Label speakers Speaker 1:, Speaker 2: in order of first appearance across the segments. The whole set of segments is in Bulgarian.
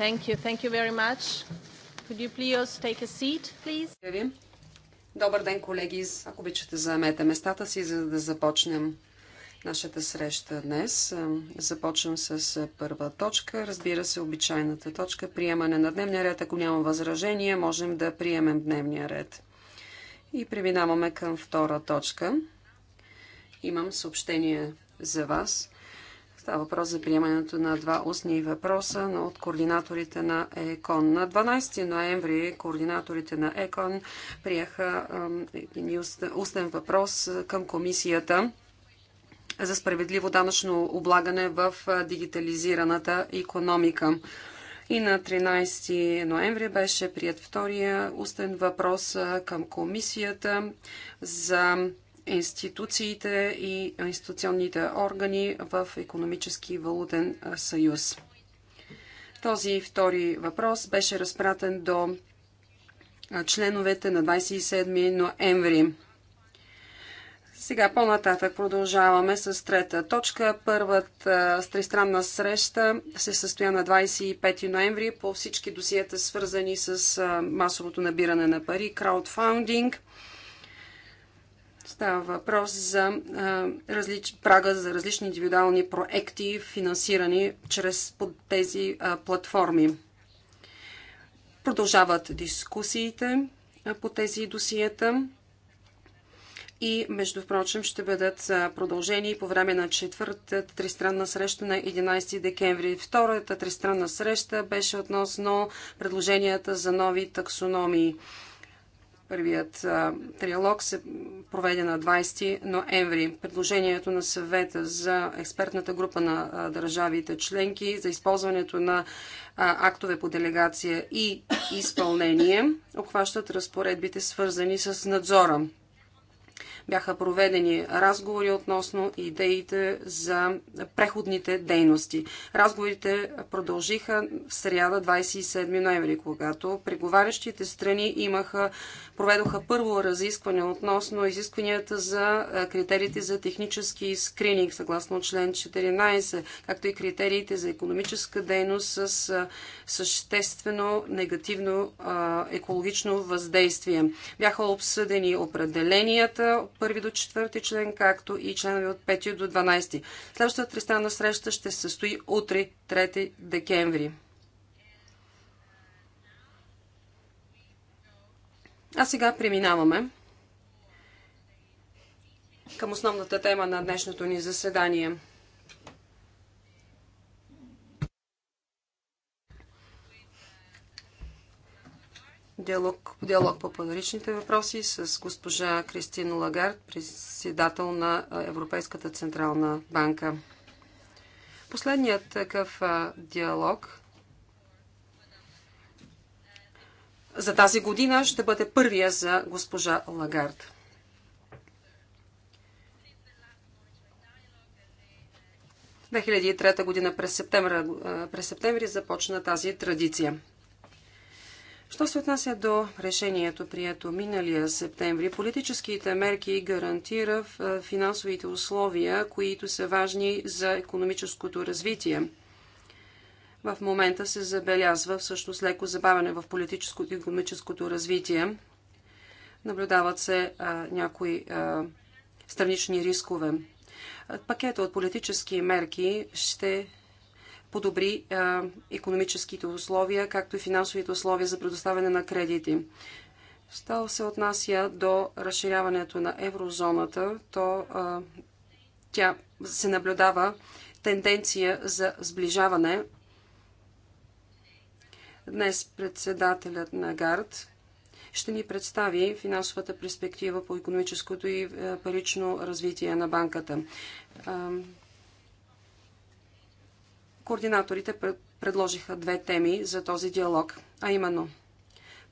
Speaker 1: Thank you. Thank you very much. Could you please take a seat, please?
Speaker 2: Добър ден, колеги. Ако обичате, заемете местата си, за да започнем нашата среща днес. Започвам с първа точка. Разбира се, обичайната точка. Приемане на дневния ред. Ако няма възражение, можем да приемем дневния ред. И преминаваме към втора точка. Имам съобщение за вас. Става въпрос за приемането на два устни въпроса от координаторите на ЕКОН. На 12 ноември координаторите на ЕКОН приеха един устен въпрос към комисията за справедливо данъчно облагане в дигитализираната економика. И на 13 ноември беше прият втория устен въпрос към комисията за институциите и институционните органи в економически и валутен съюз. Този втори въпрос беше разпратен до членовете на 27 ноември. Сега по-нататък продължаваме с трета точка. Първата с тристранна среща се състоя на 25 ноември по всички досиета свързани с масовото набиране на пари, краудфаундинг – Става въпрос за а, различ, прага за различни индивидуални проекти, финансирани чрез под тези а, платформи. Продължават дискусиите а, по тези досиета и, между прочим, ще бъдат продължени по време на четвъртата тристранна среща на 11 декември. Втората тристранна среща беше относно предложенията за нови таксономии. Първият а, триалог се проведе на 20 ноември. Предложението на съвета за експертната група на а, държавите членки за използването на а, актове по делегация и изпълнение обхващат разпоредбите свързани с надзора бяха проведени разговори относно идеите за преходните дейности. Разговорите продължиха в сряда 27 ноември, когато преговарящите страни имаха, проведоха първо разискване относно изискванията за е, критериите за технически скрининг, съгласно член 14, както и критериите за економическа дейност с е, съществено негативно е, екологично въздействие. Бяха обсъдени определенията, 1 до 4 член, както и членове от 5 до 12. Следващата тристранна среща ще се състои утре, 3 декември. А сега преминаваме към основната тема на днешното ни заседание – диалог, диалог по панаричните въпроси с госпожа Кристина Лагард, председател на Европейската централна банка. Последният такъв диалог за тази година ще бъде първия за госпожа Лагард. В 2003 година през септември, през септември започна тази традиция. Що се отнася до решението, прието миналия септември, политическите мерки гарантира финансовите условия, които са важни за економическото развитие. В момента се забелязва всъщност леко забавяне в политическото и економическото развитие. Наблюдават се а, някои а, странични рискове. Пакета от политически мерки ще подобри економическите условия, както и финансовите условия за предоставяне на кредити. Що се отнася до разширяването на еврозоната, то а, тя се наблюдава тенденция за сближаване. Днес председателят на ГАРД ще ни представи финансовата перспектива по економическото и парично развитие на банката. Координаторите предложиха две теми за този диалог, а именно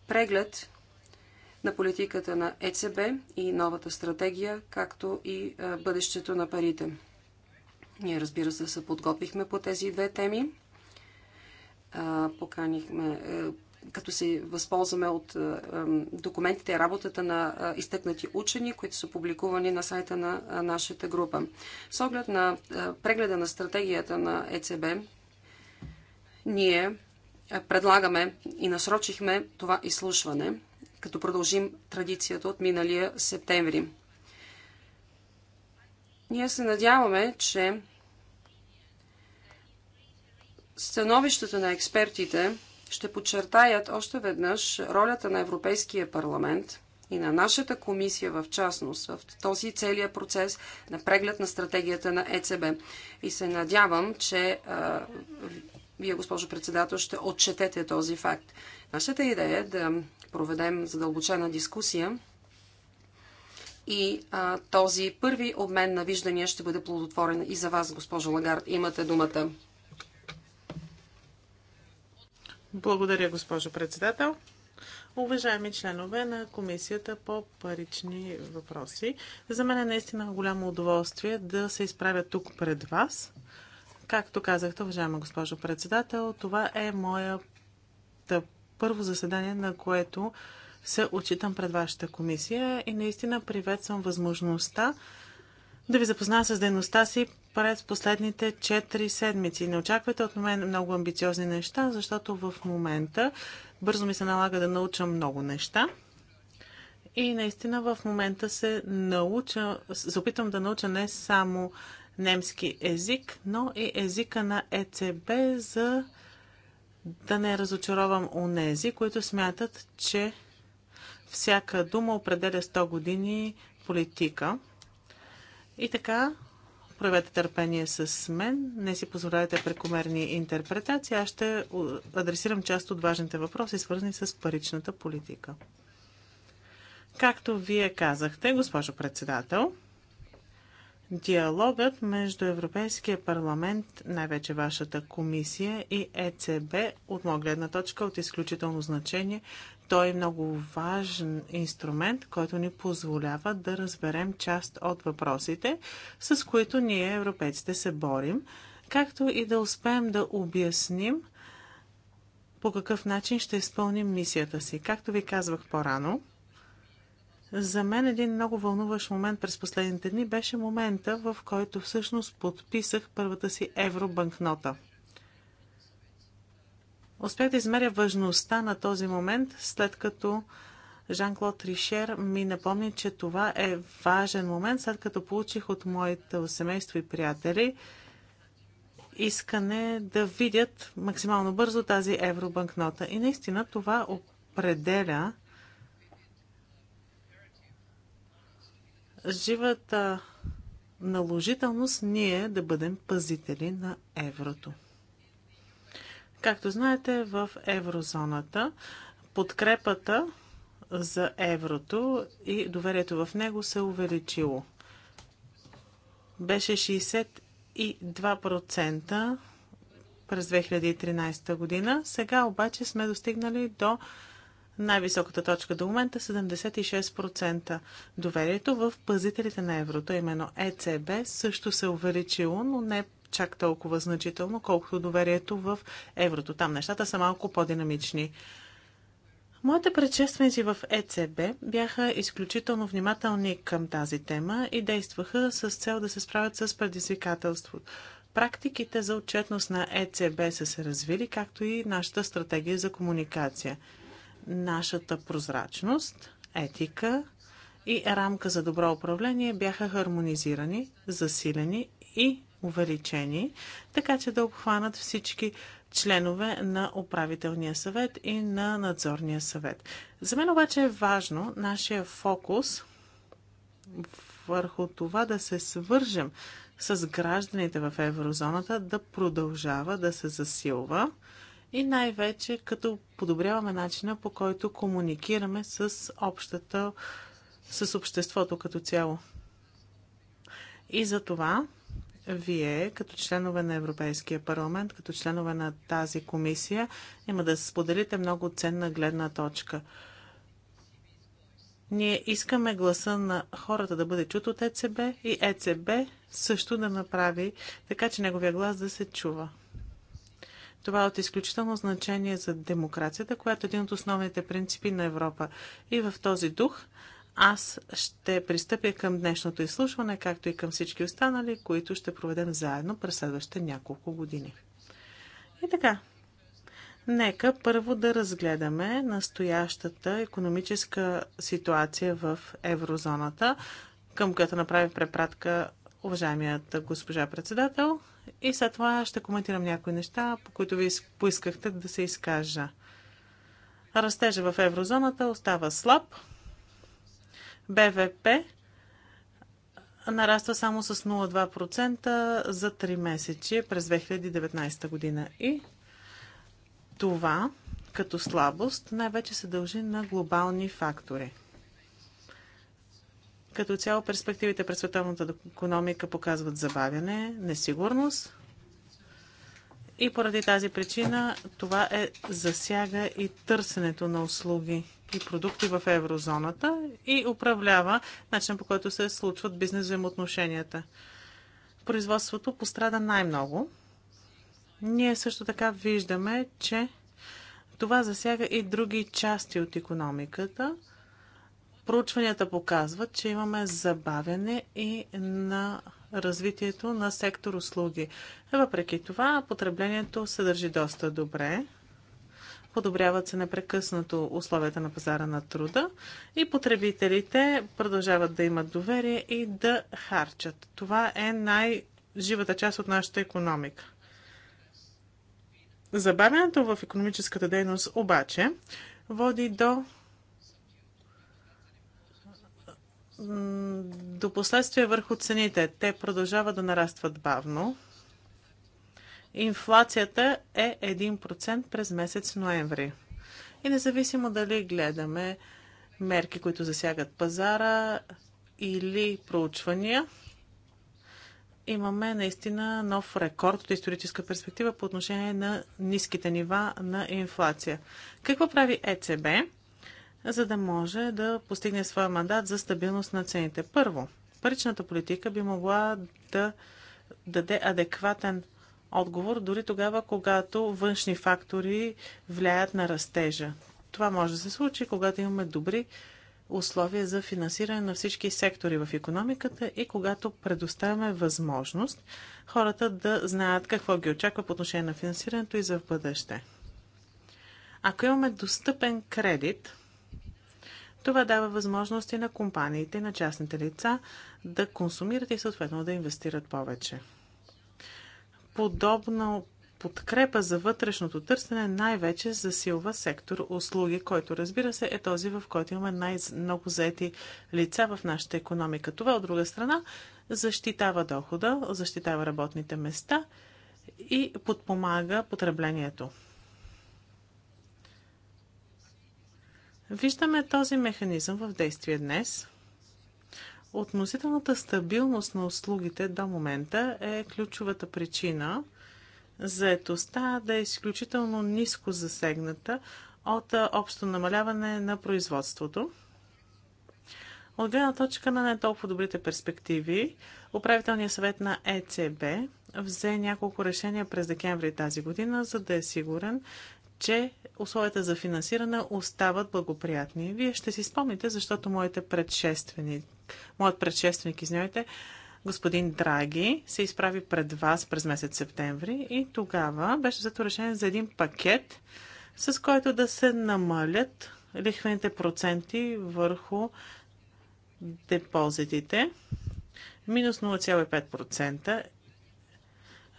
Speaker 2: преглед на политиката на ЕЦБ и новата стратегия, както и бъдещето на парите. Ние, разбира се, се подготвихме по тези две теми. Поканихме е, като се възползваме от е, документите и работата на е, изтъкнати учени, които са публикувани на сайта на е, нашата група. С оглед на прегледа на стратегията на ЕЦБ, ние предлагаме и насрочихме това изслушване, като продължим традицията от миналия септември. Ние се надяваме, че становищата на експертите ще подчертаят още веднъж ролята на Европейския парламент и на нашата комисия в частност в този целият процес на преглед на стратегията на ЕЦБ. И се надявам, че вие, госпожо председател, ще отчетете този факт. Нашата идея е да проведем задълбочена дискусия и а, този първи обмен на виждания ще бъде плодотворен и за вас, госпожо Лагард. Имате думата.
Speaker 3: Благодаря, госпожо председател. Уважаеми членове на Комисията по парични въпроси, за мен е наистина голямо удоволствие да се изправя тук пред вас. Както казахте, уважаема госпожо председател, това е моята първо заседание, на което се отчитам пред вашата комисия и наистина приветствам възможността да ви запозная с дейността си през последните 4 седмици. Не очаквайте от мен много амбициозни неща, защото в момента бързо ми се налага да науча много неща. И наистина в момента се науча, се опитвам да науча не само немски език, но и езика на ЕЦБ, за да не разочаровам онези, които смятат, че всяка дума определя 100 години политика. И така, проявете търпение с мен, не си позволявайте прекомерни интерпретации, аз ще адресирам част от важните въпроси, свързани с паричната политика. Както вие казахте, госпожо председател, диалогът между Европейския парламент, най-вече вашата комисия и ЕЦБ, от моя гледна точка, е от изключително значение, той е много важен инструмент, който ни позволява да разберем част от въпросите, с които ние, европейците, се борим, както и да успеем да обясним по какъв начин ще изпълним мисията си. Както ви казвах по-рано, за мен един много вълнуващ момент през последните дни беше момента, в който всъщност подписах първата си евробанкнота – Успях да измеря важността на този момент, след като Жан-Клод Ришер ми напомни, че това е важен момент, след като получих от моите семейство и приятели искане да видят максимално бързо тази евробанкнота. И наистина това определя живата наложителност ние да бъдем пазители на еврото. Както знаете, в еврозоната подкрепата за еврото и доверието в него се увеличило. Беше 62% през 2013 година. Сега обаче сме достигнали до най-високата точка до момента 76%. Доверието в пазителите на еврото, именно ЕЦБ, също се е увеличило, но не чак толкова значително, колкото доверието в еврото. Там нещата са малко по-динамични. Моите предшественици в ЕЦБ бяха изключително внимателни към тази тема и действаха с цел да се справят с предизвикателството. Практиките за отчетност на ЕЦБ са се развили, както и нашата стратегия за комуникация. Нашата прозрачност, етика и рамка за добро управление бяха хармонизирани, засилени и увеличени, така че да обхванат всички членове на управителния съвет и на надзорния съвет. За мен обаче е важно нашия фокус върху това да се свържем с гражданите в еврозоната да продължава да се засилва и най-вече като подобряваме начина по който комуникираме с общата с обществото като цяло. И за това вие, като членове на Европейския парламент, като членове на тази комисия, има да споделите много ценна гледна точка. Ние искаме гласа на хората да бъде чут от ЕЦБ и ЕЦБ също да направи така, че неговия глас да се чува. Това е от изключително значение за демокрацията, която е един от основните принципи на Европа. И в този дух аз ще пристъпя към днешното изслушване, както и към всички останали, които ще проведем заедно през следващите няколко години. И така, нека първо да разгледаме настоящата економическа ситуация в еврозоната, към която направи препратка уважаемият госпожа председател. И след това ще коментирам някои неща, по които ви поискахте да се изкажа. Растежа в еврозоната остава слаб, БВП нараства само с 0,2% за 3 месечи през 2019 година. И това като слабост най-вече се дължи на глобални фактори. Като цяло перспективите през световната економика показват забавяне, несигурност и поради тази причина това е засяга и търсенето на услуги и продукти в еврозоната и управлява начин по който се случват бизнес взаимоотношенията. Производството пострада най-много. Ние също така виждаме, че това засяга и други части от економиката. Проучванията показват, че имаме забавяне и на развитието на сектор услуги. Въпреки това, потреблението се държи доста добре подобряват се непрекъснато условията на пазара на труда и потребителите продължават да имат доверие и да харчат. Това е най-живата част от нашата економика. Забавянето в економическата дейност обаче води до до последствия върху цените. Те продължават да нарастват бавно. Инфлацията е 1% през месец ноември. И независимо дали гледаме мерки, които засягат пазара или проучвания, имаме наистина нов рекорд от историческа перспектива по отношение на ниските нива на инфлация. Какво прави ЕЦБ, за да може да постигне своя мандат за стабилност на цените? Първо, паричната политика би могла да даде адекватен отговор дори тогава, когато външни фактори влияят на растежа. Това може да се случи, когато имаме добри условия за финансиране на всички сектори в економиката и когато предоставяме възможност хората да знаят какво ги очаква по отношение на финансирането и за в бъдеще. Ако имаме достъпен кредит, това дава възможности на компаниите и на частните лица да консумират и съответно да инвестират повече подобна подкрепа за вътрешното търсене най-вече засилва сектор услуги, който разбира се е този, в който имаме най-много заети лица в нашата економика. Това от друга страна защитава дохода, защитава работните места и подпомага потреблението. Виждаме този механизъм в действие днес – Относителната стабилност на услугите до момента е ключовата причина заетостта да е изключително ниско засегната от общо намаляване на производството. От гледна точка на не толкова добрите перспективи, управителният съвет на ЕЦБ взе няколко решения през декември тази година, за да е сигурен, че условията за финансиране остават благоприятни. Вие ще си спомните, защото моите предшественици моят предшественик, извинявайте, господин Драги се изправи пред вас през месец септември и тогава беше взето решение за един пакет, с който да се намалят лихвените проценти върху депозитите. Минус 0,5%.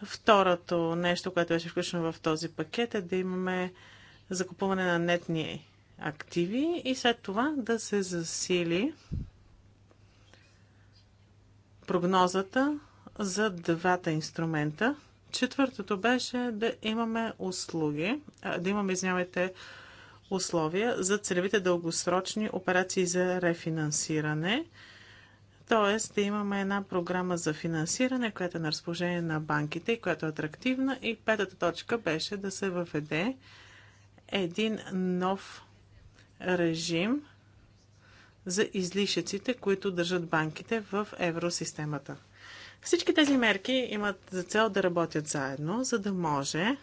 Speaker 3: Второто нещо, което беше включено в този пакет е да имаме закупуване на нетни активи и след това да се засили прогнозата за двата инструмента. Четвъртото беше да имаме услуги, да имаме, извинявайте, условия за целевите дългосрочни операции за рефинансиране. Тоест да имаме една програма за финансиране, която е на разположение на банките и която е атрактивна. И петата точка беше да се въведе един нов режим за излишъците, които държат банките в евросистемата. Всички тези мерки имат за цел да работят заедно, за да може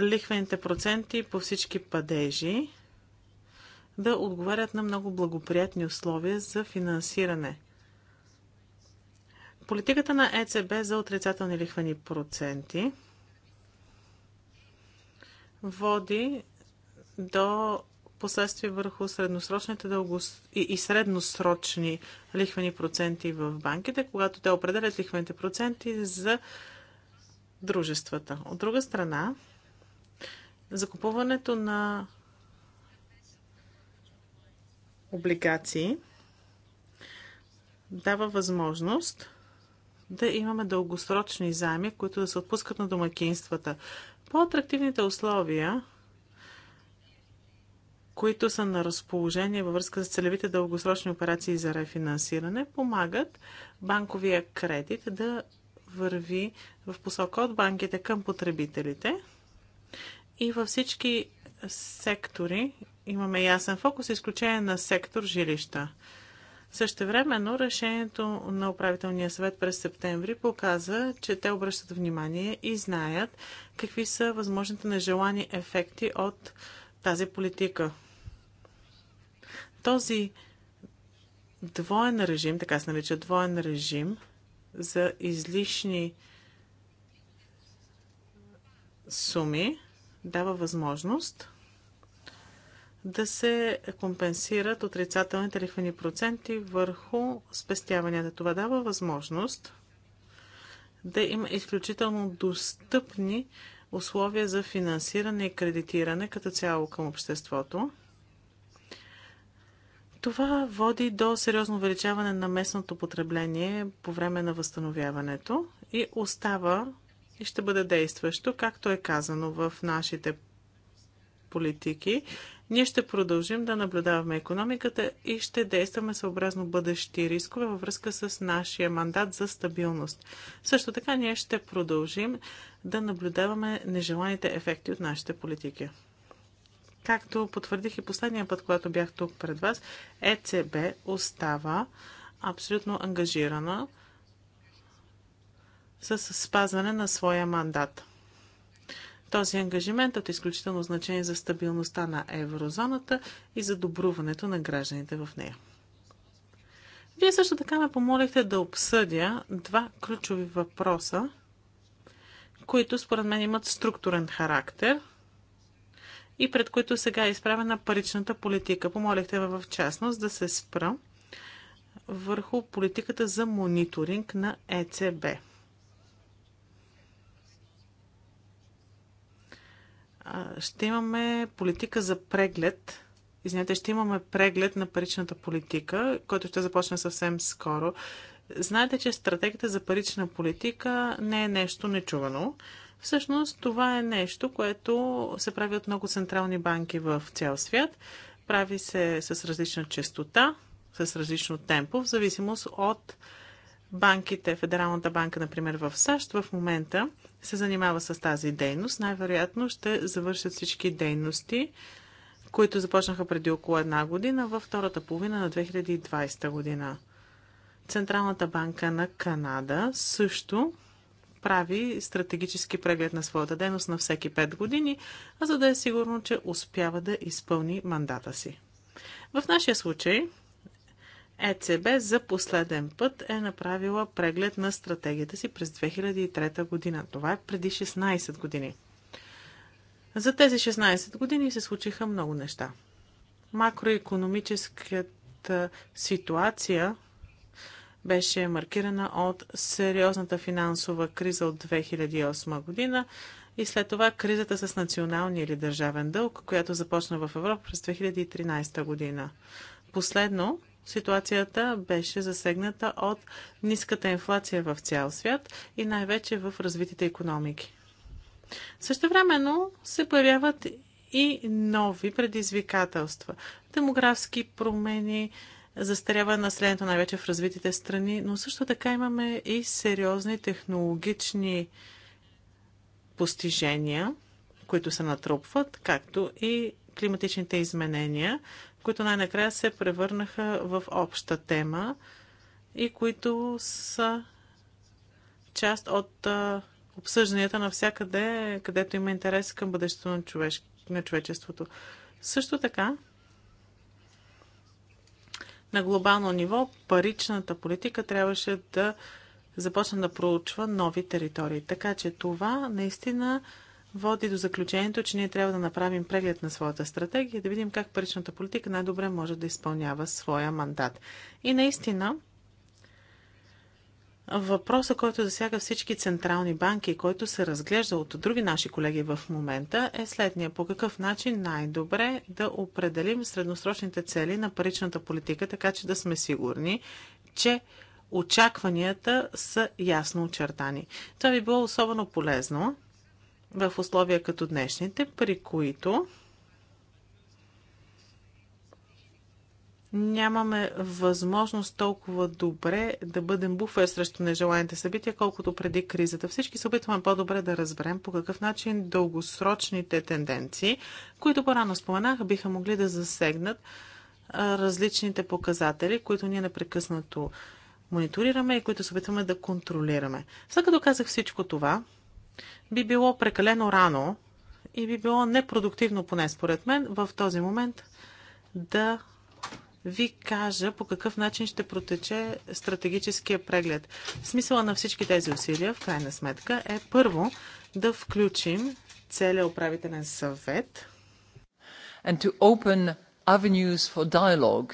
Speaker 3: лихвените проценти по всички падежи да отговарят на много благоприятни условия за финансиране. Политиката на ЕЦБ за отрицателни лихвени проценти води до последствия върху средносрочните дългос... и, и средносрочни лихвени проценти в банките, когато те определят лихвените проценти за дружествата. От друга страна, закупуването на облигации дава възможност да имаме дългосрочни заеми, които да се отпускат на домакинствата. По-атрактивните условия които са на разположение във връзка с целевите дългосрочни операции за рефинансиране, помагат банковия кредит да върви в посока от банките към потребителите. И във всички сектори имаме ясен фокус, изключение на сектор жилища. Същевременно решението на управителния съвет през септември показа, че те обръщат внимание и знаят какви са възможните нежелани ефекти от тази политика. Този двоен режим, така се нарича двоен режим за излишни суми, дава възможност да се компенсират отрицателните лихвени проценти върху спестяванията. Това дава възможност да има изключително достъпни условия за финансиране и кредитиране като цяло към обществото. Това води до сериозно увеличаване на местното потребление по време на възстановяването и остава и ще бъде действащо, както е казано в нашите политики. Ние ще продължим да наблюдаваме економиката и ще действаме съобразно бъдещи рискове във връзка с нашия мандат за стабилност. Също така ние ще продължим да наблюдаваме нежеланите ефекти от нашите политики. Както потвърдих и последния път, когато бях тук пред вас, ЕЦБ остава абсолютно ангажирана с спазване на своя мандат. Този ангажимент е от изключително значение за стабилността на еврозоната и за добруването на гражданите в нея. Вие също така ме помолихте да обсъдя два ключови въпроса, които според мен имат структурен характер – и пред които сега е изправена паричната политика. Помолихте ме в частност да се спра върху политиката за мониторинг на ЕЦБ. Ще имаме политика за преглед. Извинете, ще имаме преглед на паричната политика, който ще започне съвсем скоро. Знаете, че стратегията за парична политика не е нещо нечувано. Всъщност това е нещо, което се прави от много централни банки в цял свят. Прави се с различна частота, с различно темпо, в зависимост от банките. Федералната банка, например, в САЩ в момента се занимава с тази дейност. Най-вероятно ще завършат всички дейности, които започнаха преди около една година, във втората половина на 2020 година. Централната банка на Канада също прави стратегически преглед на своята дейност на всеки 5 години, а за да е сигурно, че успява да изпълни мандата си. В нашия случай ЕЦБ за последен път е направила преглед на стратегията си през 2003 година. Това е преди 16 години. За тези 16 години се случиха много неща. Макроекономическата ситуация беше маркирана от сериозната финансова криза от 2008 година и след това кризата с националния или държавен дълг, която започна в Европа през 2013 година. Последно, ситуацията беше засегната от ниската инфлация в цял свят и най-вече в развитите економики. Същевременно се появяват и нови предизвикателства. Демографски промени, застарява населението най-вече в развитите страни, но също така имаме и сериозни технологични постижения, които се натрупват, както и климатичните изменения, които най-накрая се превърнаха в обща тема и които са част от обсъжданията навсякъде, където има интерес към бъдещето на, на човечеството. Също така, на глобално ниво паричната политика трябваше да започне да проучва нови територии. Така че това наистина води до заключението, че ние трябва да направим преглед на своята стратегия и да видим как паричната политика най-добре може да изпълнява своя мандат. И наистина, Въпросът, който засяга всички централни банки, който се разглежда от други наши колеги в момента, е следния. По какъв начин най-добре да определим средносрочните цели на паричната политика, така че да сме сигурни, че очакванията са ясно очертани. Това би било особено полезно в условия като днешните, при които нямаме възможност толкова добре да бъдем буфер срещу нежеланите събития, колкото преди кризата. Всички се опитваме по-добре да разберем по какъв начин дългосрочните тенденции, които по-рано споменах, биха могли да засегнат различните показатели, които ние непрекъснато мониторираме и които се опитваме да контролираме. След като казах всичко това, би било прекалено рано и би било непродуктивно, поне според мен, в този момент да ви кажа по какъв начин ще протече стратегическия преглед. Смисъла на всички тези усилия, в крайна сметка, е първо да включим целият управителен съвет and to open avenues for dialogue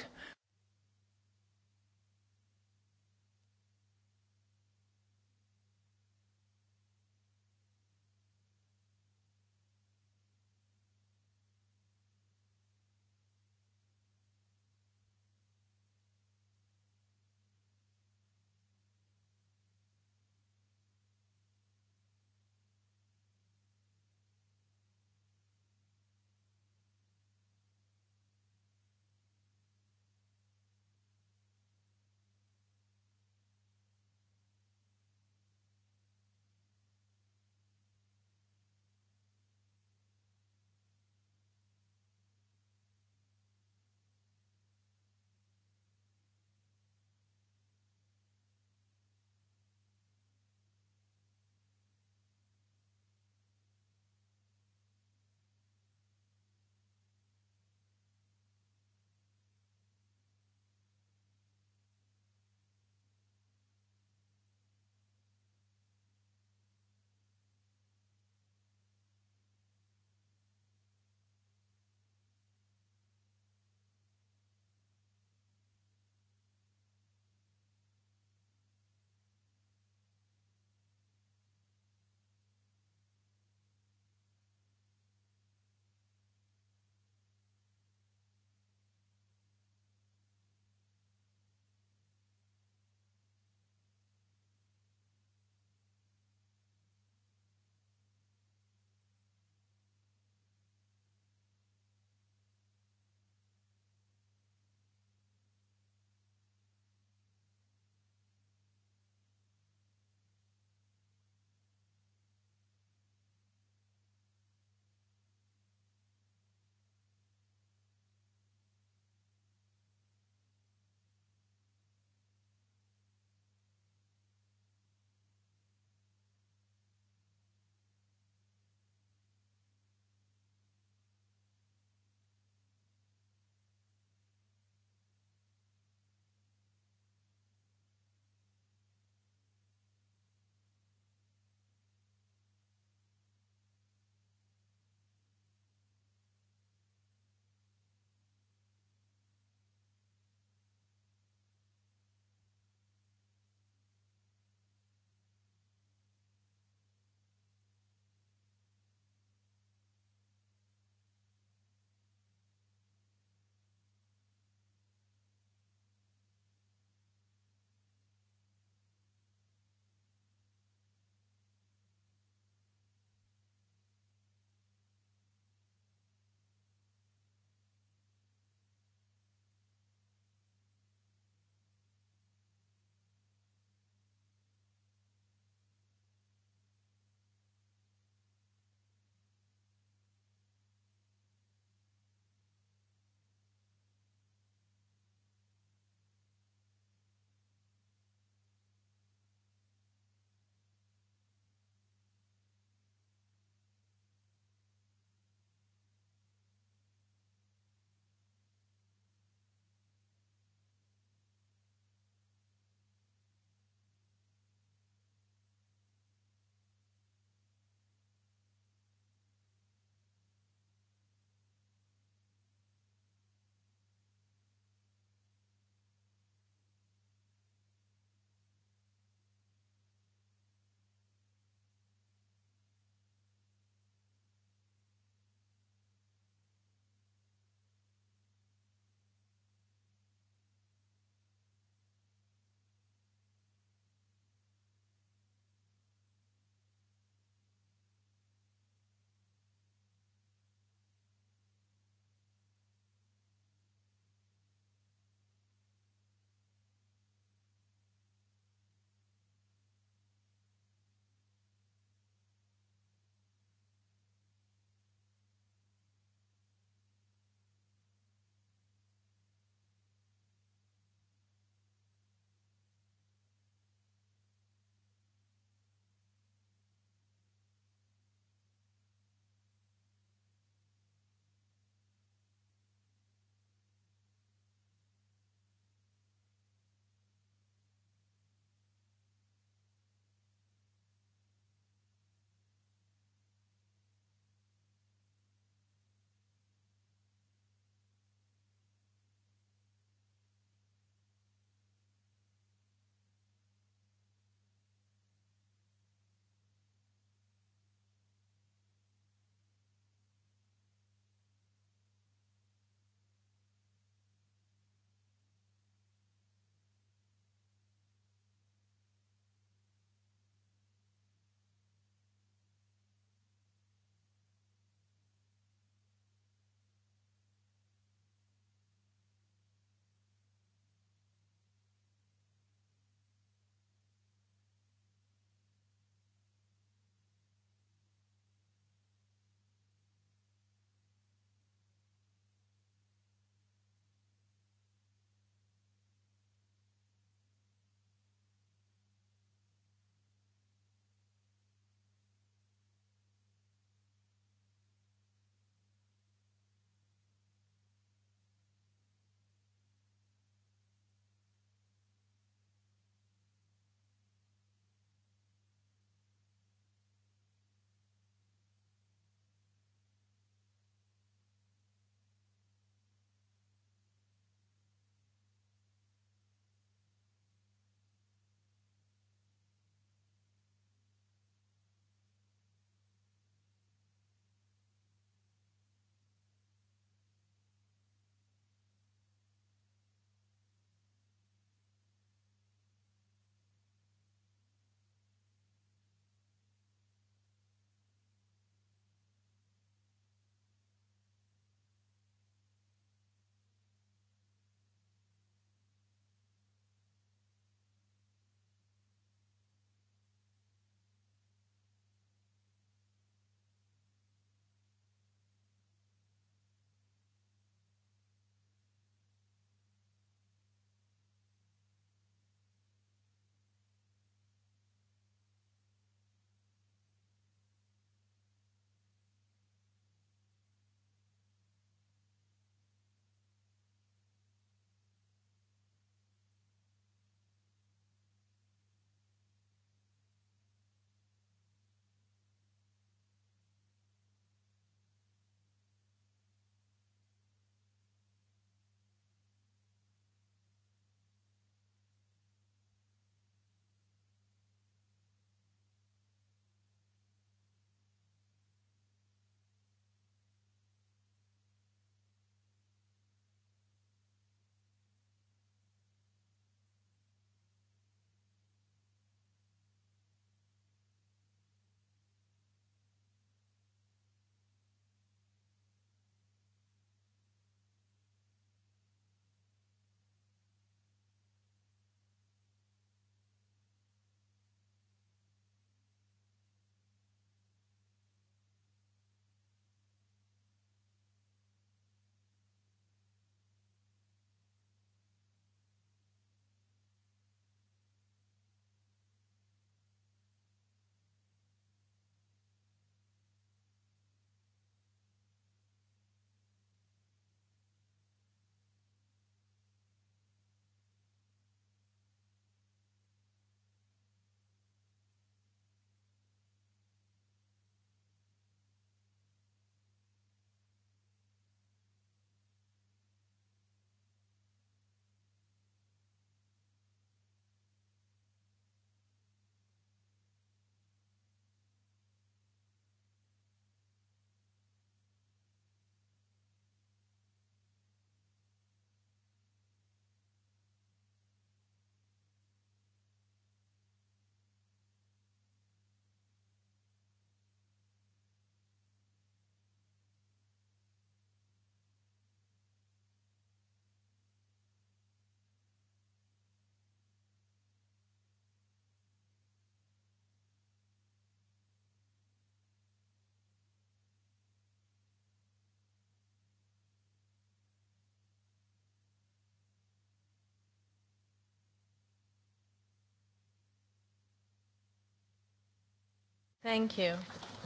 Speaker 1: Thank you.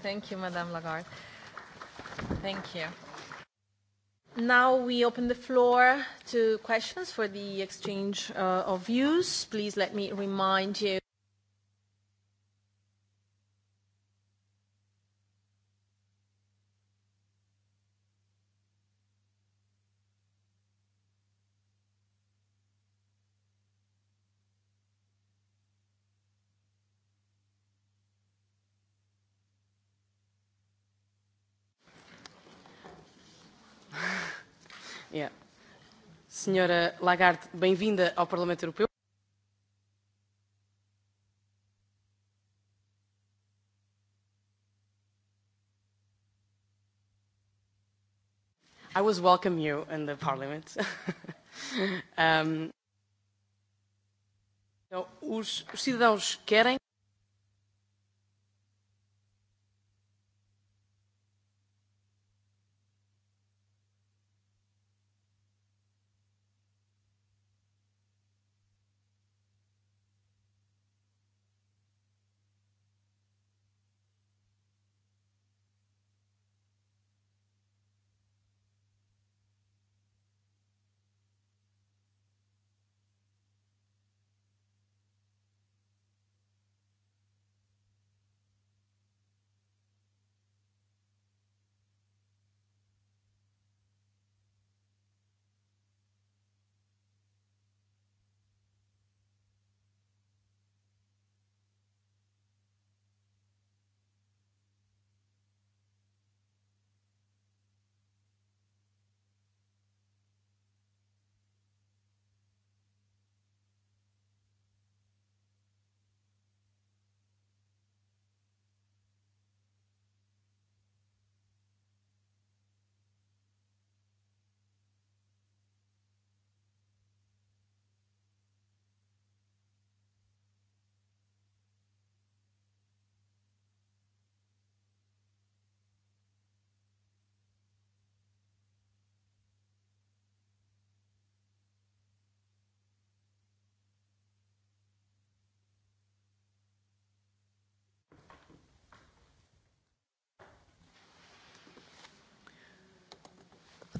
Speaker 1: Thank you, Madame Lagarde. Thank you. Now we open the floor to questions for the exchange uh, of views. Please let me remind you Yeah. Senhora
Speaker 2: Lagarde, bem-vinda ao Parlamento Europeu.
Speaker 1: I was welcome you in the Parliament.
Speaker 3: um, então, os, os cidadãos querem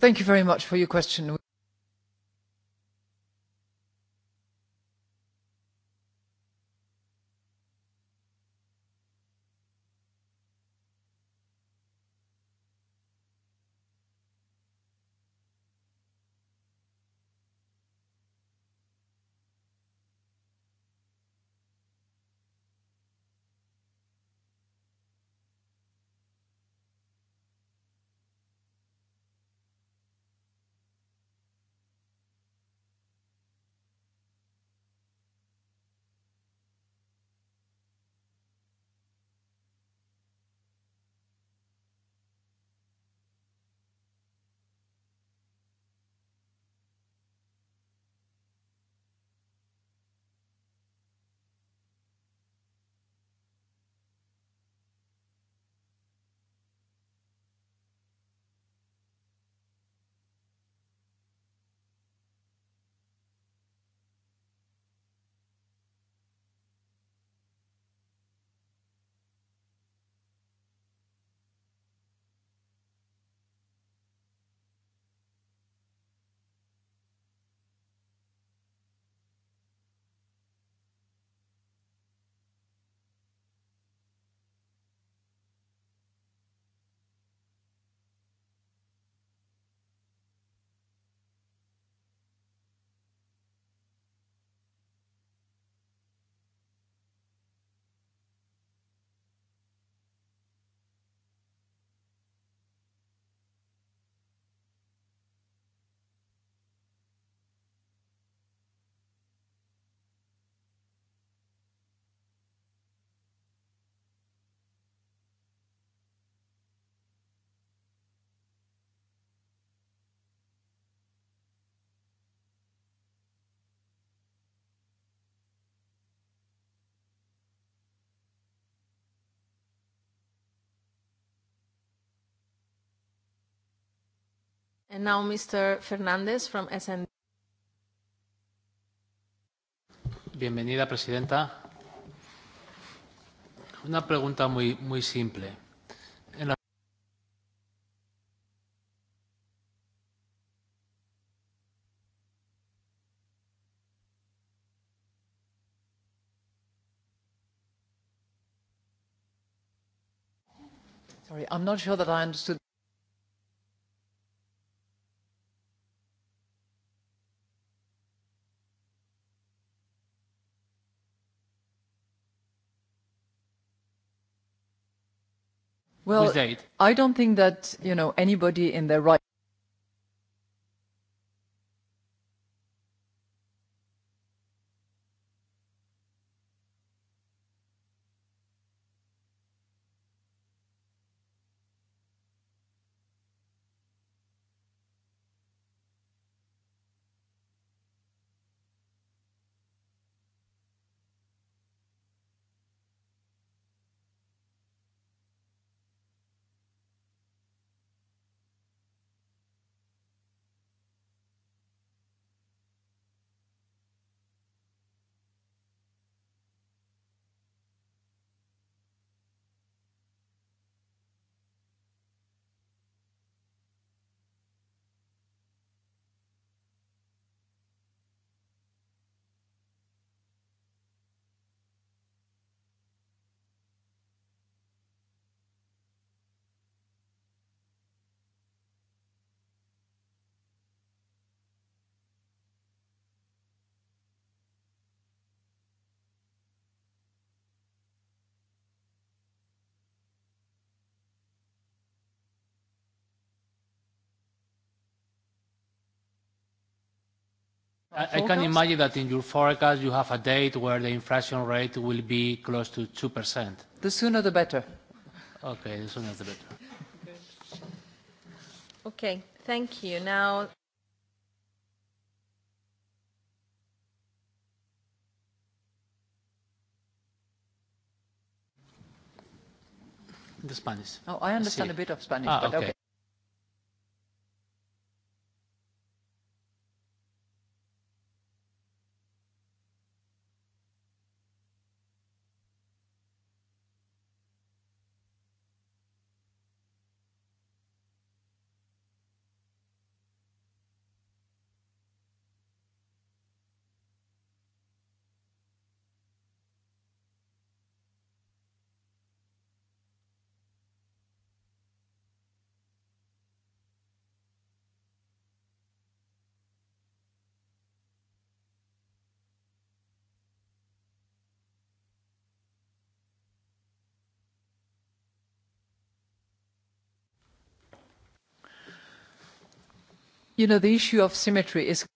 Speaker 4: Thank you very much for your question.
Speaker 1: And now Mr. Fernández from SND.
Speaker 4: Bienvenida, presidenta.
Speaker 3: Una pregunta muy, muy simple.
Speaker 4: En la Sorry, I'm not sure that I understood. Well, I don't think that, you know, anybody in their right I can imagine that in your forecast you have a date where the inflation rate will be close to 2%. The sooner the better. Okay, the sooner the better.
Speaker 1: Okay, thank you. Now.
Speaker 4: The Spanish. Oh, I understand a bit of Spanish, ah, but okay. okay. you know the issue of symmetry is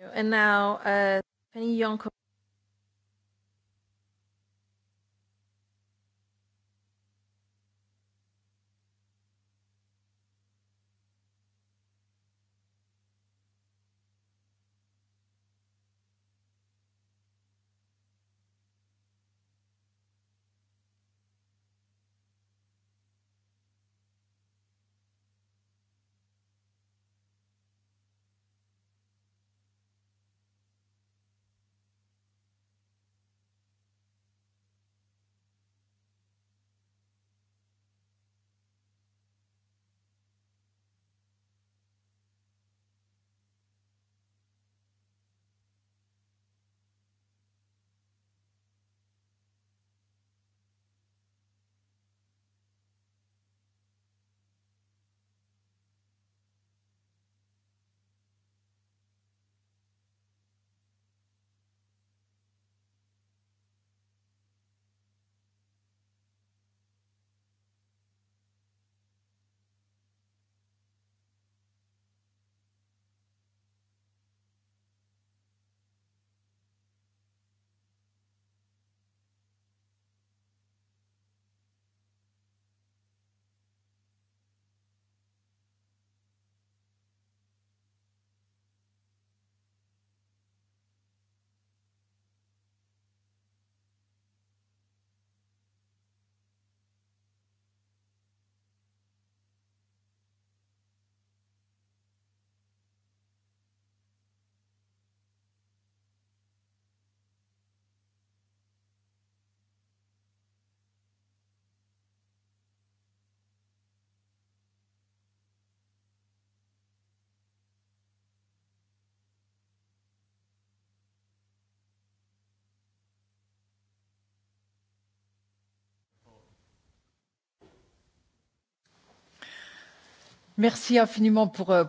Speaker 1: And now, uh, Penny Yonko.
Speaker 4: Merci infiniment pour, cette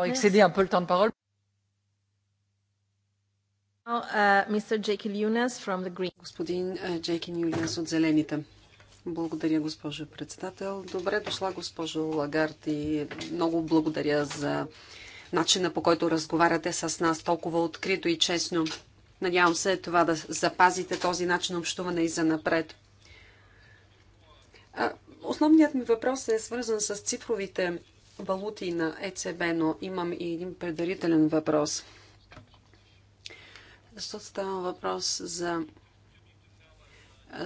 Speaker 1: excédé un peu le temps de parole. Uh,
Speaker 2: Господин Джекин uh, Юлианс от Зелените. Благодаря, госпожо председател. Добре дошла, госпожо Лагард и много благодаря за начина по който разговаряте с нас толкова открито и честно. Надявам се това да запазите този начин общуване и за напред. Основният ми въпрос е свързан с цифровите валути на ЕЦБ, но имам и един предварителен въпрос. Защото става въпрос за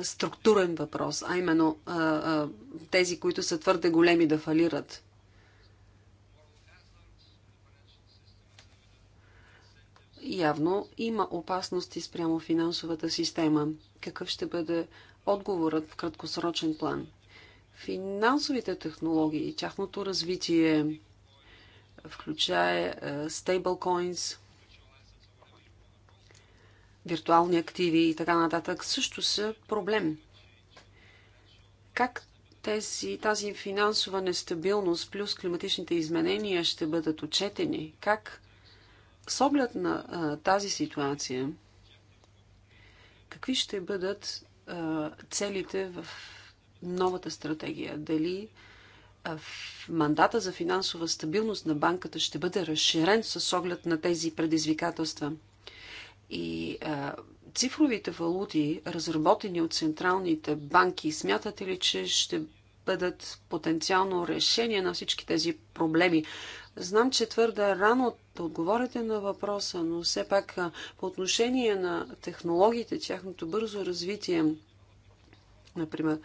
Speaker 2: структурен въпрос, а именно тези, които са твърде големи да фалират. Явно има опасности спрямо финансовата система. Какъв ще бъде отговорът в краткосрочен план? Финансовите технологии и тяхното развитие включая е, стейблкоинс, виртуални активи и така нататък, също са проблем. Как тези, тази финансова нестабилност плюс климатичните изменения ще бъдат отчетени? Как с оглед на а, е, тази ситуация, какви ще бъдат а, е, целите в новата стратегия, дали мандата за финансова стабилност на банката ще бъде разширен с оглед на тези предизвикателства. И а, цифровите валути, разработени от централните банки, смятате ли, че ще бъдат потенциално решение на всички тези проблеми? Знам, че твърде рано да отговорите на въпроса, но все пак по отношение на технологиите, тяхното бързо развитие, например,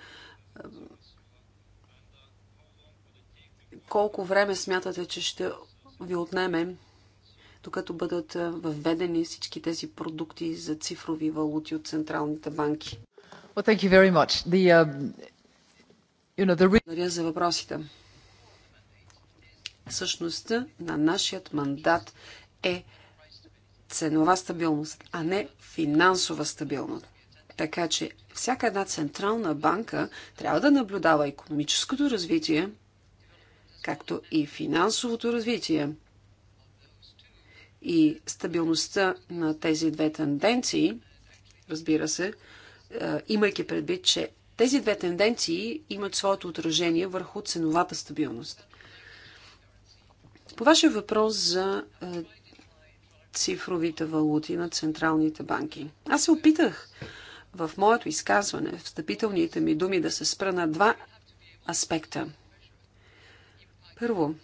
Speaker 2: колко време смятате, че ще ви отнеме, докато бъдат въведени всички тези продукти за цифрови валути от централните банки? Благодаря uh, um, you know, the... за въпросите. Същността на нашият мандат е ценова стабилност, а не финансова стабилност. Така че всяка една централна банка трябва да наблюдава економическото развитие, както и финансовото развитие. И стабилността на тези две тенденции, разбира се, е, имайки предвид, че тези две тенденции имат своето отражение върху ценовата стабилност. По вашия въпрос за е, цифровите валути на централните банки. Аз се опитах в моето изказване, в встъпителните ми думи, да се спра на два аспекта. Първо,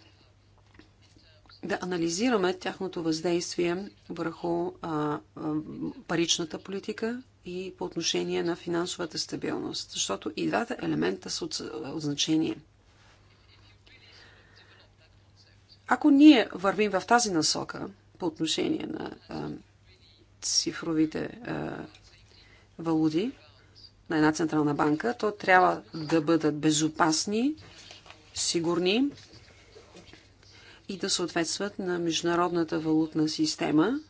Speaker 2: да анализираме тяхното въздействие върху а, а, паричната политика и по отношение на финансовата стабилност, защото и двата елемента са от, от значение. Ако ние вървим в тази насока по отношение на а, цифровите а, валути на една централна банка, то трябва да бъдат безопасни, сигурни и да съответстват на международната валутна система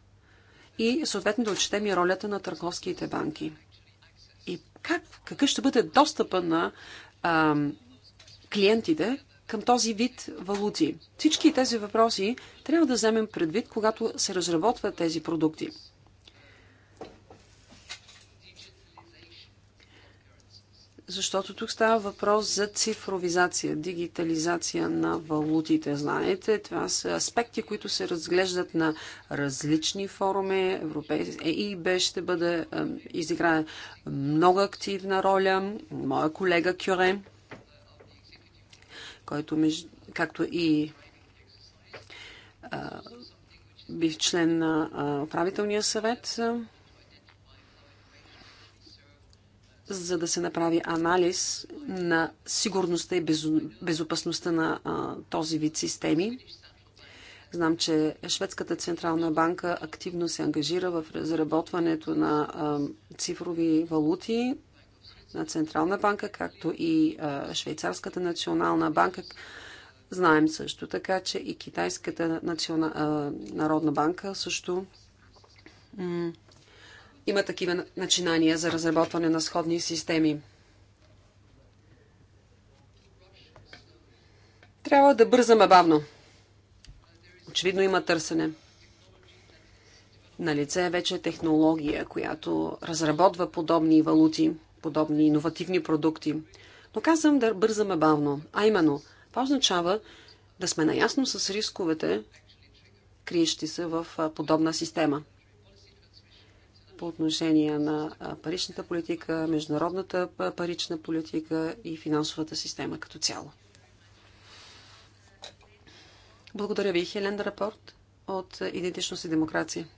Speaker 2: и съответно да отчетем и ролята на търговските банки. И как, какъв ще бъде достъпа на а, клиентите към този вид валути? Всички тези въпроси трябва да вземем предвид, когато се разработват тези продукти. Защото тук става въпрос за цифровизация, дигитализация на валутите. Знаете, това са аспекти, които се разглеждат на различни форуми. Европейс... ЕИБ ще бъде изиграе много активна роля. Моя колега Кюре, който меж... както и бив член на управителния съвет, за да се направи анализ на сигурността и безопасността на този вид системи. Знам, че Шведската централна банка активно се ангажира в разработването на цифрови валути на Централна банка, както и Швейцарската национална банка. Знаем също така, че и Китайската национа... народна банка също има такива начинания за разработване на сходни системи. Трябва да бързаме бавно. Очевидно има търсене. На лице е вече технология, която разработва подобни валути, подобни иновативни продукти. Но казвам да бързаме бавно. А именно, това означава да сме наясно с рисковете, криещи се в подобна система по отношение на паричната политика, международната парична политика и финансовата система като цяло. Благодаря ви, Хелен Рапорт от Идентичност и демокрация.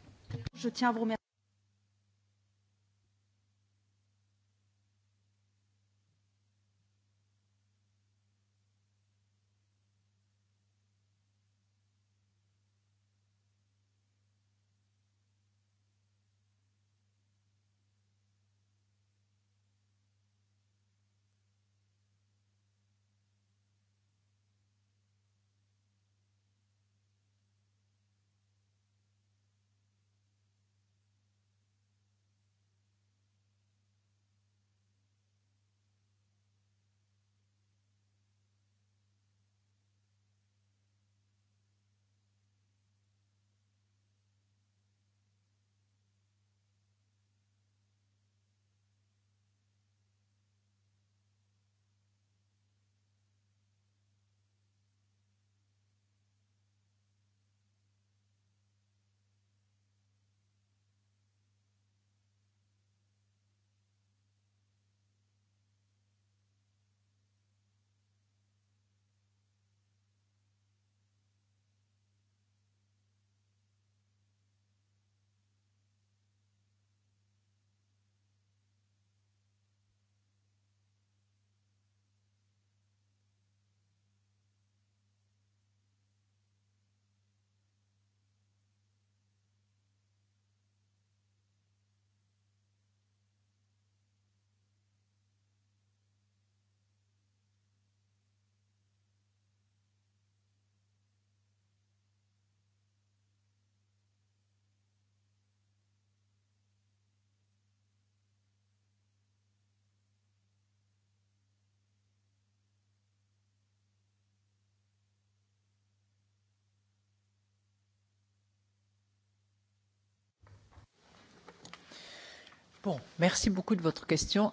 Speaker 4: Bon, merci beaucoup de votre question.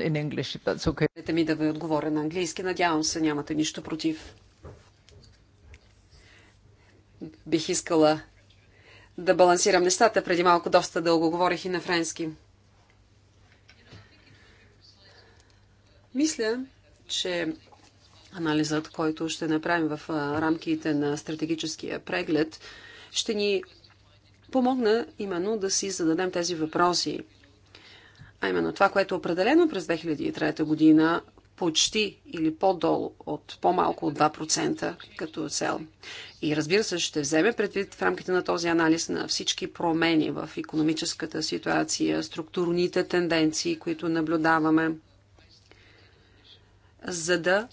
Speaker 4: in English, if that's okay. Дайте
Speaker 2: ми да ви отговоря на английски. Надявам се, нямате нищо против. Бих искала да балансирам нещата. Преди малко доста дълго говорих и на френски. Мисля, че анализът, който ще направим в рамките на стратегическия преглед, ще ни помогна именно да си зададем тези въпроси. А именно това, което е определено през 2003 година почти или по-долу от по-малко от 2% като цел. И разбира се, ще вземе предвид в рамките на този анализ на всички промени в економическата ситуация, структурните тенденции, които наблюдаваме, за да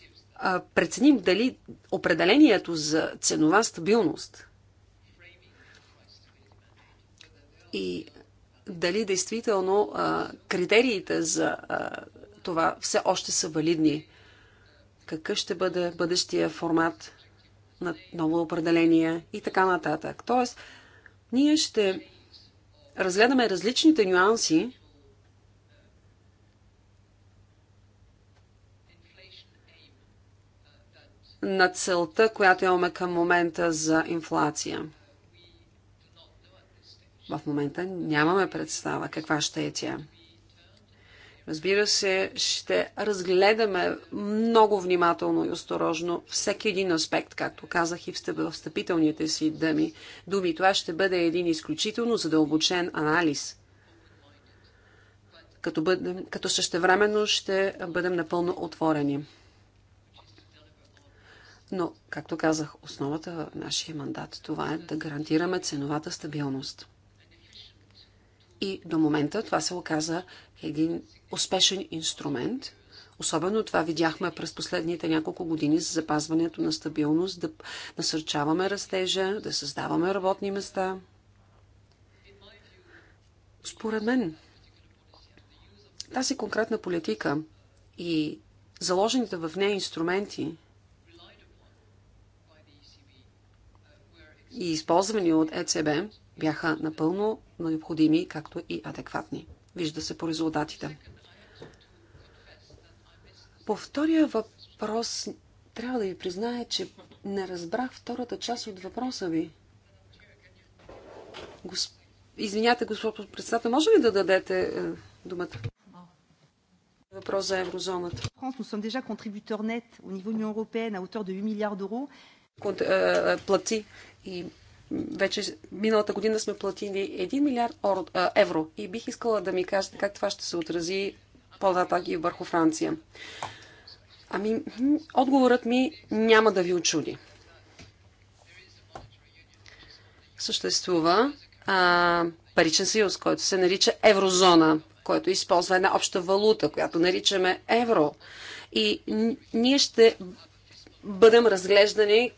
Speaker 2: преценим дали определението за ценова стабилност и дали действително а, критериите за а, това все още са валидни. Какъв ще бъде бъдещия формат на ново определение и така нататък. Тоест, ние ще разгледаме различните нюанси на целта, която имаме към момента за инфлация. В момента нямаме представа каква ще е тя. Разбира се, ще разгледаме много внимателно и осторожно всеки един аспект, както казах и в встъпителните си дъми. думи. Това ще бъде един изключително задълбочен анализ. Като, бъдем, като същевременно ще бъдем напълно отворени. Но, както казах, основата в нашия мандат това е да гарантираме ценовата стабилност. И до момента това се оказа един успешен инструмент. Особено това видяхме през последните няколко години за запазването на стабилност, да насърчаваме растежа, да създаваме работни места. Според мен, тази конкретна политика и заложените в нея инструменти и използвани от ЕЦБ бяха напълно необходими, както и адекватни. Вижда се по резултатите. По втория въпрос трябва да ви призная, че не разбрах втората част от въпроса ви. Госп... Извинявайте, господин председател, може ли да дадете е, думата? Въпрос за еврозоната.
Speaker 3: France, nous sommes déjà contributeur net au niveau Union européenne à hauteur de 8 milliards d'euros.
Speaker 2: Е, е, плати и вече миналата година сме платили 1 милиард евро и бих искала да ми кажете как това ще се отрази по-нататък и върху Франция. Ами, отговорът ми няма да ви очуди. Съществува а, паричен съюз, който се нарича еврозона, който използва една обща валута, която наричаме евро. И ние ще бъдем разглеждани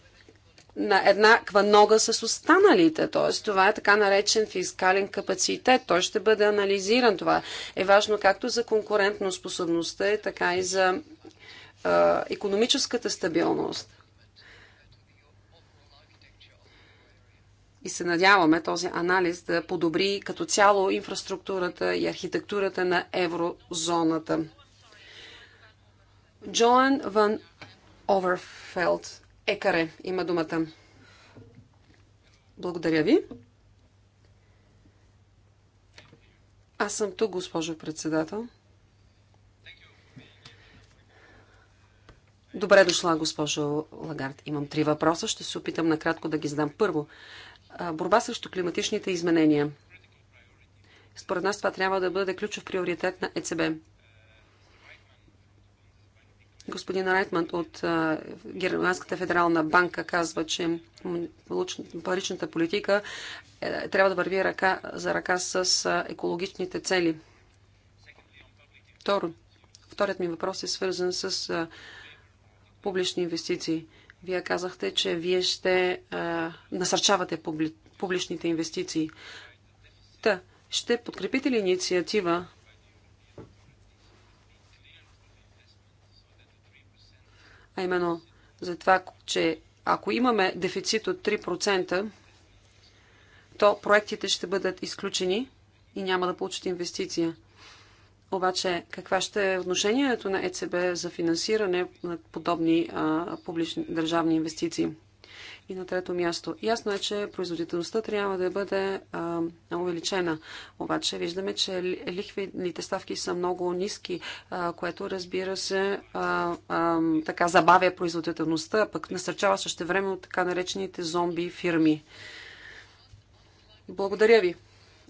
Speaker 2: на еднаква нога с останалите. Т.е. това е така наречен фискален капацитет. Той ще бъде анализиран. Това е важно както за конкурентно способността, така и за економическата стабилност. И се надяваме този анализ да подобри като цяло инфраструктурата и архитектурата на еврозоната. Джоан Ван Оверфелд Екаре има думата. Благодаря ви. Аз съм тук, госпожо председател. Добре дошла, госпожо Лагард. Имам три въпроса. Ще се опитам накратко да ги задам. Първо, борба срещу климатичните изменения. Според нас това трябва да бъде ключов приоритет на ЕЦБ. Господин Райтман от Германската федерална банка казва, че паричната политика е, трябва да върви ръка за ръка с екологичните цели. Второ, вторият ми въпрос е свързан с публични инвестиции. Вие казахте, че вие ще насърчавате публичните инвестиции. Та, ще подкрепите ли инициатива а именно за това, че ако имаме дефицит от 3%, то проектите ще бъдат изключени и няма да получат инвестиция. Обаче, каква ще е отношението на ЕЦБ за финансиране на подобни а, публични държавни инвестиции? И на трето място. Ясно е, че производителността трябва да бъде а, увеличена. Обаче виждаме, че лихвените ставки са много ниски, а, което разбира се а, а, така забавя производителността, пък насърчава също време от така наречените зомби фирми. Благодаря ви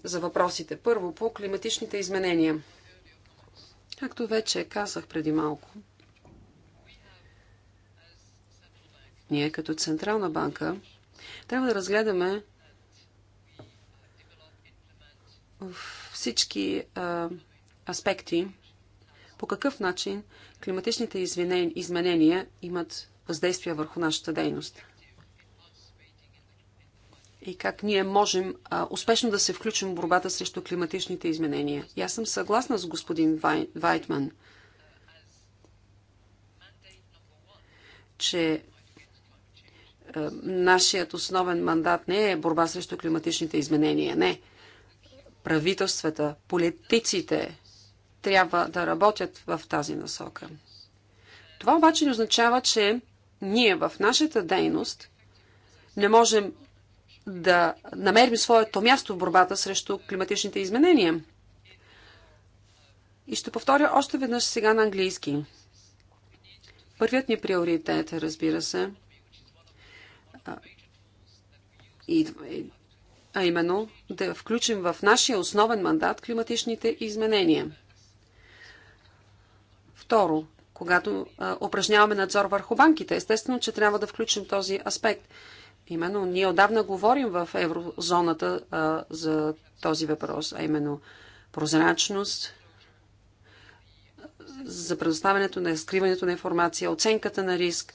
Speaker 2: за въпросите. Първо по климатичните изменения. Както вече казах преди малко, Ние като Централна банка трябва да разгледаме всички а, аспекти, по какъв начин климатичните изменения имат въздействие върху нашата дейност и как ние можем а, успешно да се включим в борбата срещу климатичните изменения. И аз съм съгласна с господин Вай, Вайтман, че е, нашият основен мандат не е борба срещу климатичните изменения. Не. Правителствата, политиците трябва да работят в тази насока. Това обаче не означава, че ние в нашата дейност не можем да намерим своето място в борбата срещу климатичните изменения. И ще повторя още веднъж сега на английски. Първият ни приоритет е, разбира се, и, а именно да включим в нашия основен мандат климатичните изменения. Второ, когато а, упражняваме надзор върху банките, естествено, че трябва да включим този аспект. Именно ние отдавна говорим в еврозоната а, за този въпрос, а именно прозрачност, за предоставянето на скриването на информация, оценката на риск,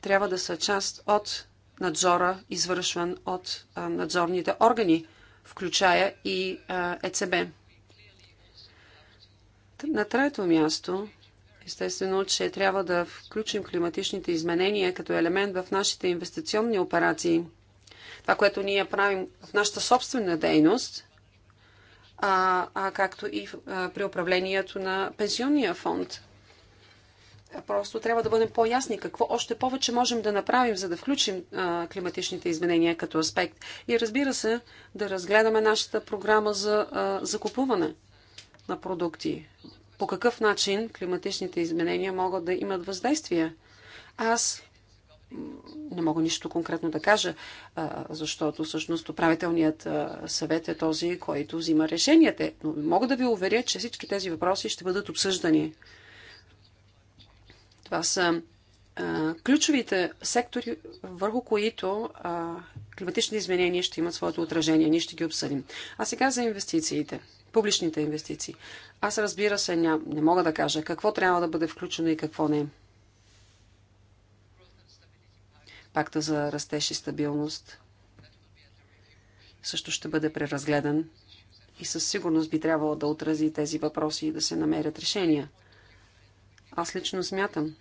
Speaker 2: трябва да са част от надзора, извършван от надзорните органи, включая и ЕЦБ. На трето място, естествено, че трябва да включим климатичните изменения като елемент в нашите инвестиционни операции. Това, което ние правим в нашата собствена дейност, а, а както и а, при управлението на пенсионния фонд – Просто трябва да бъдем по-ясни какво още повече можем да направим, за да включим а, климатичните изменения като аспект. И разбира се, да разгледаме нашата програма за а, закупуване на продукти. По какъв начин климатичните изменения могат да имат въздействие? Аз не мога нищо конкретно да кажа, защото всъщност управителният съвет е този, който взима решенията. Но мога да ви уверя, че всички тези въпроси ще бъдат обсъждани това са а, ключовите сектори, върху които а, климатични изменения ще имат своето отражение. Ние ще ги обсъдим. А сега за инвестициите публичните инвестиции. Аз разбира се, ням, не мога да кажа какво трябва да бъде включено и какво не. Пакта за растеж и стабилност също ще бъде преразгледан и със сигурност би трябвало да отрази тези въпроси и да се намерят решения. Аз лично смятам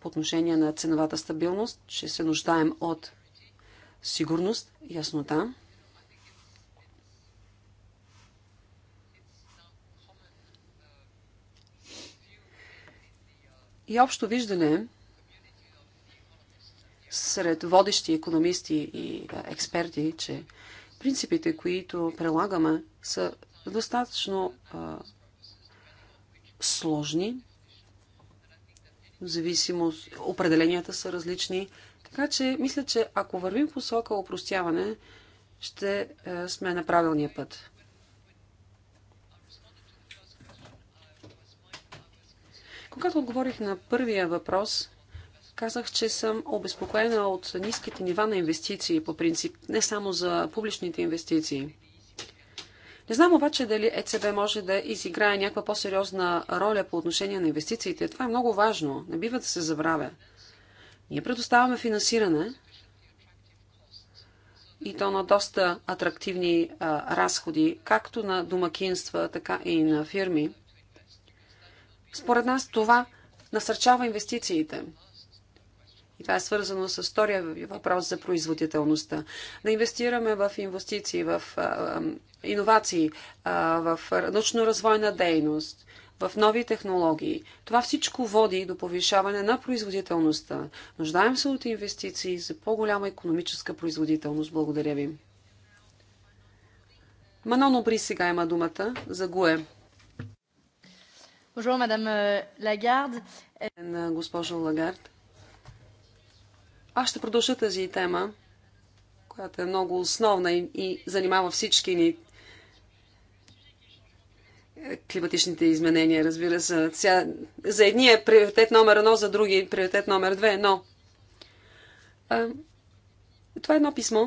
Speaker 2: по отношение на ценовата стабилност, че се нуждаем от сигурност, яснота. И общо виждане сред водещи економисти и експерти, че принципите, които прилагаме, са достатъчно а, сложни в зависимост, определенията са различни. Така че, мисля, че ако вървим посока опростяване, ще е, сме на правилния път. Когато отговорих на първия въпрос, казах, че съм обезпокоена от ниските нива на инвестиции по принцип, не само за публичните инвестиции. Не знам обаче дали ЕЦБ може да изиграе някаква по-сериозна роля по отношение на инвестициите. Това е много важно. Не бива да се забравя. Ние предоставяме финансиране и то на доста атрактивни а, разходи, както на домакинства, така и на фирми. Според нас това насърчава инвестициите. И това е свързано с втория въпрос за производителността. Да инвестираме в инвестиции, в иновации, в научно-развойна дейност, в нови технологии. Това всичко води до повишаване на производителността. Нуждаем се от инвестиции за по-голяма економическа производителност. Благодаря ви. Манон Обри сега има думата за ГУЕ. Е, госпожо Лагард. Аз ще продължа тази тема, която е много основна и, и занимава всички ни. Климатичните изменения, разбира се. Ця... За едни е приоритет номер едно, за други е приоритет номер две, но... А, това е едно писмо,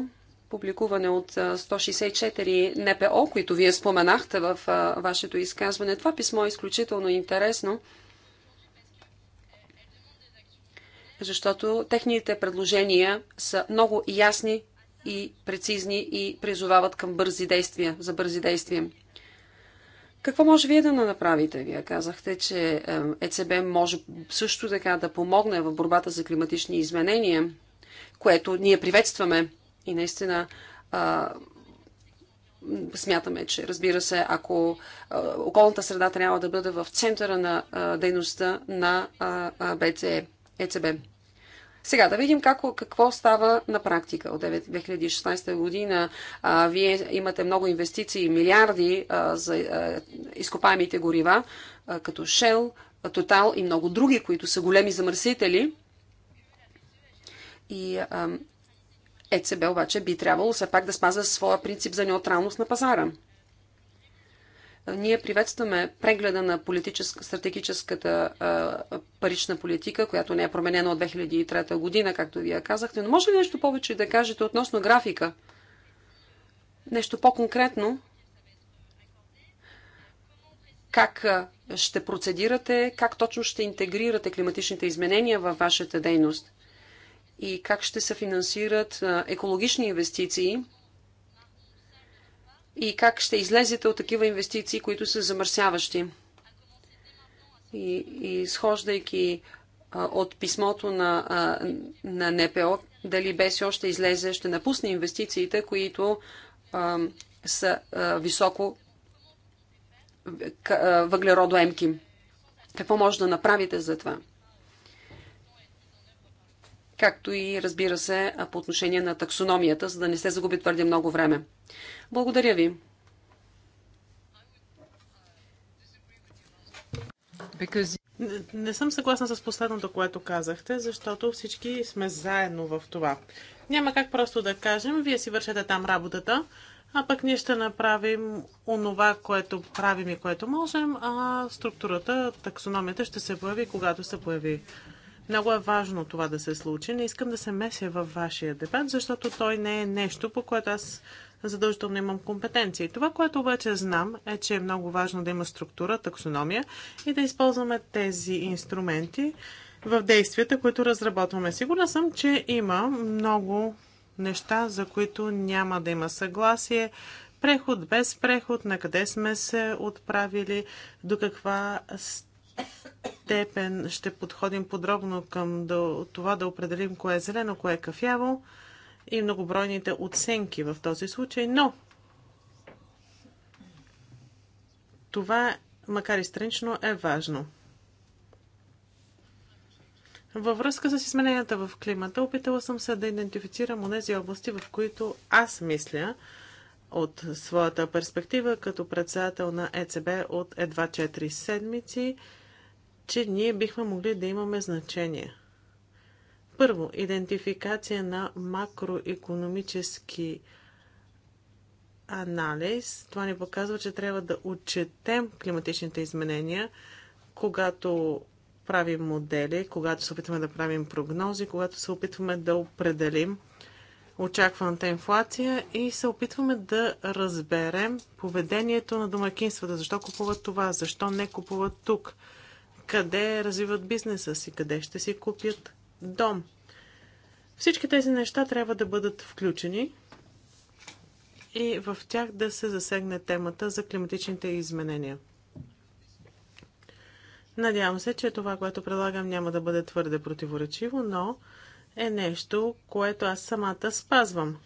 Speaker 2: публикуване от 164 НПО, които вие споменахте в вашето изказване. Това писмо е изключително интересно защото техните предложения са много ясни и прецизни и призовават към бързи действия, за бързи действия. Какво може вие да направите? Вие казахте, че ЕЦБ е може също така да помогне в борбата за климатични изменения, което ние приветстваме и наистина а, смятаме, че разбира се, ако а, околната среда трябва да бъде в центъра на а, дейността на а, БЦ, ЕЦБ. Сега да видим как, какво става на практика. От 2016 година а, вие имате много инвестиции, милиарди а, за а, изкопаемите горива, а, като Shell, Total и много други, които са големи замърсители. И а, ЕЦБ обаче би трябвало все пак да спазва своя принцип за неутралност на пазара. Ние приветстваме прегледа на стратегическата а, парична политика, която не е променена от 2003 година, както вие казахте. Но може ли нещо повече да кажете относно графика? Нещо по-конкретно? Как ще процедирате, как точно ще интегрирате климатичните изменения във вашата дейност? И как ще се финансират екологични инвестиции – и как ще излезете от такива инвестиции, които са замърсяващи. И, изхождайки от писмото на, на НПО, дали без още излезе, ще напусне инвестициите, които а, са а, високо въглеродоемки. Какво може да направите за това? Както и, разбира се, по отношение на таксономията, за да не се загуби твърде много време. Благодаря ви.
Speaker 3: Не, не съм съгласна с последното, което казахте, защото всички сме заедно в това. Няма как просто да кажем, вие си вършете там работата, а пък ние ще направим онова, което правим и което можем, а структурата, таксономията ще се появи, когато се появи. Много е важно това да се случи. Не искам да се меся във вашия дебат, защото той не е нещо, по което аз задължително имам компетенции. Това, което обаче знам, е, че е много важно да има структура, таксономия и да използваме тези инструменти в действията, които разработваме. Сигурна съм, че има много неща, за които няма да има съгласие, преход, без преход, на къде сме се отправили, до каква степен ще подходим подробно към това да определим кое е зелено, кое е кафяво и многобройните оценки в този случай, но това, макар и странично, е важно. Във връзка с измененията в климата, опитала съм се да идентифицирам онези области, в които аз мисля от своята перспектива като председател на ЕЦБ от едва 4 седмици, че ние бихме могли да имаме значение. Първо, идентификация на макроекономически анализ. Това ни показва, че трябва да отчетем климатичните изменения, когато правим модели, когато се опитваме да правим прогнози, когато се опитваме да определим очакваната инфлация и се опитваме да разберем поведението на домакинствата. Защо купуват това? Защо не купуват тук? Къде развиват бизнеса си? Къде ще си купят дом. Всички тези неща трябва да бъдат включени и в тях да се засегне темата за климатичните изменения. Надявам се, че това, което предлагам, няма да бъде твърде противоречиво, но е нещо, което аз самата спазвам.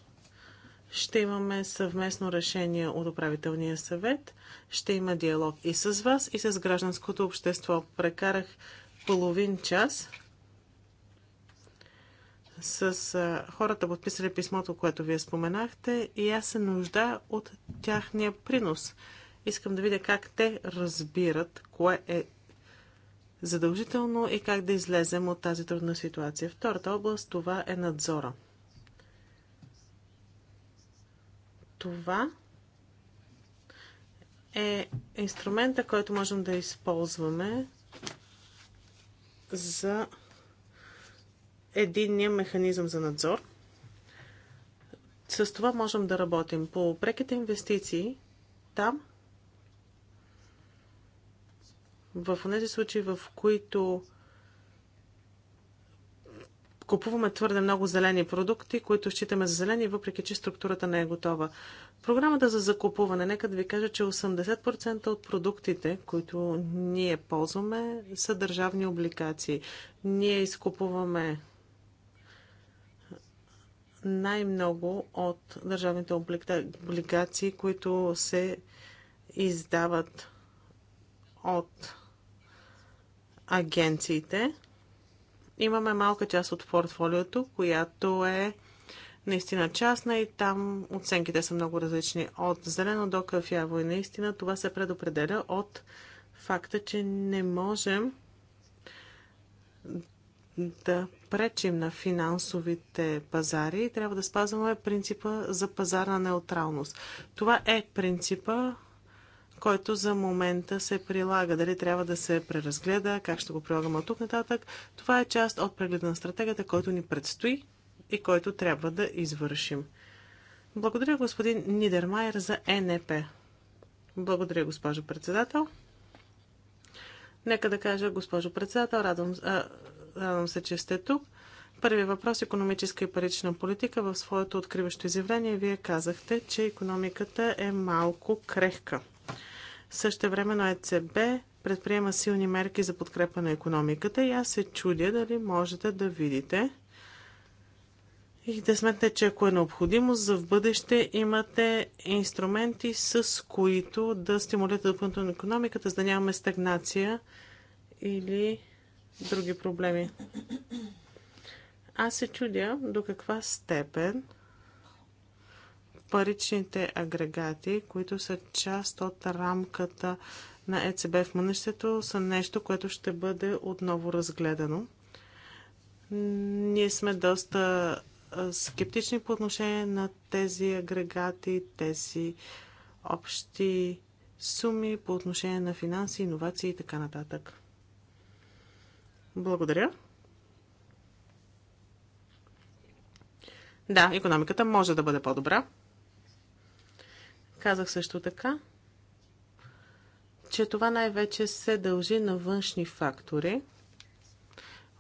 Speaker 3: Ще имаме съвместно решение от управителния съвет, ще има диалог и с вас, и с гражданското общество. Прекарах половин час с а, хората, подписали писмото, което вие споменахте, и аз се нужда от тяхния принос. Искам да видя как те разбират кое е задължително и как да излезем от тази трудна ситуация. Втората област това е надзора. Това е инструмента, който можем да използваме за единния механизъм за надзор. С това можем да работим. По преките инвестиции, там, в тези случаи, в които купуваме твърде много зелени продукти, които считаме за зелени, въпреки че структурата не е готова. Програмата за закупуване, нека да ви кажа, че 80% от продуктите, които ние ползваме, са държавни обликации. Ние изкупуваме най-много от държавните облигации, които се издават от агенциите. Имаме малка част от портфолиото, която е наистина частна и там оценките са много различни от зелено до кафяво и е наистина това се предопределя от факта, че не можем да пречим на финансовите пазари и трябва да спазваме принципа за пазарна неутралност. Това е принципа, който за момента се прилага. Дали трябва да се преразгледа, как ще го прилагаме от тук нататък. Това е част от прегледа на стратегията, който ни предстои и който трябва да извършим. Благодаря господин Нидермайер за НП. Благодаря, госпожо председател. Нека да кажа, госпожо председател, радвам, а, Радвам се, че сте тук. Първият въпрос – економическа и парична политика. В своето откриващо изявление вие казахте, че економиката е малко крехка. Също времено ЕЦБ предприема силни мерки за подкрепа на економиката и аз се чудя дали можете да видите и да сметнете, че ако е необходимо, за в бъдеще имате инструменти, с които да стимулирате допълнително економиката, за да нямаме стагнация или други проблеми. Аз се чудя до каква степен паричните агрегати, които са част от рамката на ЕЦБ в мънището, са нещо, което ще бъде отново разгледано. Ние сме доста скептични по отношение на тези агрегати, тези общи суми по отношение на финанси, иновации и така нататък. Благодаря. Да, економиката може да бъде по-добра. Казах също така, че това най-вече се дължи на външни фактори.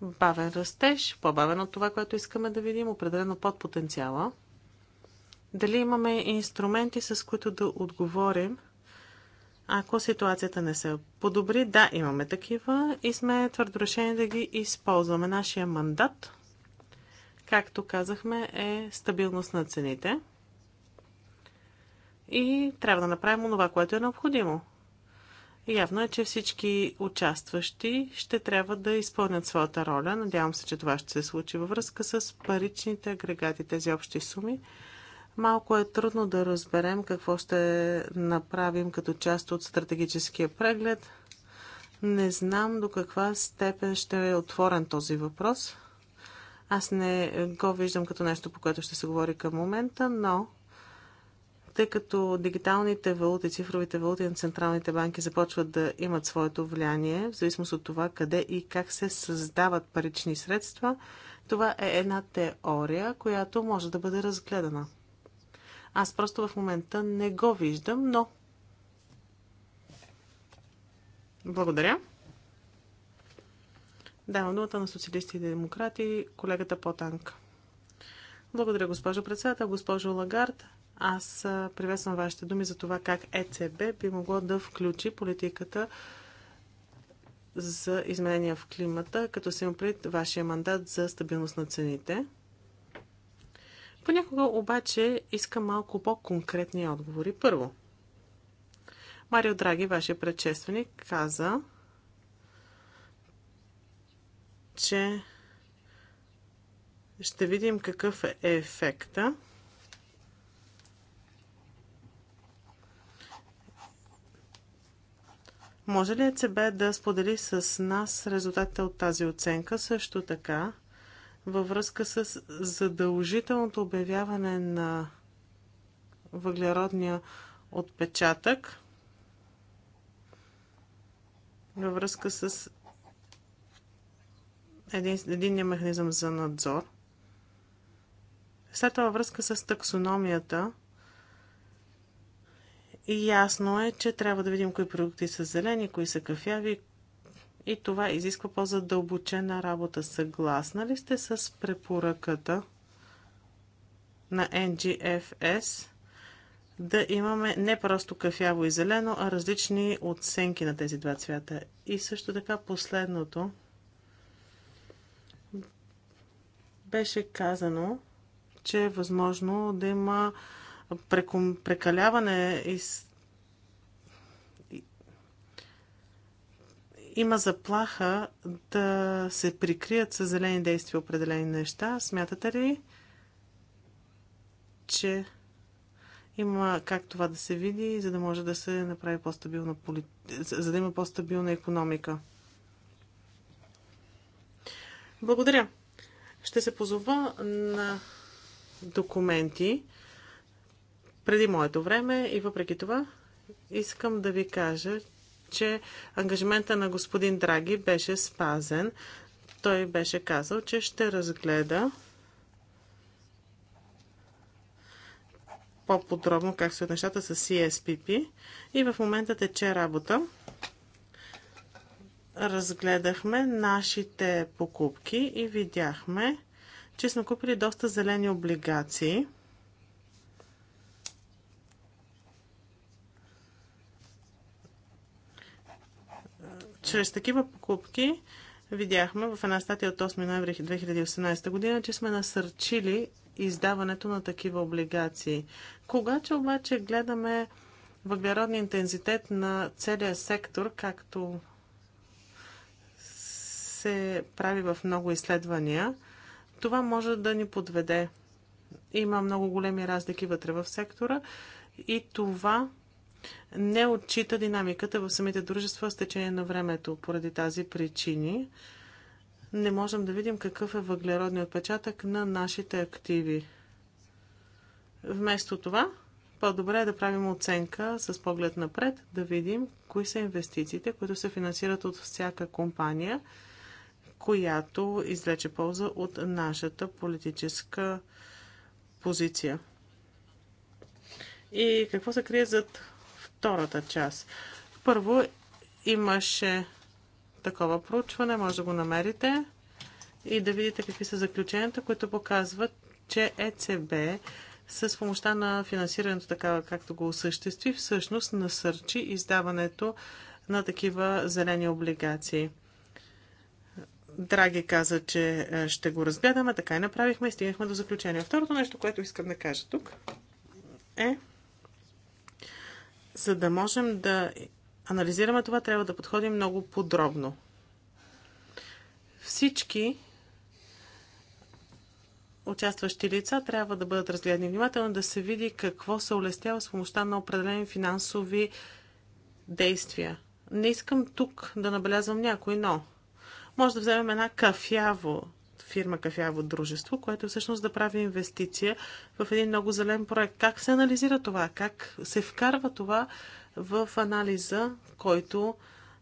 Speaker 3: Бавен растеж, по-бавен от това, което искаме да видим, определено под потенциала. Дали имаме инструменти, с които да отговорим ако ситуацията не се подобри, да, имаме такива и сме твърдо решени да ги използваме. Нашия мандат, както казахме, е стабилност на цените и трябва да направим това, което е необходимо. Явно е, че всички участващи ще трябва да изпълнят своята роля. Надявам се, че това ще се случи във връзка с паричните агрегати, тези общи суми. Малко е трудно да разберем какво ще направим като част от стратегическия преглед. Не знам до каква степен ще е отворен този въпрос. Аз не го виждам като нещо, по което ще се говори към момента, но тъй като дигиталните валути, цифровите валути на централните банки започват да имат своето влияние, в зависимост от това къде и как се създават парични средства, това е една теория, която може да бъде разгледана. Аз просто в момента не го виждам, но... Благодаря. Давам думата на социалисти и демократи, колегата Потанка. Благодаря, госпожо председател, госпожо Лагард. Аз приветствам вашите думи за това как ЕЦБ би могло да включи политиката за изменения в климата, като се пред вашия мандат за стабилност на цените. Понякога обаче искам малко по-конкретни отговори. Първо, Марио Драги, вашия предшественик, каза, че ще видим какъв е ефекта. Може ли ЕЦБ да сподели с нас резултатите от тази оценка? Също така, във връзка с задължителното обявяване на въглеродния отпечатък във връзка с един, единния механизъм за надзор. След това връзка с таксономията и ясно е, че трябва да видим кои продукти са зелени, кои са кафяви, и това изисква по-задълбочена работа. Съгласна ли сте с препоръката на NGFS да имаме не просто кафяво и зелено, а различни оценки на тези два цвята? И също така последното беше казано, че е възможно да има прекаляване и. има заплаха да се прикрият с зелени действия определени неща. Смятате ли, че има как това да се види, за да може да се направи по-стабилна полит... за да има по-стабилна економика? Благодаря. Ще се позова на документи преди моето време и въпреки това искам да ви кажа, че ангажимента на господин Драги беше спазен. Той беше казал, че ще разгледа по-подробно как са нещата с CSPP. И в момента тече работа. Разгледахме нашите покупки и видяхме, че сме купили доста зелени облигации – чрез такива покупки видяхме в една статия от 8 ноември 2018 година, че сме насърчили издаването на такива облигации. Когато обаче гледаме въглеродния интензитет на целия сектор, както се прави в много изследвания, това може да ни подведе. Има много големи разлики вътре в сектора и това не отчита динамиката в самите дружества с течение на времето. Поради тази причини не можем да видим какъв е въглеродният отпечатък на нашите активи. Вместо това, по-добре е да правим оценка с поглед напред, да видим кои са инвестициите, които се финансират от всяка компания, която извлече полза от нашата политическа позиция. И какво се крие зад втората част. Първо имаше такова проучване, може да го намерите и да видите какви са заключенията, които показват, че ЕЦБ с помощта на финансирането такава, както го осъществи, всъщност насърчи издаването на такива зелени облигации. Драги каза, че е, ще го разгледаме, така и направихме и стигнахме до заключение. Второто нещо, което искам да кажа тук е, за да можем да анализираме това, трябва да подходим много подробно. Всички участващи лица трябва да бъдат разгледани внимателно, да се види какво се улестява с помощта на определени финансови действия. Не искам тук да набелязвам някой, но може да вземем една кафяво фирма кафяво дружество, което всъщност да прави инвестиция в един много зелен проект. Как се анализира това? Как се вкарва това в анализа, който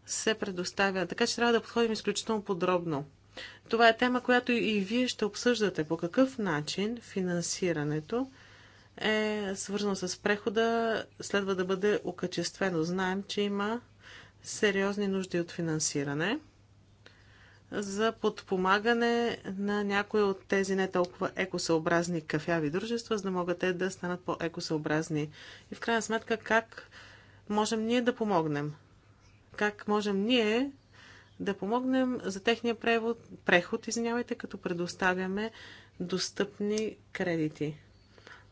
Speaker 3: се предоставя? Така че трябва да подходим изключително подробно. Това е тема, която и вие ще обсъждате. По какъв начин финансирането е свързано с прехода, следва да бъде окачествено. Знаем, че има сериозни нужди от финансиране за подпомагане на някои от тези не толкова екосъобразни кафяви дружества, за да могат те да станат по-екосъобразни. И в крайна сметка, как можем ние да помогнем? Как можем ние да помогнем за техния превод, преход, извинявайте, като предоставяме достъпни кредити?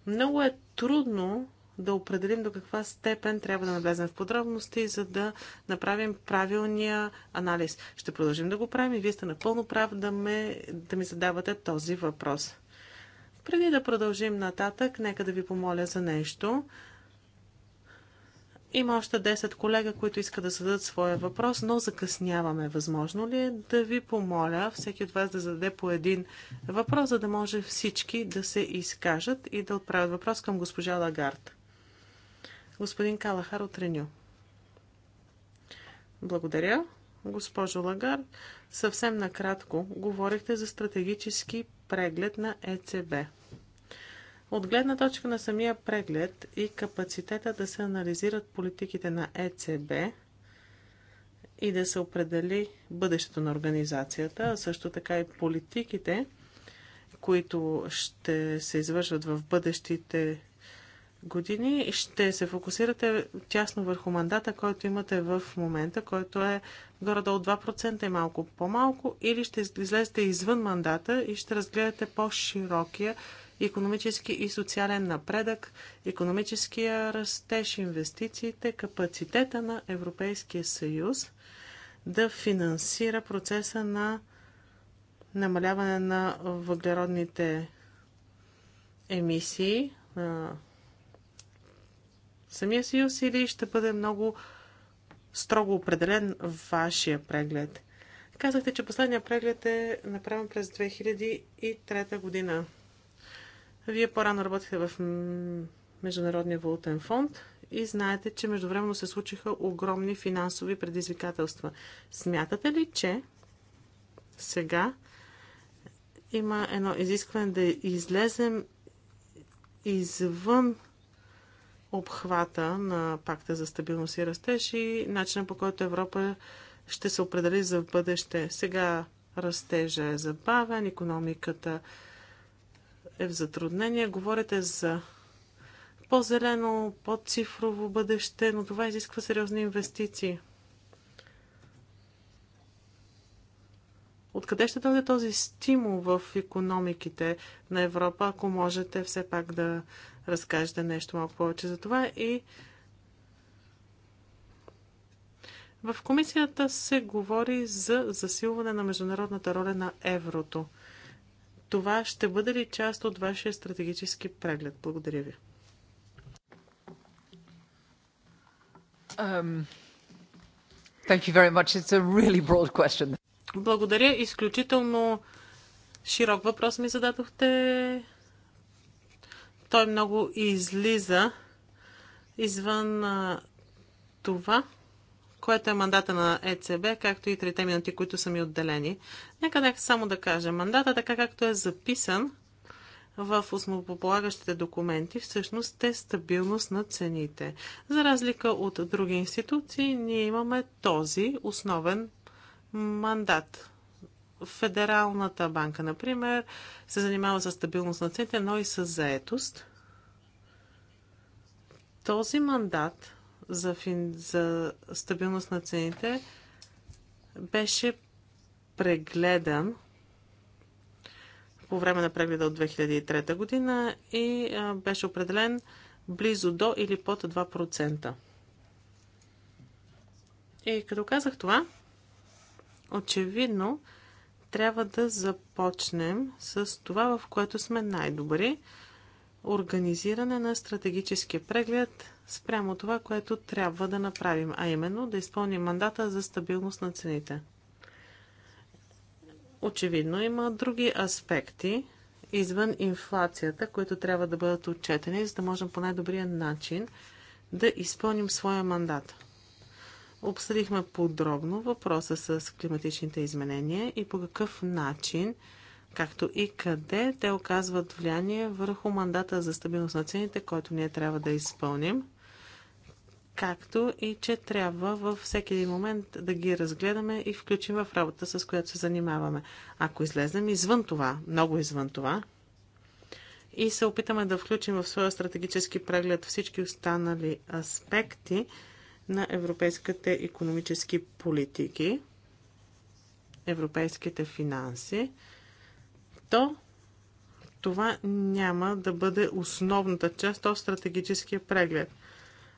Speaker 3: Много е трудно да определим до каква степен трябва да навлезем в подробности, за да направим правилния анализ. Ще продължим да го правим и вие сте напълно прав да, ме, да ми задавате този въпрос. Преди да продължим нататък, нека да ви помоля за нещо. Има още 10 колега, които искат да зададат своя въпрос, но закъсняваме. Възможно ли е да ви помоля всеки от вас да зададе по един въпрос, за да може всички да се изкажат и да отправят въпрос към госпожа Лагард? Господин Калахар от Реню. Благодаря. Госпожо Лагар. съвсем накратко говорихте за стратегически преглед на ЕЦБ. От гледна точка на самия преглед и капацитета да се анализират политиките на ЕЦБ и да се определи бъдещето на организацията, а също така и политиките, които ще се извършват в бъдещите години ще се фокусирате тясно върху мандата, който имате в момента, който е горе-долу 2% и малко по-малко, или ще излезете извън мандата и ще разгледате по-широкия економически и социален напредък, економическия растеж, инвестициите, капацитета на Европейския съюз да финансира процеса на намаляване на въглеродните емисии, на самия съюз или ще бъде много строго определен вашия преглед? Казахте, че последния преглед е направен през 2003 година. Вие по-рано работите в Международния валутен фонд и знаете, че междувременно се случиха огромни финансови предизвикателства. Смятате ли, че сега има едно изискване да излезем извън обхвата на пакта за стабилност и растеж и начина по който Европа ще се определи за бъдеще. Сега растежа е забавен, економиката е в затруднение. Говорите за по-зелено, по-цифрово бъдеще, но това изисква сериозни инвестиции. Откъде ще дойде този стимул в економиките на Европа, ако можете все пак да разкажете нещо малко повече за това и в комисията се говори за засилване на международната роля на еврото. Това ще бъде ли част от вашия стратегически преглед? Благодаря ви. Um,
Speaker 4: thank you very much. It's a really broad question.
Speaker 3: Благодаря. Изключително широк въпрос ми зададохте, той много излиза извън а, това, което е мандата на ЕЦБ, както и трите минути, които са ми отделени. Нека, нека само да кажа, мандата така както е записан в основополагащите документи, всъщност е стабилност на цените. За разлика от други институции, ние имаме този основен мандат. Федералната банка, например, се занимава с стабилност на цените, но и с заетост. Този мандат за, фин... за стабилност на цените беше прегледан по време на прегледа от 2003 година и беше определен близо до или под 2%. И като казах това, очевидно трябва да започнем с това, в което сме най-добри организиране на стратегически преглед спрямо това, което трябва да направим, а именно да изпълним мандата за стабилност на цените. Очевидно има други аспекти извън инфлацията, които трябва да бъдат отчетени, за да можем по най-добрия начин да изпълним своя мандат. Обсъдихме подробно въпроса с климатичните изменения и по какъв начин, както и къде те оказват влияние върху мандата за стабилност на цените, който ние трябва да изпълним, както и че трябва във всеки един момент да ги разгледаме и включим в работа, с която се занимаваме. Ако излезем извън това, много извън това, и се опитаме да включим в своя стратегически преглед всички останали аспекти, на европейските економически политики, европейските финанси, то това няма да бъде основната част от стратегическия преглед.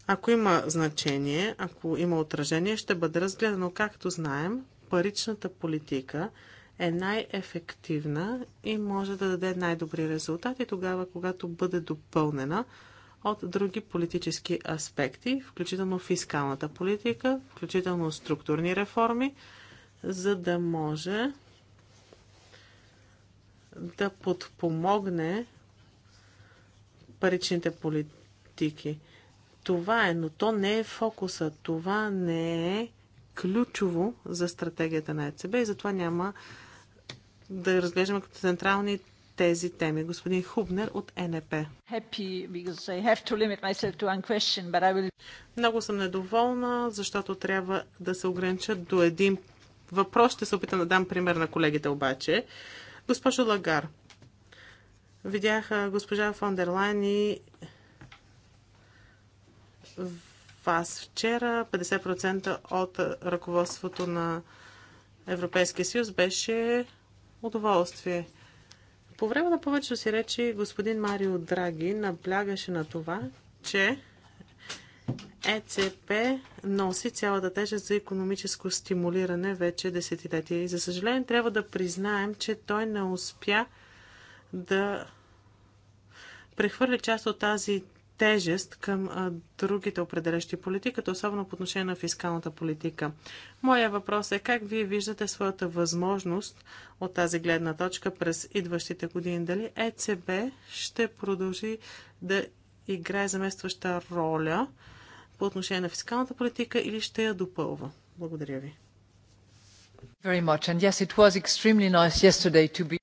Speaker 3: Ако има значение, ако има отражение, ще бъде разгледано. Както знаем, паричната политика е най-ефективна и може да даде най-добри резултати тогава, когато бъде допълнена от други политически аспекти, включително фискалната политика, включително структурни реформи, за да може да подпомогне паричните политики. Това е, но то не е фокуса. Това не е ключово за стратегията на ЕЦБ и затова няма да разглеждаме като централни тези теми. Господин Хубнер от НП. Много съм недоволна, защото трябва да се огранича до един въпрос. Ще се опитам да дам пример на колегите обаче. Госпожо Лагар, видях госпожа Фондерлайн и вас вчера. 50% от ръководството на Европейския съюз беше удоволствие. По време на повечето си речи господин Марио Драги наблягаше на това, че ЕЦП носи цялата тежест за економическо стимулиране вече десетилетия. И за съжаление трябва да признаем, че той не успя да прехвърли част от тази тежест към другите определящи политиката, особено по отношение на фискалната политика. Моя въпрос е как вие виждате своята възможност от тази гледна точка през идващите години? Дали ЕЦБ ще продължи да играе заместваща роля по отношение на фискалната политика или ще я допълва? Благодаря ви.
Speaker 4: Very much. And yes, it was extremely nice yesterday to be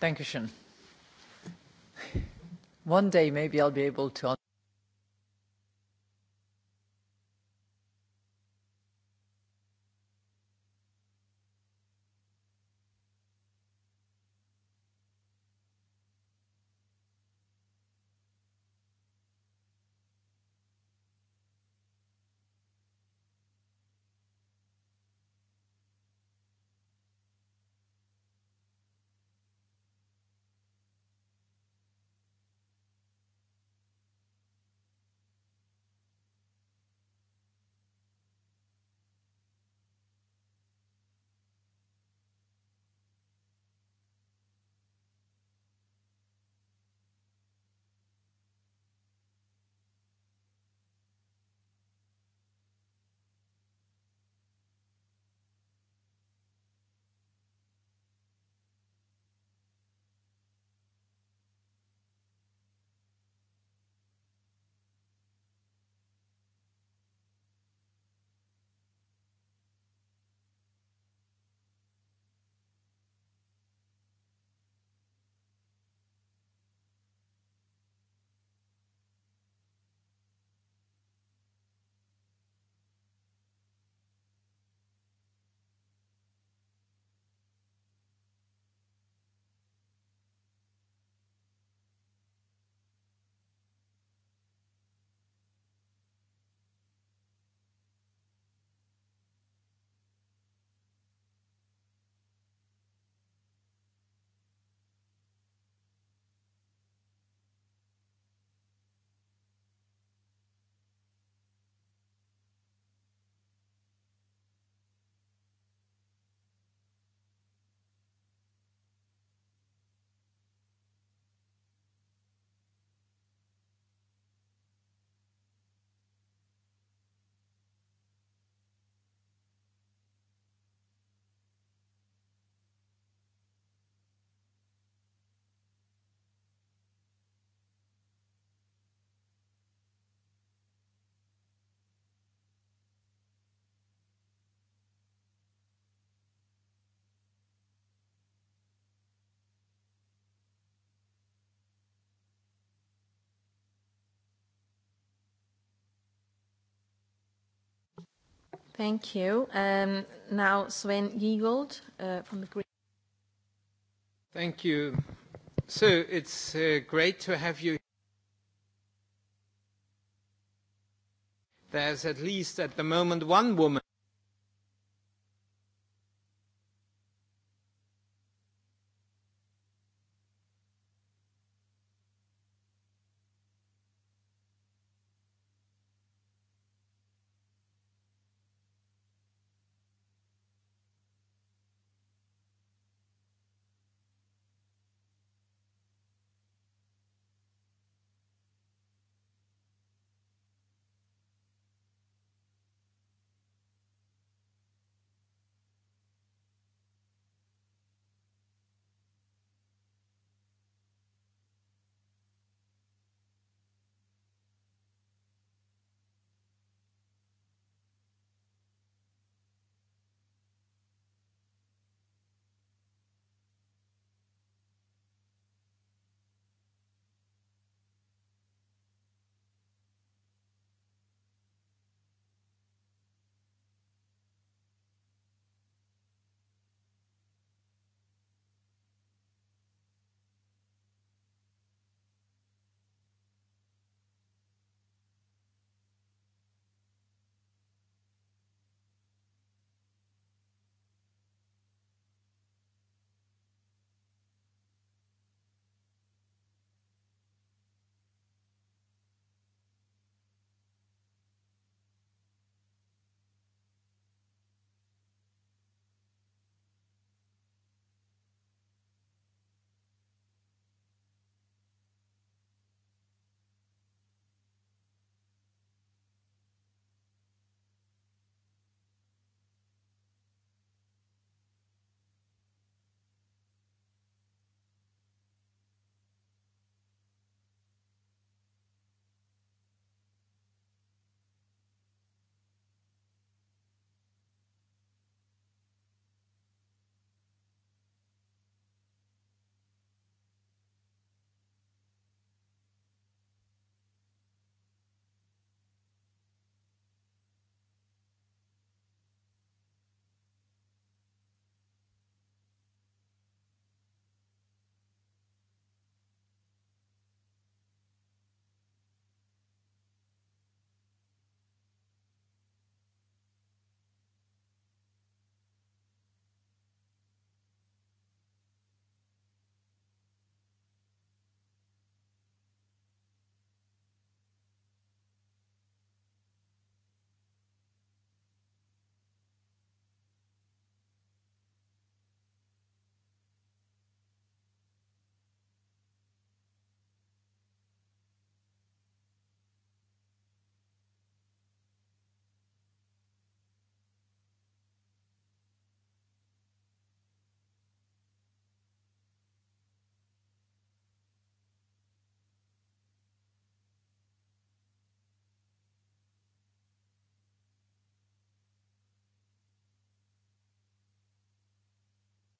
Speaker 4: Dankeschön. One day maybe I'll be able to
Speaker 1: Thank you. Um, now Sven Giegold uh, from the Green.
Speaker 4: Thank you. So it's uh, great to have you. There's at least at the moment one woman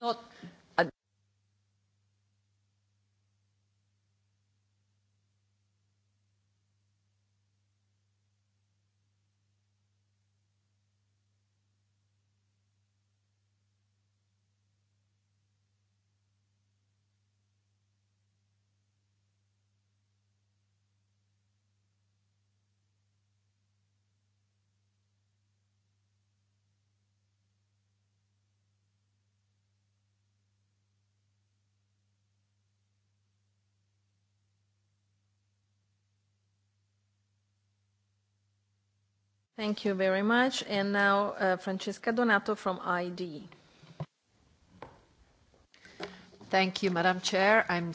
Speaker 4: not
Speaker 1: Thank you very much. And now uh, Francesca Donato from ID. Thank you, Madam Chair. I'm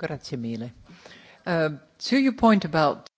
Speaker 4: Grazie mille. Uh, to your point about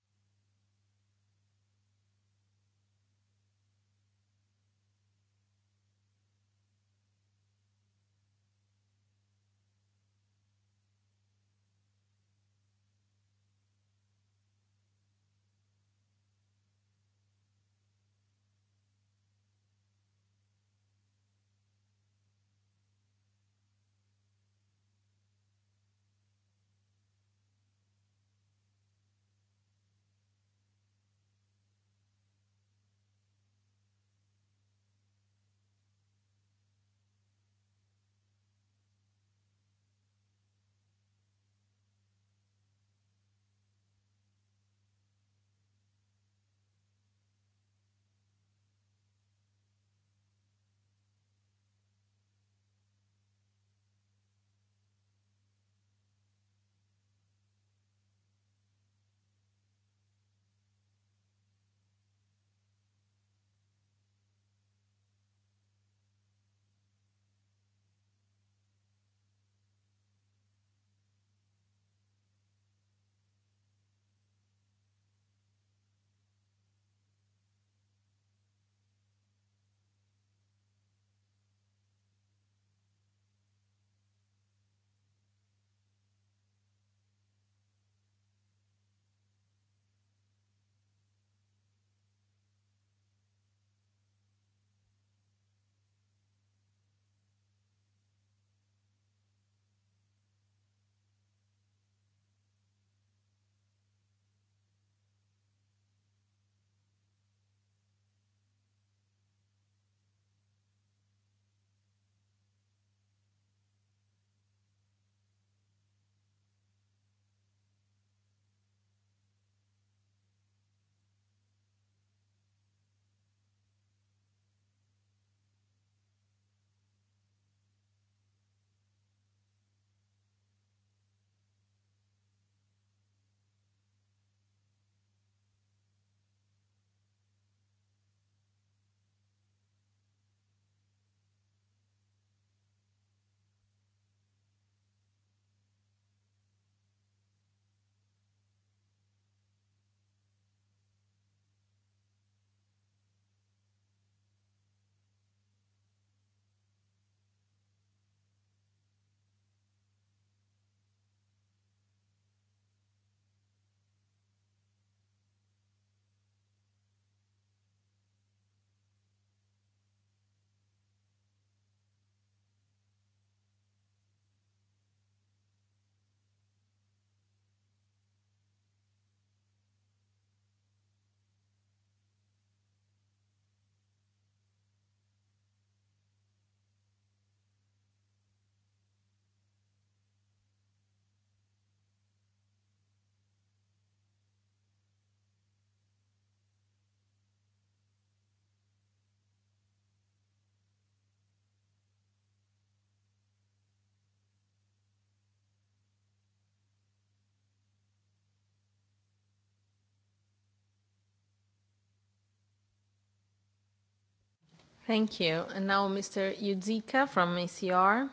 Speaker 1: Thank you. And now Mr. Yudzika from ACR.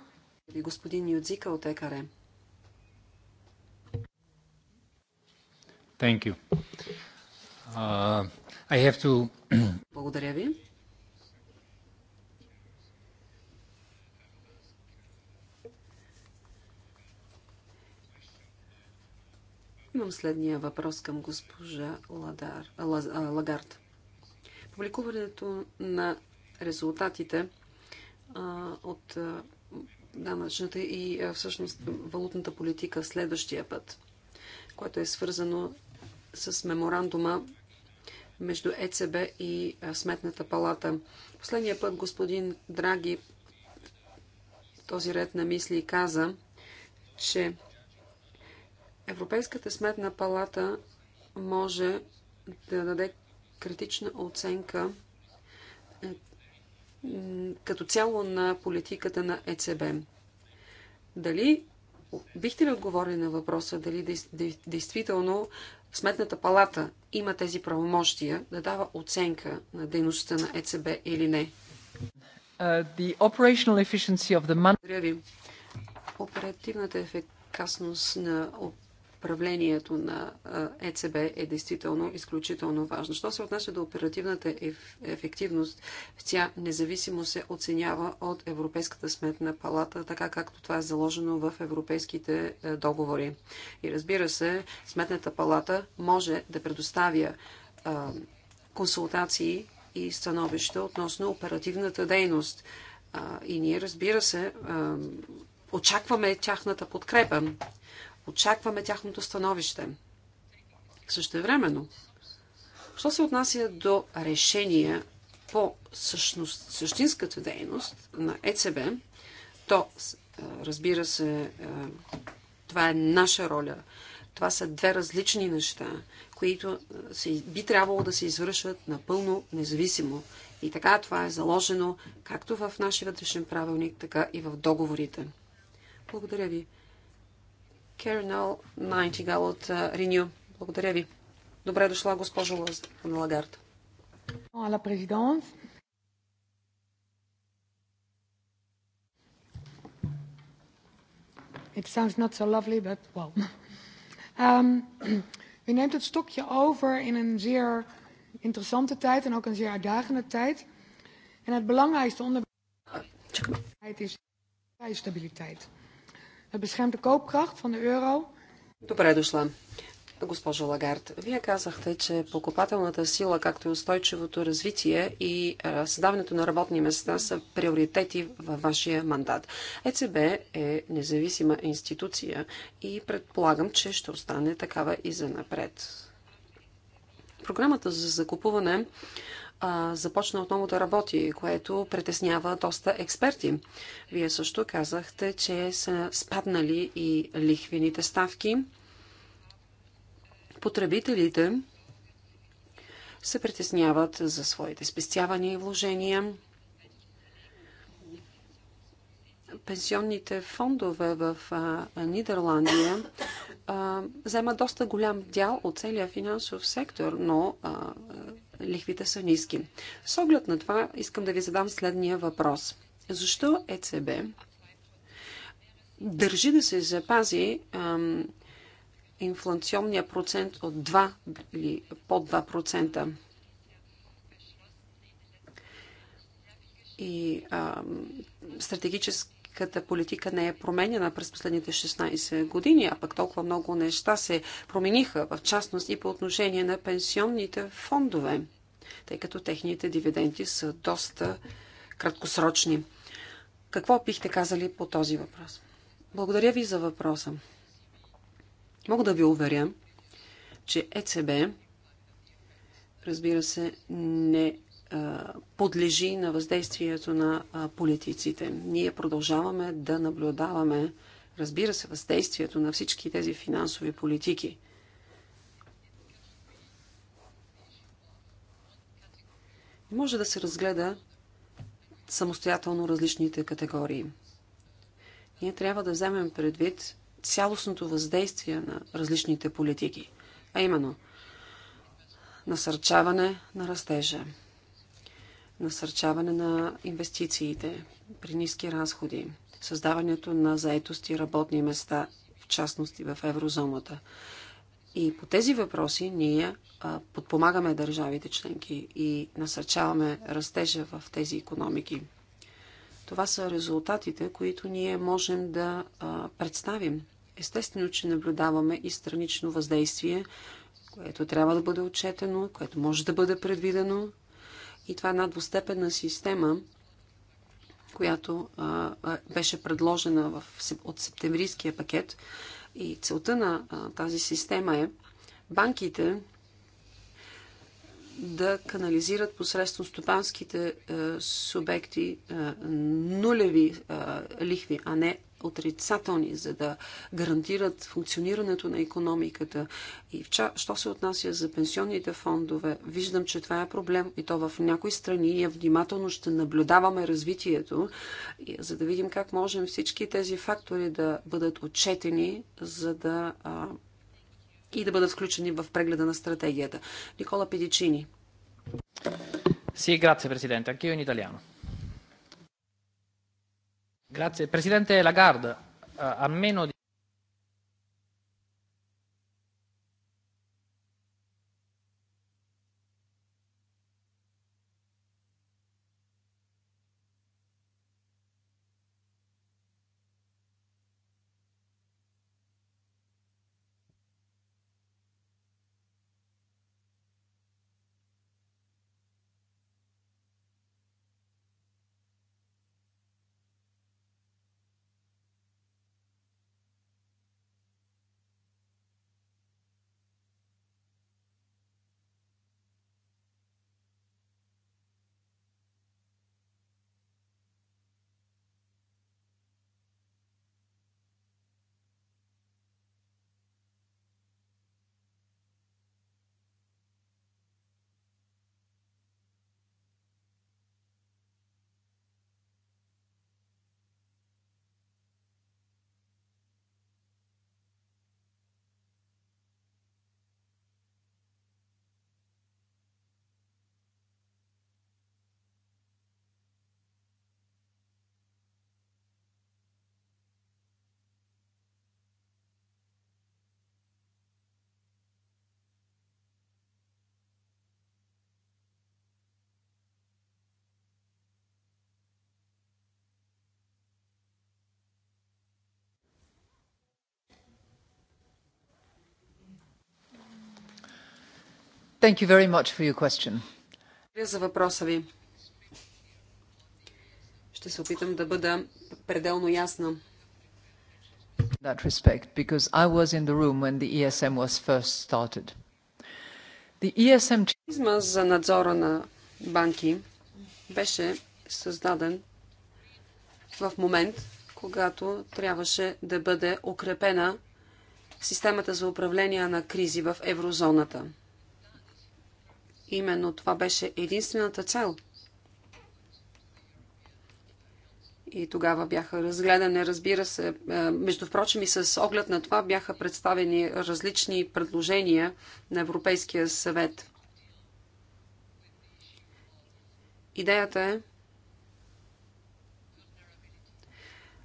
Speaker 1: И господин Юдзика от ЕКР.
Speaker 4: Thank you. Uh, I have to...
Speaker 2: Благодаря ви. Имам следния въпрос към госпожа Лагард. Публикуването на резултатите от данъчната и всъщност валутната политика следващия път, което е свързано с меморандума между ЕЦБ и Сметната палата. Последния път господин Драги този ред на мисли каза, че Европейската сметна палата може да даде критична оценка е, като цяло на политиката на ЕЦБ. Дали бихте ли отговорили на въпроса дали действително Сметната палата има тези правомощия да дава оценка на дейността на ЕЦБ или не? Uh, Благодаря ви. Оперативната ефективност ефикасност на управлението на ЕЦБ е действително изключително важно. Що се отнася до оперативната ефективност, тя независимо се оценява от Европейската сметна палата, така както това е заложено в европейските договори. И разбира се, сметната палата може да предоставя консултации и становища относно оперативната дейност. и ние, разбира се, очакваме тяхната подкрепа Очакваме тяхното становище. Същевременно, що се отнася до решения по същинската дейност на ЕЦБ, то, е, разбира се, е, това е наша роля. Това са две различни неща, които е, би трябвало да се извършват напълно независимо. И така това е заложено както в нашия вътрешен правилник, така и в договорите. Благодаря ви. Кернел Найтигал от Реню. Благодаря ви. Добре дошла, госпожо Лагард.
Speaker 3: Ала президент. It sounds not so lovely, but well. Um, u neemt het stokje over in een zeer interessante
Speaker 2: tijd en ook een zeer uitdagende tijd. En het belangrijkste onderwerp is prijsstabiliteit beschermt de koopkracht van de euro. Добре дошла. Госпожо Лагард, вие казахте, че покупателната сила, както и устойчивото развитие и създаването на работни места са приоритети във вашия мандат. ЕЦБ е независима институция и предполагам, че ще остане такава и за напред. Програмата за закупуване а, започна отново да работи, което притеснява доста експерти. Вие също казахте, че са спаднали и лихвените ставки. Потребителите се притесняват за своите спестявания и вложения. Пенсионните фондове в Нидерландия вземат доста голям дял от целия финансов сектор, но лихвите са ниски. С оглед на това искам да ви задам следния въпрос. Защо ЕЦБ държи да се запази ам, инфлационния процент от 2 или под 2%? И ам, стратегически европейската политика не е променена през последните 16 години, а пък толкова много неща се промениха, в частност и по отношение на пенсионните фондове, тъй като техните дивиденти са доста краткосрочни. Какво бихте казали по този въпрос? Благодаря ви за въпроса. Мога да ви уверя, че ЕЦБ, разбира се, не подлежи на въздействието на политиците. Ние продължаваме да наблюдаваме, разбира се, въздействието на всички тези финансови политики. Може да се разгледа самостоятелно различните категории. Ние трябва да вземем предвид цялостното въздействие на различните политики, а именно насърчаване на растежа, насърчаване на инвестициите при ниски разходи, създаването на заетост и работни места, в частности в еврозоната. И по тези въпроси ние а, подпомагаме държавите членки и насърчаваме растежа в тези економики. Това са резултатите, които ние можем да а, представим. Естествено, че наблюдаваме и странично въздействие, което трябва да бъде отчетено, което може да бъде предвидено, и това е една двустепенна система, която а, беше предложена в, от септемврийския пакет. И целта на а, тази система е банките да канализират посредством стопанските а, субекти а, нулеви а, лихви, а не отрицателни, за да гарантират функционирането на економиката. И ча... що се отнася за пенсионните фондове, виждам, че това е проблем и то в някои страни ние внимателно ще наблюдаваме развитието, за да видим как можем всички тези фактори да бъдат отчетени, за да а... и да бъдат включени в прегледа на стратегията. Никола Педичини.
Speaker 3: Си грация, президент. Акио италиано.
Speaker 4: Grazie. Presidente Lagarde, a meno di... Thank you very much for your question.
Speaker 2: Благодаря за въпроса ви. Ще се опитам да бъда пределно ясна.
Speaker 4: That respect, because I was in the room when the ESM was first started. The ESM...
Speaker 2: ...за надзора на банки беше създаден в момент, когато трябваше да бъде укрепена системата за управление на кризи в еврозоната – Именно това беше единствената цел. И тогава бяха разгледани, разбира се, е, между впрочем и с оглед на това бяха представени различни предложения на Европейския съвет. Идеята е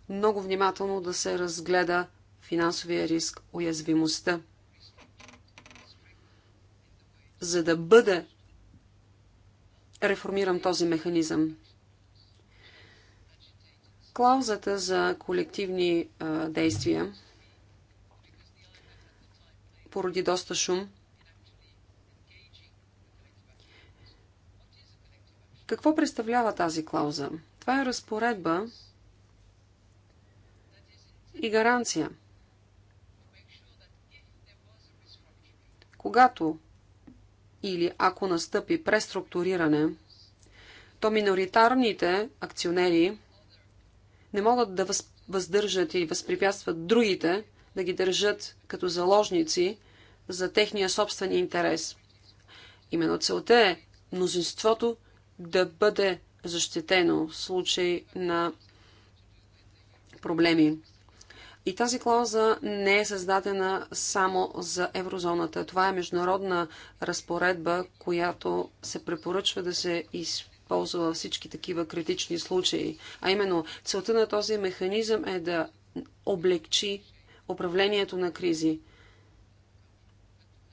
Speaker 2: много внимателно да се разгледа финансовия риск, уязвимостта, за да бъде реформирам този механизъм. Клаузата за колективни а, действия поради доста шум. Какво представлява тази клауза? Това е разпоредба и гаранция. Когато или ако настъпи преструктуриране, то миноритарните акционери не могат да въздържат и възпрепятстват другите да ги държат като заложници за техния собствен интерес. Именно целта е мнозинството да бъде защитено в случай на проблеми. И тази клауза не е създадена само за еврозоната. Това е международна разпоредба, която се препоръчва да се използва във всички такива критични случаи. А именно, целта на този механизъм е да облегчи управлението на кризи,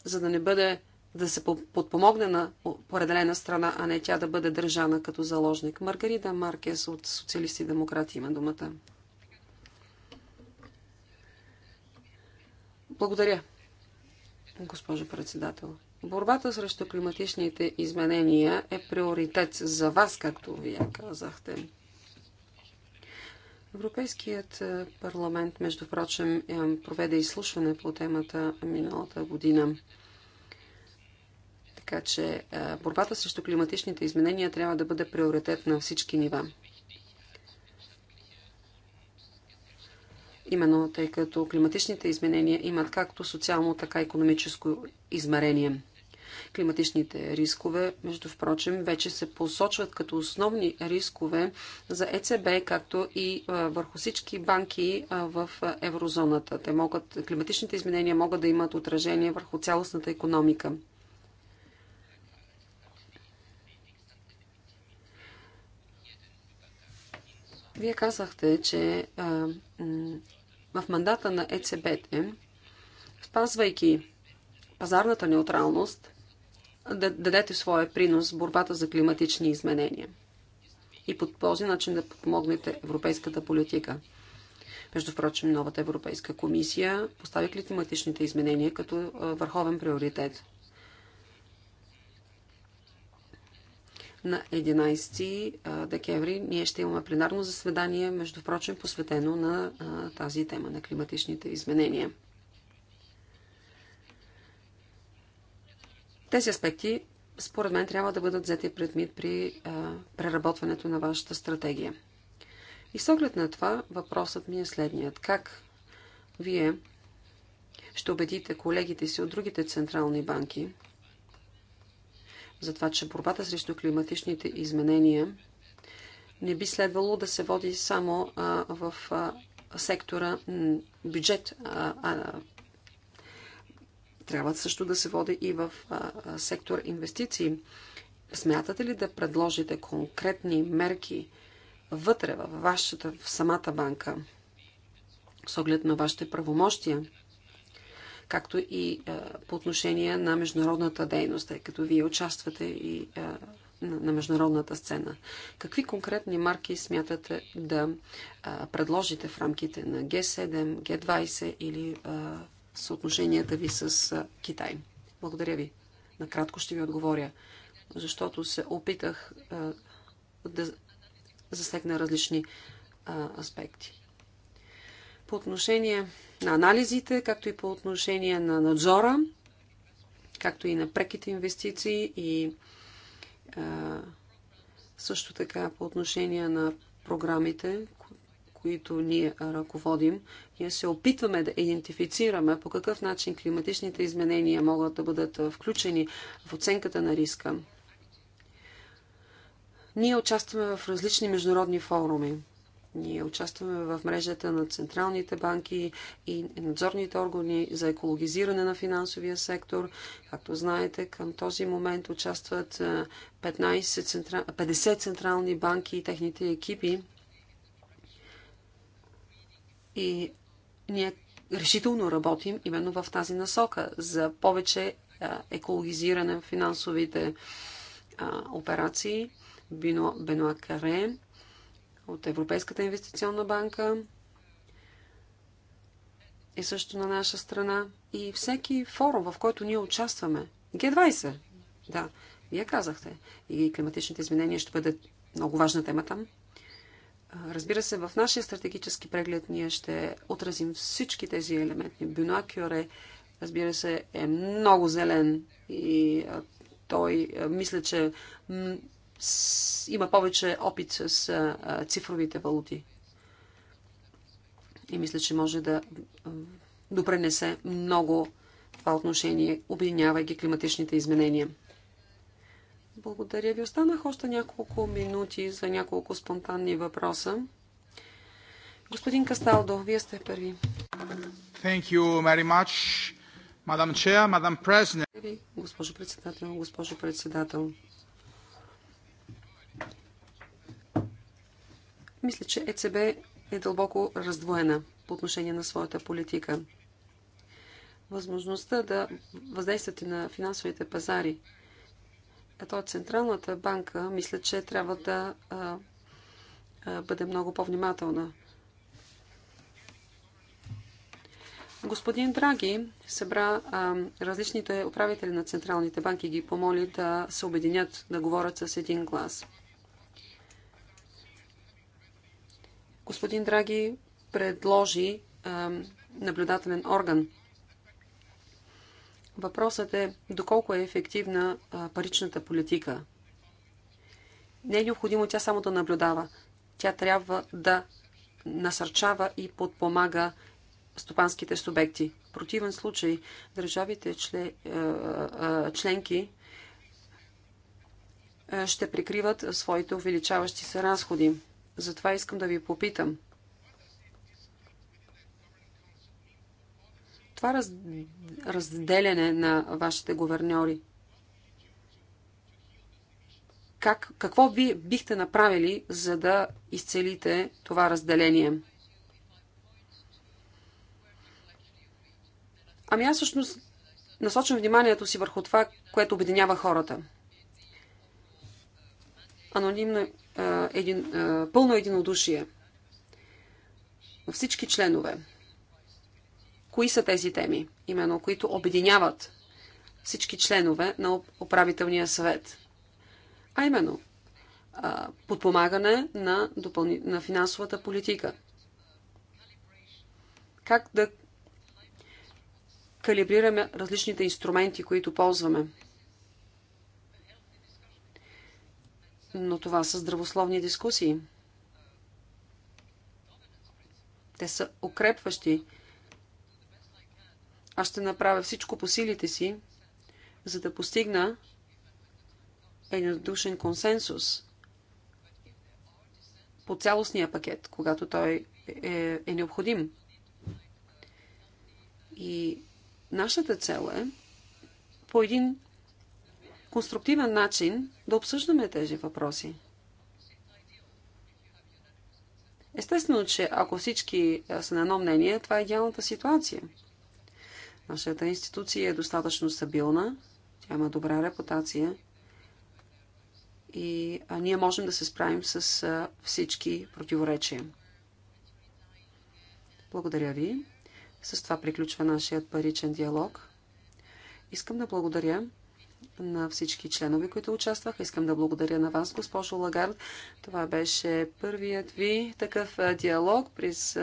Speaker 2: за да не бъде да се подпомогне на определена страна, а не тя да бъде държана като заложник. Маргарита Маркес от Социалисти и демократи има думата. Благодаря, госпожо председател. Борбата срещу климатичните изменения е приоритет за вас, както вие казахте. Европейският е, парламент, между прочим, е, проведе изслушване по темата миналата година. Така че е, борбата срещу климатичните изменения трябва да бъде приоритет на всички нива. именно тъй като климатичните изменения имат както социално, така и економическо измерение. Климатичните рискове, между впрочем, вече се посочват като основни рискове за ЕЦБ, както и върху всички банки в еврозоната. Те могат, климатичните изменения могат да имат отражение върху цялостната економика. Вие казахте, че а, в мандата на ЕЦБ, спазвайки пазарната неутралност, да дадете своя принос в борбата за климатични изменения и по този начин да подпомогнете европейската политика. Между впрочем, новата Европейска комисия постави климатичните изменения като върховен приоритет. на 11 декември ние ще имаме пленарно заседание, между прочим, посветено на тази тема на климатичните изменения. Тези аспекти, според мен, трябва да бъдат взети предмет при преработването на вашата стратегия. И с оглед на това, въпросът ми е следният. Как вие ще убедите колегите си от другите централни банки, за това, че борбата срещу климатичните изменения не би следвало да се води само а, в а, сектора бюджет. А, а, трябва също да се води и в а, сектор инвестиции. Смятате ли да предложите конкретни мерки вътре във вашата, в самата банка, с оглед на вашите правомощия? както и е, по отношение на международната дейност, тъй като вие участвате и е, на международната сцена. Какви конкретни марки смятате да е, предложите в рамките на G7, G20 или съотношенията ви с Китай? Благодаря ви. Накратко ще ви отговоря, защото се опитах да засегна различни аспекти по отношение на анализите, както и по отношение на надзора, както и на преките инвестиции и а, също така по отношение на програмите, които ние ръководим, ние се опитваме да идентифицираме по какъв начин климатичните изменения могат да бъдат включени в оценката на риска. Ние участваме в различни международни форуми. Ние участваме в мрежата на централните банки и надзорните органи за екологизиране на финансовия сектор. Както знаете, към този момент участват 15, 50 централни банки и техните екипи. И ние решително работим именно в тази насока за повече екологизиране в финансовите операции. Бенуа Каре от Европейската инвестиционна банка И също на наша страна. И всеки форум, в който ние участваме, Г20, да, вие казахте, и климатичните изменения ще бъде много важна тема там. Разбира се, в нашия стратегически преглед ние ще отразим всички тези елементи. Бюнакюре, разбира се, е много зелен и той мисля, че има повече опит с цифровите валути. И мисля, че може да допренесе много това отношение, обединявайки климатичните изменения. Благодаря ви. Останах още няколко минути за няколко спонтанни въпроса. Господин Касталдо, вие сте първи.
Speaker 3: Thank you very much,
Speaker 2: Madam Chair, Madam President. Госпожо председател, госпожо председател. Мисля, че ЕЦБ е дълбоко раздвоена по отношение на своята политика. Възможността да въздействате на финансовите пазари. Ето Централната банка, мисля, че трябва да а, а, бъде много по-внимателна. Господин Драги събра а, различните управители на централните банки ги помоли да се обединят, да говорят с един глас. господин Драги предложи наблюдателен орган. Въпросът е доколко е ефективна паричната политика. Не е необходимо тя само да наблюдава. Тя трябва да насърчава и подпомага стопанските субекти. В противен случай държавите член, членки ще прикриват своите увеличаващи се разходи. Затова искам да ви попитам. Това раз... разделяне на вашите говерньори, как, какво би, бихте направили, за да изцелите това разделение? Ами аз всъщност насочвам вниманието си върху това, което обединява хората. Анонимно един, а, пълно единодушие. Всички членове. Кои са тези теми, именно които обединяват всички членове на управителния съвет? А именно подпомагане на, допълни... на финансовата политика. Как да калибрираме различните инструменти, които ползваме. Но това са здравословни дискусии. Те са укрепващи. Аз ще направя всичко по силите си, за да постигна еднодушен консенсус по цялостния пакет, когато той е, е необходим. И нашата цел е по един конструктивен начин да обсъждаме тези въпроси. Естествено, че ако всички са на едно мнение, това е идеалната ситуация. Нашата институция е достатъчно стабилна, тя има добра репутация и ние можем да се справим с всички противоречия. Благодаря ви. С това приключва нашият паричен диалог. Искам да благодаря на всички членове, които участваха. Искам да благодаря на вас, госпожо Лагард. Това беше първият ви такъв диалог през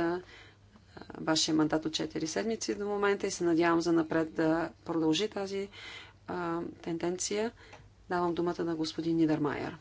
Speaker 2: вашия мандат от 4 седмици до момента и се надявам за напред да продължи тази а, тенденция. Давам думата на господин Нидермайер.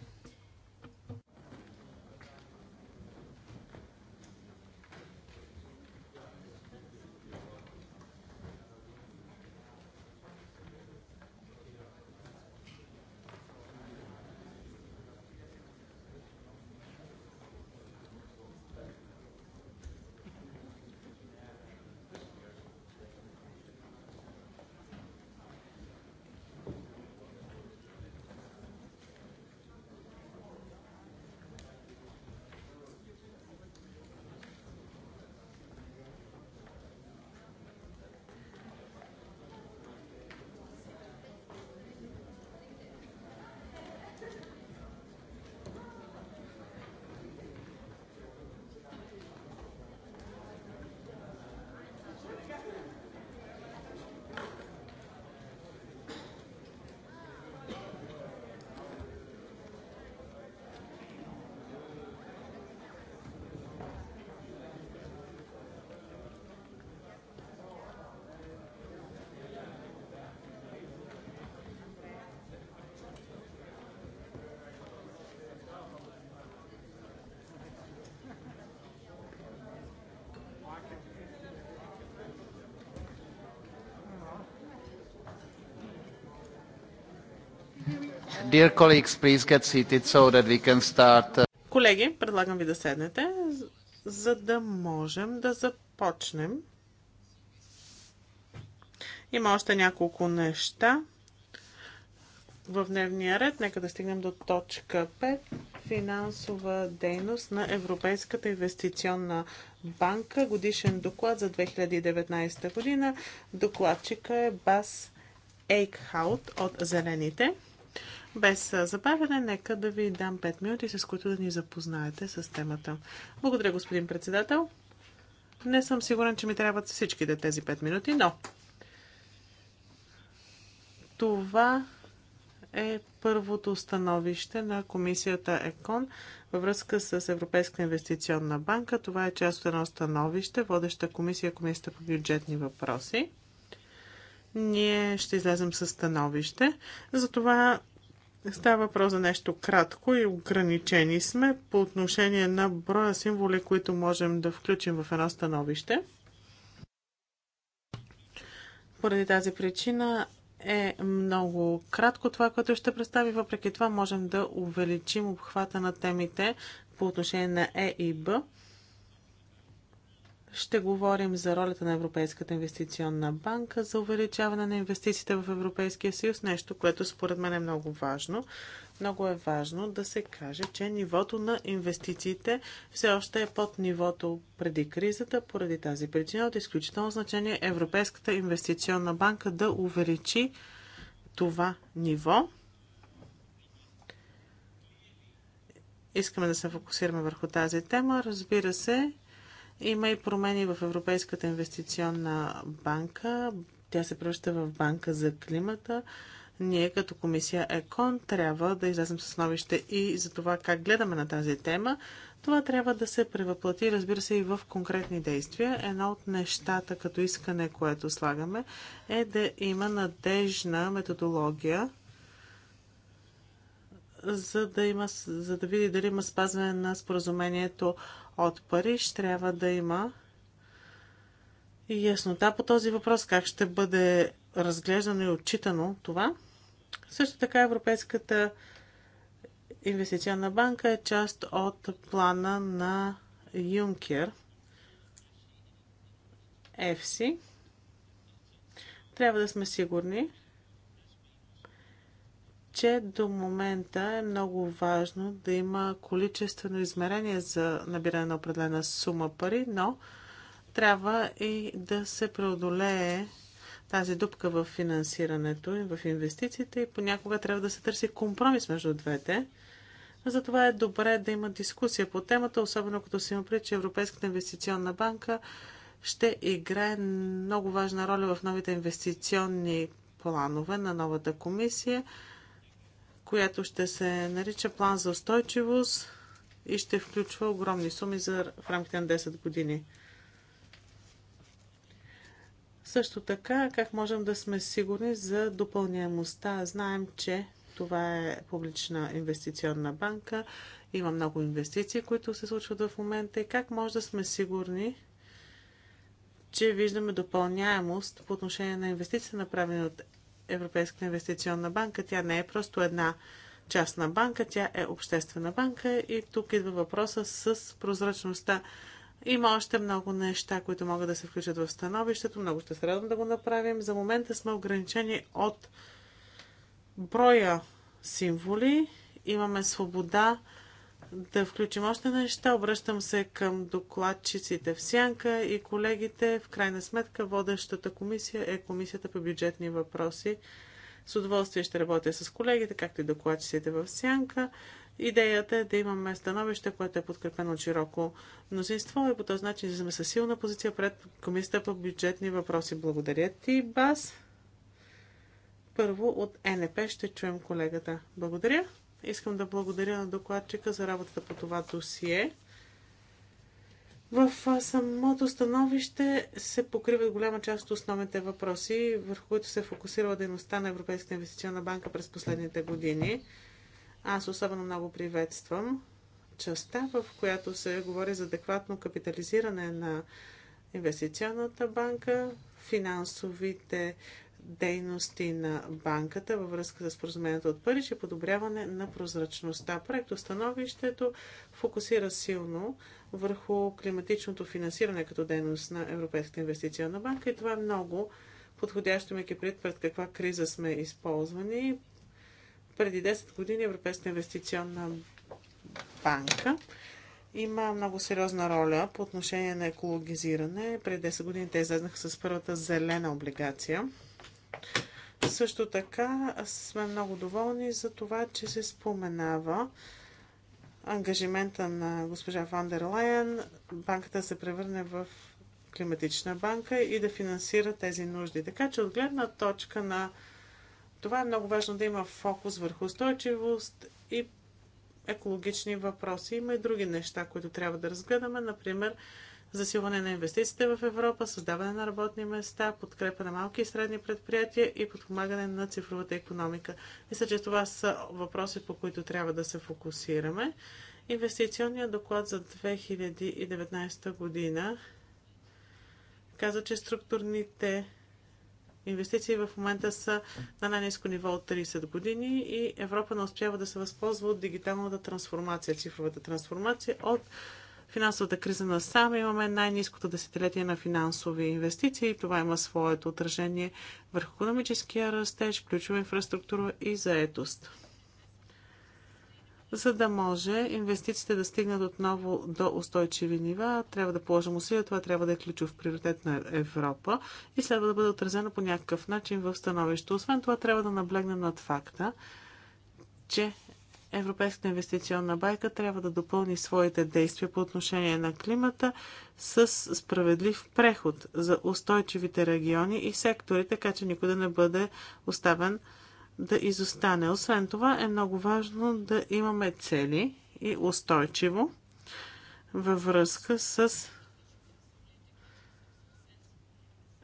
Speaker 4: Dear colleagues, please get seated so that we can start. Uh,
Speaker 3: Колеги, предлагам ви да седнете, за да можем да започнем. Има още няколко неща в дневния ред. Нека да стигнем до точка 5. Финансова дейност на Европейската инвестиционна банка. Годишен доклад за 2019 година. Докладчика е Бас Ейкхаут от Зелените. Без забавяне, нека да ви дам 5 минути, с които да ни запознаете с темата. Благодаря, господин председател. Не съм сигурен, че ми трябват всичките тези 5 минути, но това е първото становище на комисията ЕКОН във връзка с Европейска инвестиционна банка. Това е част от едно становище, водеща комисия, комисията по бюджетни въпроси. Ние ще излезем с становище. Затова Става въпрос за нещо кратко и ограничени сме по отношение на броя символи, които можем да включим в едно становище. Поради тази причина е много кратко това, което ще представи. Въпреки това можем да увеличим обхвата на темите по отношение на Е и Б ще говорим за ролята на Европейската инвестиционна банка за увеличаване на инвестициите в Европейския съюз, нещо, което според мен е много важно. Много е важно да се каже, че нивото на инвестициите все още е под нивото преди кризата. Поради тази причина от изключително значение е Европейската инвестиционна банка да увеличи това ниво. Искаме да се фокусираме върху тази тема. Разбира се, има и промени в Европейската инвестиционна банка. Тя се превръща в банка за климата. Ние като комисия ЕКОН трябва да излезем с новище и за това как гледаме на тази тема. Това трябва да се превъплати, разбира се, и в конкретни действия. Едно от нещата като искане, което слагаме, е да има надежна методология, за да, има, за да види дали има спазване на споразумението от Париж трябва да има яснота по този въпрос, как ще бъде разглеждано и отчитано това. Също така Европейската инвестиционна банка е част от плана на Юнкер ЕФСИ. Трябва да сме сигурни, че до момента е много важно да има количествено измерение за набиране на определена сума пари, но трябва и да се преодолее тази дупка в финансирането и в инвестициите и понякога трябва да се търси компромис между двете. Затова е добре да има дискусия по темата, особено като се има пред, че Европейската инвестиционна банка ще играе много важна роля в новите инвестиционни планове на новата комисия която ще се нарича план за устойчивост и ще включва огромни суми за, в рамките на 10 години. Също така, как можем да сме сигурни за допълняемостта? Знаем, че това е публична инвестиционна банка. Има много инвестиции, които се случват в момента. И как може да сме сигурни, че виждаме допълняемост по отношение на инвестиции, направени от Европейската инвестиционна банка. Тя не е просто една частна банка, тя е обществена банка и тук идва въпроса с прозрачността. Има още много неща, които могат да се включат в становището. Много ще се радвам да го направим. За момента сме ограничени от броя символи. Имаме свобода да включим още неща. Обръщам се към докладчиците в Сянка и колегите. В крайна сметка водещата комисия е Комисията по бюджетни въпроси. С удоволствие ще работя с колегите, както и докладчиците в Сянка. Идеята е да имаме становище, което е подкрепено от широко мнозинство и по този начин сме със силна позиция пред Комисията по бюджетни въпроси. Благодаря ти, Бас. Първо от НП ще чуем колегата. Благодаря. Искам да благодаря на докладчика за работата по това досие. В самото становище се покриват голяма част от основните въпроси, върху които се е фокусирала дейността на Европейската инвестиционна банка през последните години. Аз особено много приветствам частта, в която се говори за адекватно капитализиране на инвестиционната банка, финансовите дейности на банката във връзка с споразумението от Париж и подобряване на прозрачността. Проектостановището фокусира силно върху климатичното финансиране като дейност на Европейската инвестиционна банка и това е много подходящо, имайки пред пред каква криза сме използвани. Преди 10 години Европейската инвестиционна банка има много сериозна роля по отношение на екологизиране. Преди 10 години те излезнаха с първата зелена облигация. Също така сме много доволни за това, че се споменава ангажимента на госпожа Ван дер Лайен банката да се превърне в климатична банка и да финансира тези нужди. Така че от гледна точка на това е много важно да има фокус върху устойчивост и екологични въпроси. Има и други неща, които трябва да разгледаме, например засилване на инвестициите в Европа, създаване на работни места, подкрепа на малки и средни предприятия и подпомагане на цифровата економика. Мисля, че това са въпроси, по които трябва да се фокусираме. Инвестиционният доклад за 2019 година каза, че структурните инвестиции в момента са на най-низко ниво от 30 години и Европа не успява да се възползва от дигиталната трансформация, цифровата трансформация, от финансовата криза насам имаме най-низкото десетилетие на финансови инвестиции. Това има своето отражение върху економическия растеж, ключова инфраструктура и заетост. За да може инвестициите да стигнат отново до устойчиви нива, трябва да положим усилия. Това трябва да е ключов приоритет на Европа и следва да бъде отразено по някакъв начин в становището. Освен това, трябва да наблегнем над факта, че Европейската инвестиционна байка трябва да допълни своите действия по отношение на климата с справедлив преход за устойчивите региони и сектори, така че никой да не бъде оставен да изостане. Освен това е много важно да имаме цели и устойчиво във връзка с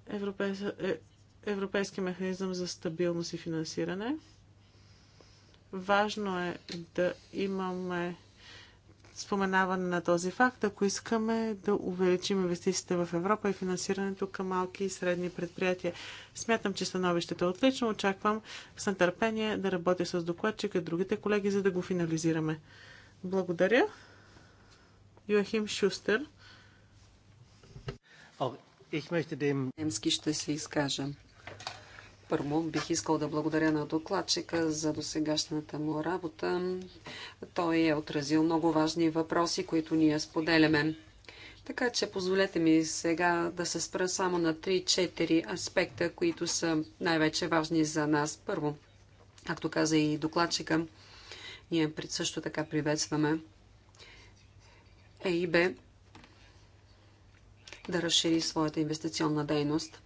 Speaker 3: е- Европейски механизъм за стабилност и финансиране. Важно е да имаме споменаване на този факт, ако искаме да увеличим инвестициите в Европа и финансирането към малки и средни предприятия. Смятам, че становището е отлично. Очаквам с нетърпение да работя с докладчика и другите колеги, за да го финализираме. Благодаря. Йоахим Шустер. Немски ще се изкажа. Първо
Speaker 2: бих искал да благодаря на докладчика за досегашната му работа. Той е отразил много важни въпроси, които ние споделяме. Така че позволете ми сега да се спра само на 3-4 аспекта, които са най-вече важни за нас. Първо, както каза и докладчика, ние също така приветстваме ЕИБ да разшири своята инвестиционна дейност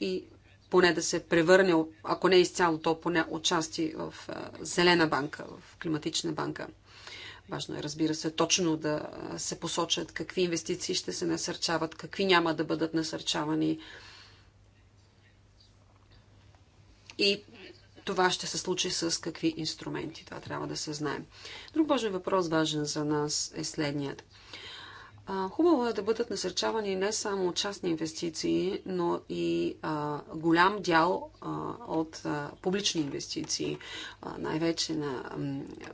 Speaker 2: и поне да се превърне, ако не изцяло, то поне отчасти в зелена банка, в климатична банка. Важно е, разбира се, точно да се посочат какви инвестиции ще се насърчават, какви няма да бъдат насърчавани. И това ще се случи с какви инструменти. Това трябва да се знаем. Друг важен въпрос, важен за нас е следният. Хубаво е да бъдат насърчавани не само частни инвестиции, но и а, голям дял а, от а, публични инвестиции, най-вече на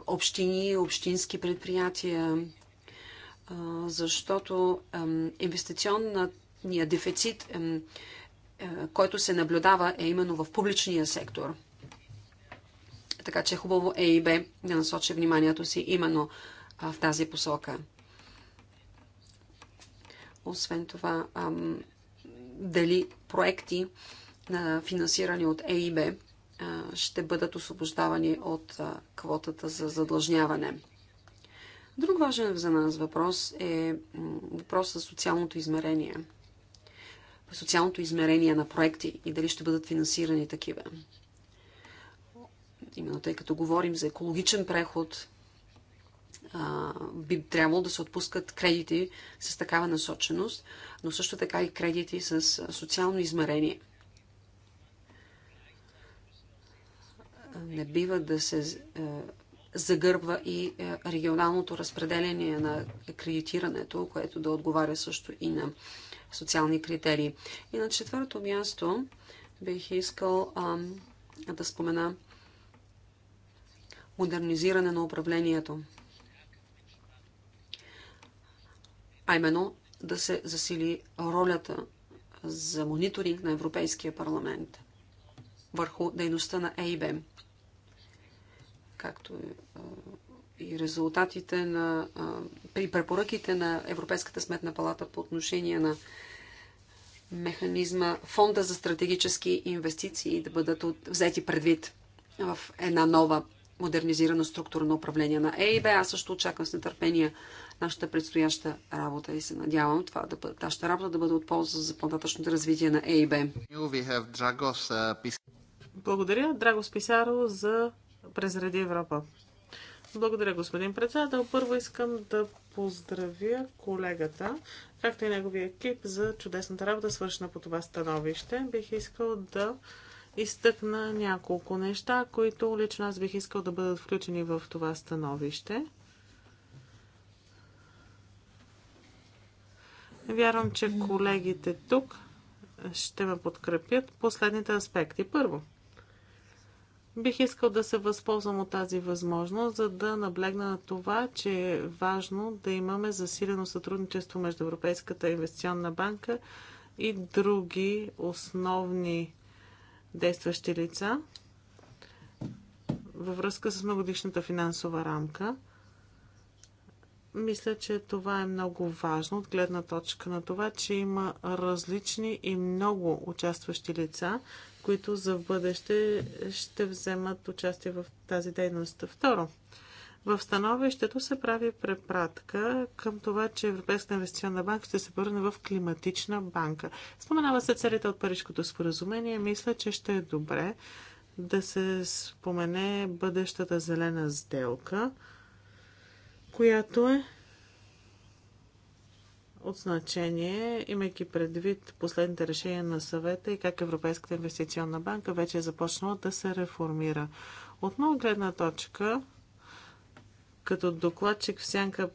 Speaker 2: общини, общински предприятия, защото инвестиционният дефицит, който се наблюдава, е именно в публичния сектор. Така че хубаво бе да насочи вниманието си именно в тази посока. Освен това, дали проекти, финансирани от ЕИБ, ще бъдат освобождавани от квотата за задлъжняване. Друг важен за нас въпрос е въпрос за социалното измерение. Социалното измерение на проекти и дали ще бъдат финансирани такива. Именно тъй като говорим за екологичен преход, а, би трябвало да се отпускат кредити с такава насоченост, но също така и кредити с социално измерение. Не бива да се загърбва и регионалното разпределение на кредитирането, което да отговаря също и на социални критерии. И на четвърто място бих искал а, да спомена модернизиране на управлението. а именно да се засили ролята за мониторинг на Европейския парламент върху дейността на ЕИБ, както е, и резултатите на, при препоръките на Европейската сметна палата по отношение на механизма Фонда за стратегически инвестиции да бъдат взети предвид в една нова модернизирана структура на управление на ЕИБ. Аз също очаквам с нетърпение нашата предстояща работа и се надявам това да бъде, нашата работа да бъде от полза за по-нататъчното развитие на ЕИБ.
Speaker 3: Благодаря, Драгос Писаро, за презреди Европа. Благодаря, господин председател. Първо искам да поздравя колегата, както и неговия екип за чудесната работа, свършена по това становище. Бих искал да изтъкна няколко неща, които лично аз бих искал да бъдат включени в това становище. Вярвам, че колегите тук ще ме подкрепят последните аспекти. Първо, бих искал да се възползвам от тази възможност, за да наблегна на това, че е важно да имаме засилено сътрудничество между Европейската инвестиционна банка и други основни действащи лица във връзка с многодишната финансова рамка – мисля, че това е много важно от гледна точка на това, че има различни и много участващи лица, които за в бъдеще ще вземат участие в тази дейност. Второ, в становището се прави препратка към това, че Европейската инвестиционна банка ще се върне в климатична банка. Споменава се целите от Парижкото споразумение. Мисля, че ще е добре да се спомене бъдещата зелена сделка – която е от значение, имайки предвид последните решения на съвета и как Европейската инвестиционна банка вече е започнала да се реформира. От гледна точка, като докладчик в сянка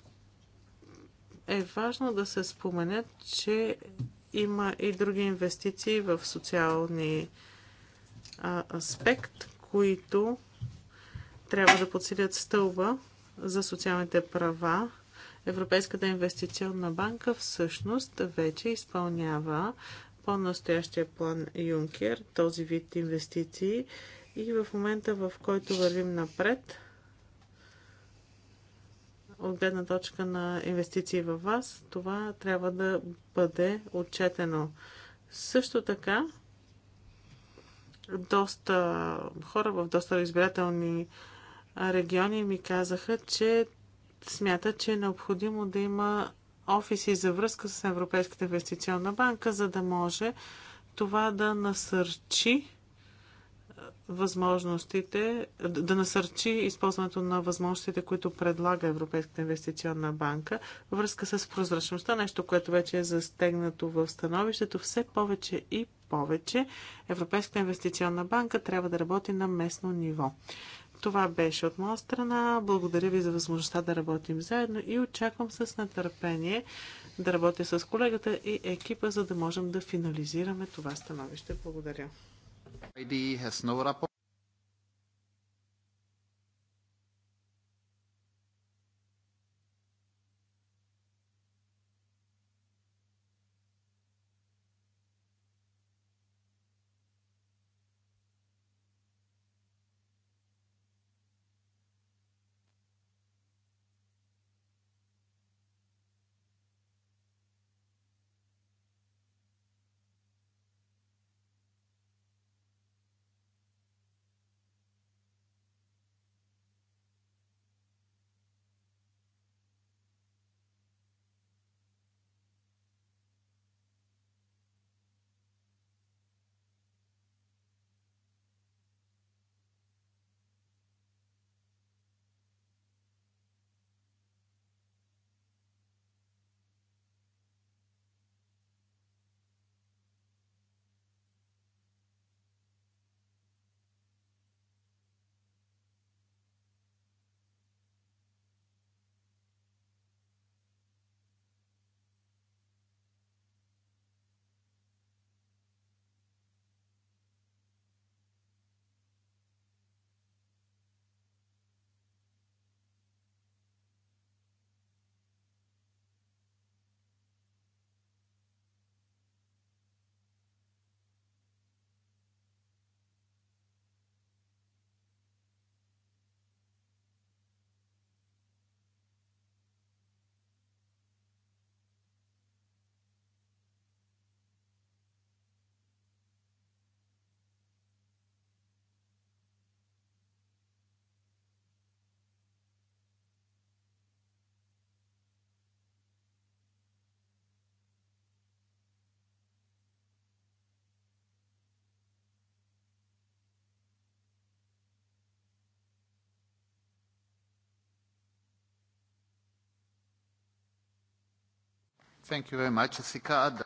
Speaker 3: е важно да се споменят, че има и други инвестиции в социални аспект, които трябва да подсилят стълба за социалните права, Европейската инвестиционна банка всъщност вече изпълнява по-настоящия план Юнкер, този вид инвестиции и в момента, в който вървим напред, от гледна точка на инвестиции във вас, това трябва да бъде отчетено. Също така, доста хора в доста избирателни региони ми казаха, че смятат, че е необходимо да има офиси за връзка с Европейската инвестиционна банка, за да може това да насърчи е, възможностите, да насърчи използването на възможностите, които предлага Европейската инвестиционна банка, връзка с прозрачността, нещо, което вече е застегнато в становището. Все повече и повече Европейската инвестиционна банка трябва да работи на местно ниво. Това беше от моя страна. Благодаря ви за възможността да работим заедно и очаквам с нетърпение да работя с колегата и екипа, за да можем да финализираме това становище. Благодаря. Thank you very much,
Speaker 4: Jessica.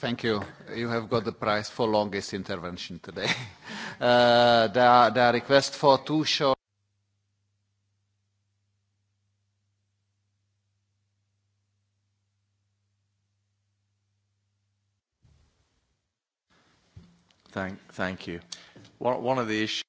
Speaker 4: Thank you. You have got the prize for longest intervention today. Uh, there, are, there are requests for two short
Speaker 5: Thank, thank you. One, one of the issues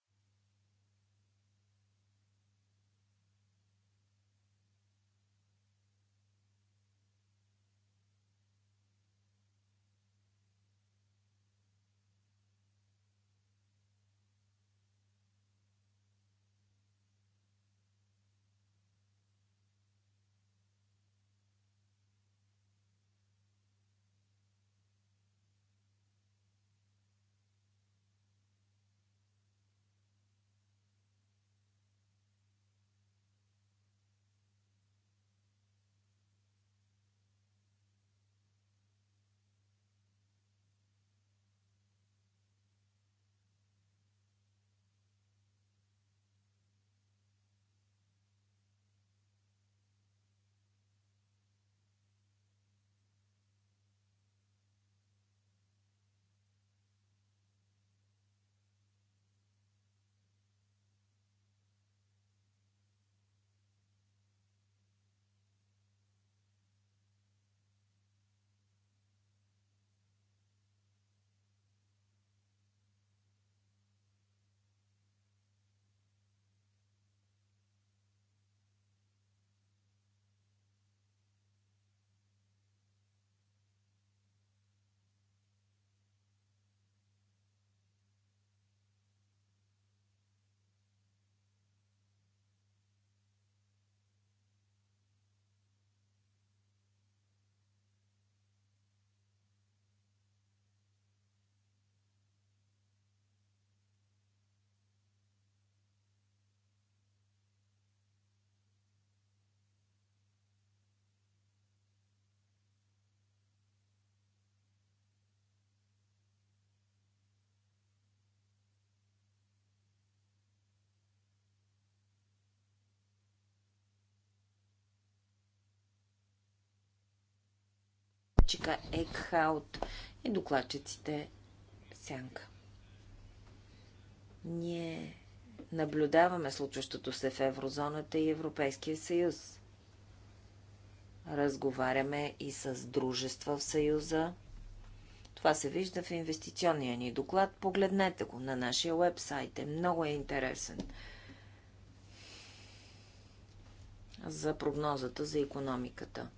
Speaker 5: Чика Екхаут и докладчиците Сянка. Ние наблюдаваме случващото се в еврозоната и Европейския съюз. Разговаряме и с дружества в съюза. Това се вижда в инвестиционния ни доклад. Погледнете го на нашия вебсайт. Е много е интересен за прогнозата за економиката.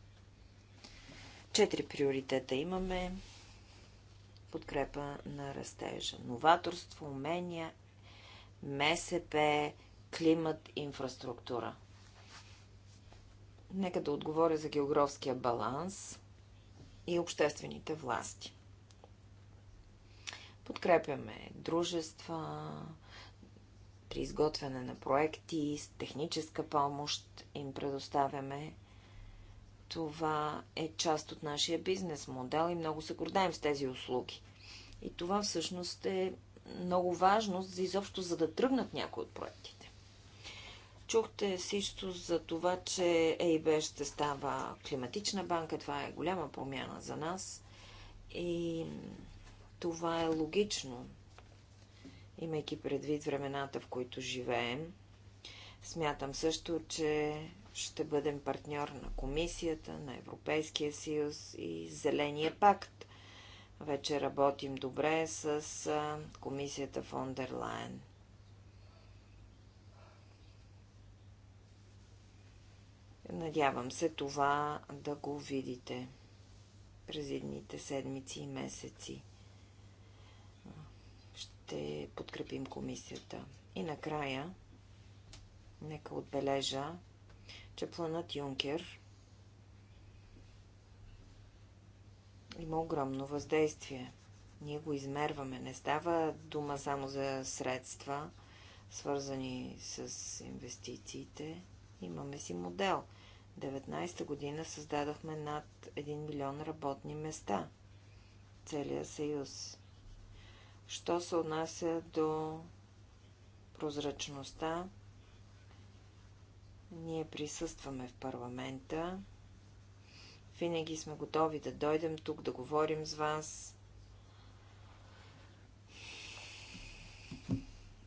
Speaker 5: Четири приоритета имаме. Подкрепа на растежа. Новаторство, умения, МСП, климат, инфраструктура. Нека да отговоря за географския баланс и обществените власти. Подкрепяме дружества при изготвяне на проекти, с техническа помощ им предоставяме това е част от нашия бизнес модел и много се гордаем с тези услуги. И това всъщност е много важно за изобщо за да тръгнат някои от проектите. Чухте всичко за това, че ЕИБ ще става климатична банка. Това е голяма промяна за нас. И това е логично, имайки предвид времената, в които живеем. Смятам също, че ще бъдем партньор на Комисията, на Европейския съюз и Зеления пакт. Вече работим добре с Комисията в дер Надявам се това да го видите през едните седмици и месеци. Ще подкрепим комисията. И накрая, нека отбележа, че планът Юнкер има огромно въздействие. Ние го измерваме. Не става дума само за средства, свързани с инвестициите. Имаме си модел. 19 та година създадохме над 1 милион работни места. целият съюз. Що се отнася до прозрачността, ние присъстваме в парламента. Винаги сме готови да дойдем тук, да говорим с вас.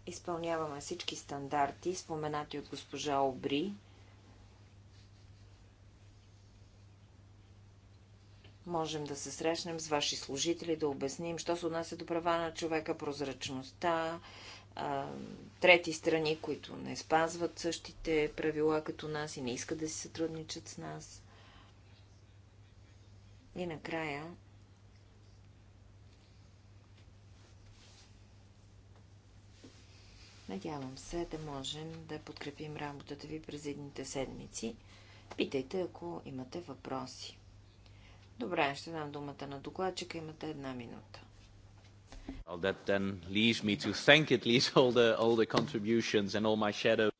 Speaker 5: Изпълняваме всички стандарти, споменати от госпожа Обри. можем да се срещнем с ваши служители, да обясним, що се отнася до права на човека, прозрачността, а, трети страни, които не спазват същите правила като нас и не искат да си сътрудничат с нас. И накрая Надявам се да можем да подкрепим работата ви през едните седмици. Питайте, ако имате въпроси. Добре, ще дам думата на докладчика. Имате една минута.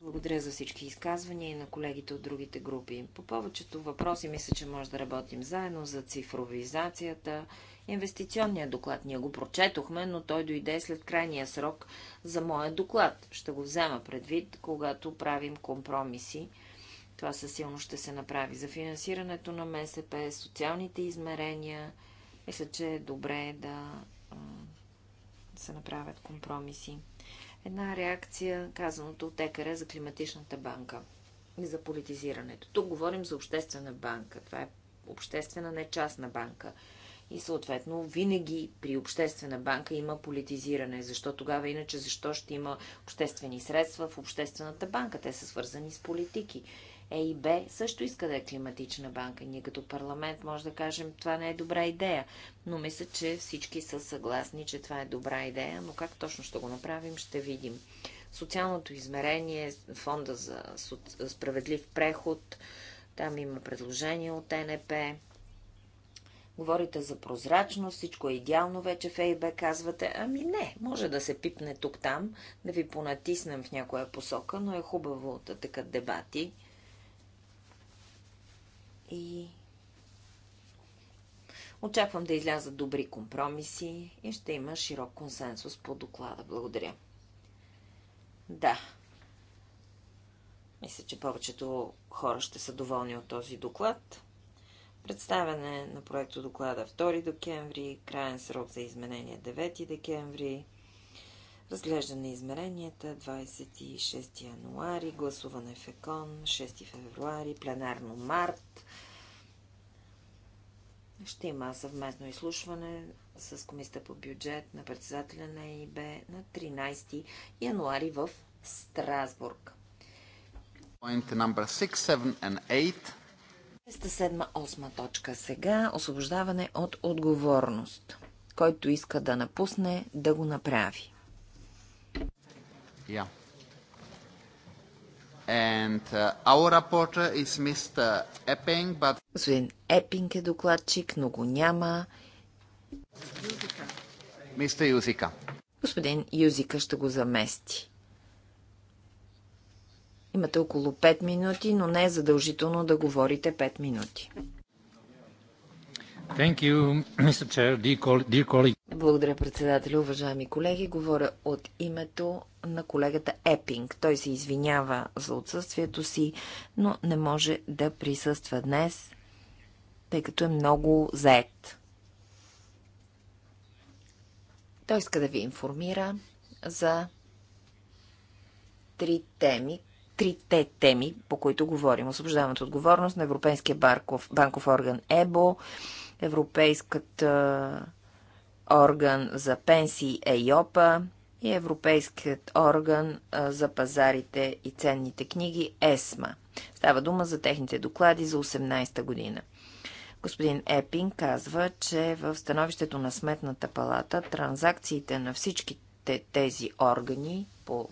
Speaker 5: Благодаря за всички изказвания и на колегите от другите групи. По повечето въпроси мисля, че може да работим заедно за цифровизацията. Инвестиционният доклад ние го прочетохме, но той дойде след крайния срок за моя доклад. Ще го взема предвид, когато правим компромиси. Това със силно ще се направи за финансирането на МСП, социалните измерения. Мисля, че е добре да се направят компромиси. Една реакция, казаното от ЕКР за климатичната банка и за политизирането. Тук говорим за обществена банка. Това е обществена, не частна банка. И съответно, винаги при обществена банка има политизиране. Защо тогава иначе, защо ще има обществени средства в обществената банка? Те са свързани с политики. ЕИБ също иска да е климатична банка. Ние като парламент може да кажем, това не е добра идея. Но мисля, че всички са съгласни, че това е добра идея, но как точно ще го направим, ще видим. Социалното измерение, фонда за справедлив преход, там има предложение от НП. Говорите за прозрачност, всичко е идеално вече в ЕИБ, казвате. Ами не, може да се пипне тук-там, да ви понатиснем в някоя посока, но е хубаво да тъкат дебати и очаквам да излязат добри компромиси и ще има широк консенсус по доклада. Благодаря. Да. Мисля, че повечето хора ще са доволни от този доклад. Представяне на проекто доклада 2 декември, крайен срок за изменение 9 декември, Разглеждане измеренията 26 януари, гласуване в ЕКОН 6 февруари, пленарно март. Ще има съвместно изслушване с Комисията по бюджет на председателя на ЕИБ на 13 януари в Страсбург. 7 8 точка сега. Освобождаване от отговорност. Който иска да напусне, да го направи. Yeah. And uh, our reporter is Mr. Epping, but... Господин Епинг е докладчик, но го няма.
Speaker 3: Мистер Юзика.
Speaker 5: Господин Юзика ще го замести. Имате около 5 минути, но не е задължително да говорите 5 минути. Благодаря, председателя. Уважаеми колеги, говоря от името на колегата Епинг. Той се извинява за отсъствието си, но не може да присъства днес, тъй като е много заед. Той иска да ви информира за три теми, трите теми, по които говорим. Освобождаването отговорност на Европейския банков, банков орган ЕБО, Европейската орган за пенсии ЕЙОПА и Европейският орган за пазарите и ценните книги ЕСМА. Става дума за техните доклади за 18-та година. Господин Епин казва, че в становището на Сметната палата транзакциите на всичките тези органи по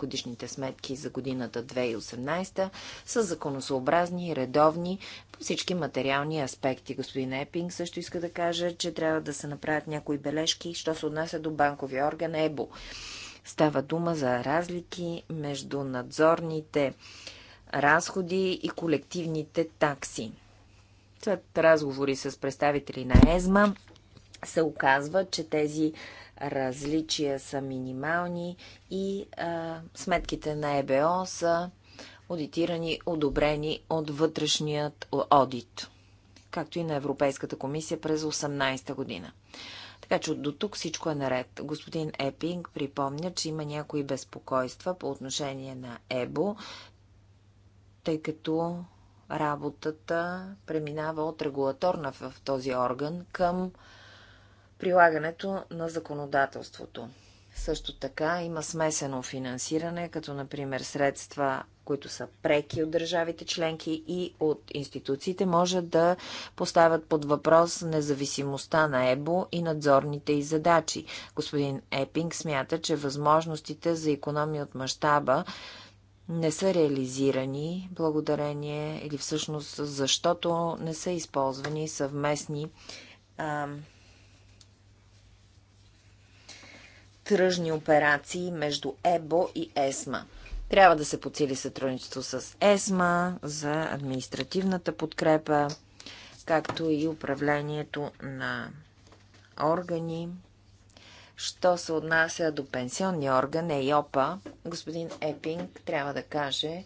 Speaker 5: годишните сметки за годината 2018 са законосообразни и редовни по всички материални аспекти. Господин Епинг също иска да каже, че трябва да се направят някои бележки, що се отнася до банковия орган ЕБО. Става дума за разлики между надзорните разходи и колективните такси. След разговори с представители на ЕЗМА се оказва, че тези различия са минимални и а, сметките на ЕБО са аудитирани, одобрени от вътрешният одит, както и на Европейската комисия през 18-та година. Така че до тук всичко е наред. Господин Епинг припомня, че има някои безпокойства по отношение на ЕБО, тъй като работата преминава от регулаторна в този орган към прилагането на законодателството. Също така има смесено финансиране, като например средства, които са преки от държавите членки и от институциите, може да поставят под въпрос независимостта на ЕБО и надзорните й задачи. Господин Епинг смята, че възможностите за економия от мащаба не са реализирани благодарение или всъщност защото не са използвани съвместни а, тръжни операции между ЕБО и ЕСМА. Трябва да се подсили сътрудничество с ЕСМА за административната подкрепа, както и управлението на органи. Що се отнася до пенсионния орган ЕЙОПА, господин Епинг трябва да каже,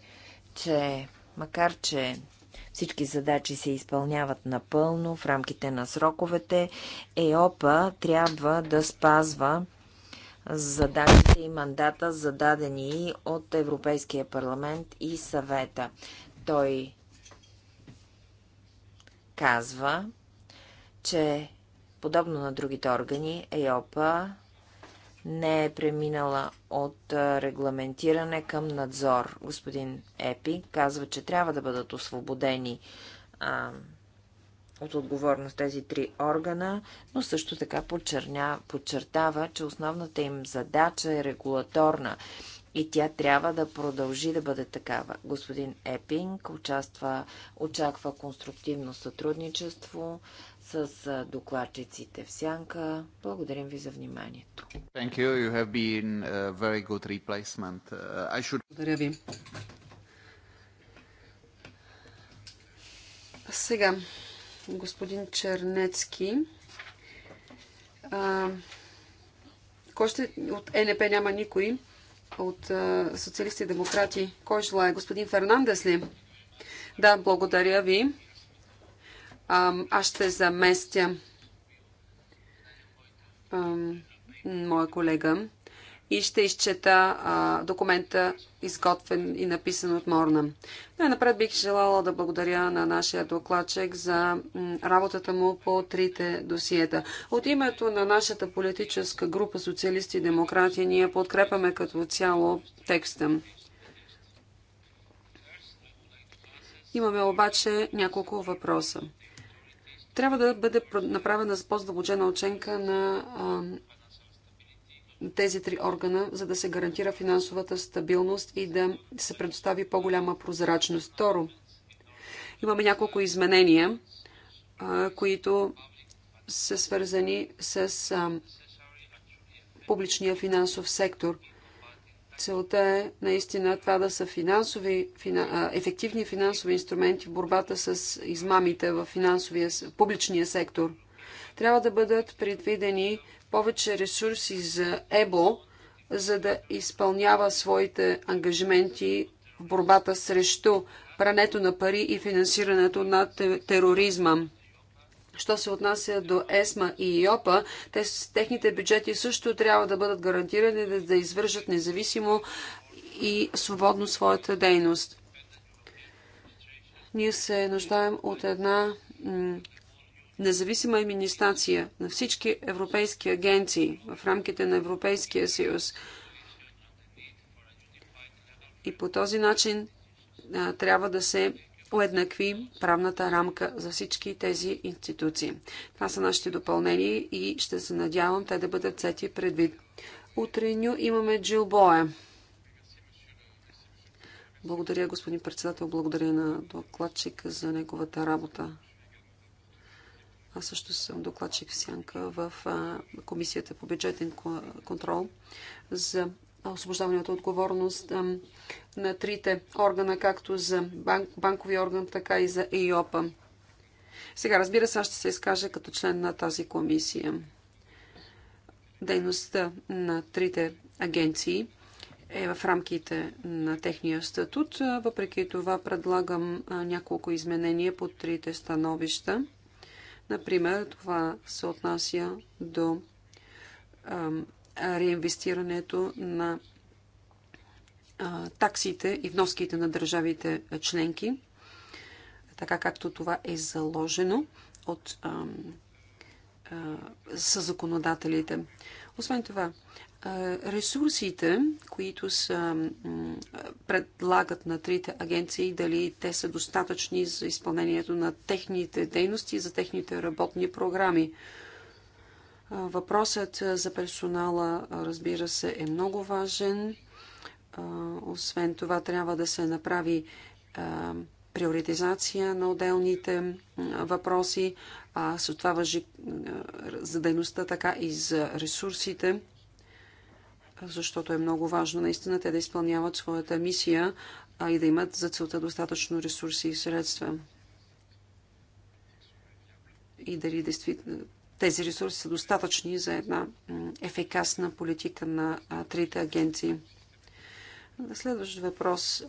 Speaker 5: че макар, че всички задачи се изпълняват напълно в рамките на сроковете, ЕОПА трябва да спазва задачите и мандата, зададени от Европейския парламент и съвета. Той казва, че подобно на другите органи, ЕОПА не е преминала от регламентиране към надзор. Господин Епи казва, че трябва да бъдат освободени а, от отговорност тези три органа, но също така подчерня, подчертава, че основната им задача е регулаторна и тя трябва да продължи да бъде такава. Господин Епинг участва, очаква конструктивно сътрудничество с докладчиците в Сянка. Благодарим ви за вниманието.
Speaker 4: Thank you. You have been a uh, very good replacement. Uh, I should...
Speaker 2: Благодаря ви. Сега, господин Чернецки. А, кой ще... От е НП няма никой. От а, социалисти и демократи. Кой желая? Господин Фернандес ли? Да, благодаря ви. А, аз ще заместя а, моя колега и ще изчета а, документа, изготвен и написан от Морна. Най-напред бих желала да благодаря на нашия докладчик за работата му по трите досиета. От името на нашата политическа група Социалисти и Демократи ние подкрепяме като цяло текста. Имаме обаче няколко въпроса. Трябва да бъде направена с по-задълбочена оценка на а, тези три органа, за да се гарантира финансовата стабилност и да се предостави по-голяма прозрачност. Второ, имаме няколко изменения, които са свързани с публичния финансов сектор. Целта е наистина това да са финансови, фина, ефективни финансови инструменти в борбата с измамите в финансовия, публичния сектор. Трябва да бъдат предвидени повече ресурси за ЕБО, за да изпълнява своите ангажименти в борбата срещу прането на пари и финансирането на тероризма. Що се отнася до ЕСМА и ИОПА, те, техните бюджети също трябва да бъдат гарантирани да, да извържат независимо и свободно своята дейност. Ние се нуждаем от една независима администрация на всички европейски агенции в рамките на Европейския съюз. И по този начин а, трябва да се уеднакви правната рамка за всички тези институции. Това са нашите допълнения и ще се надявам те да бъдат сети предвид. Утре ню имаме Джилбоя. Благодаря, господин председател. Благодаря на докладчика за неговата работа. Аз също съм докладчик в Сянка в Комисията по бюджетен контрол за освобождаване от отговорност на трите органа, както за банк, банкови орган, така и за ЕИОПа. Сега, разбира се, аз ще се изкажа като член на тази комисия. Дейността на трите агенции е в рамките на техния статут. Въпреки това предлагам няколко изменения по трите становища Например, това се отнася до реинвестирането на таксите и вноските на държавите членки, така както това е заложено от а, а, законодателите. Освен това, ресурсите, които са, предлагат на трите агенции, дали те са достатъчни за изпълнението на техните дейности, за техните работни програми. Въпросът за персонала, разбира се, е много важен. Освен това, трябва да се направи приоритизация на отделните въпроси, а с това въжи за дейността така и за ресурсите – защото е много важно наистина те да изпълняват своята мисия а и да имат за целта достатъчно ресурси и средства. И дали действително тези ресурси са достатъчни за една ефикасна политика на трите агенции. Следващ въпрос.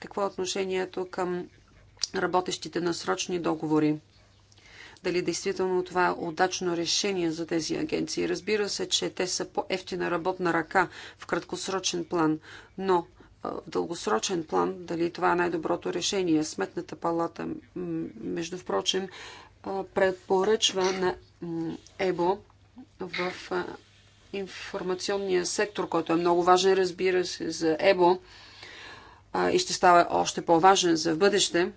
Speaker 2: Какво е отношението към работещите на срочни договори? дали действително това е удачно решение за тези агенции. Разбира се, че те са по-ефтина работна ръка в краткосрочен план, но в дългосрочен план, дали това е най-доброто решение. Сметната палата, между впрочем, предпоръчва на ЕБО в информационния сектор, който е много важен, разбира се, за ЕБО и ще става още по-важен за в бъдеще,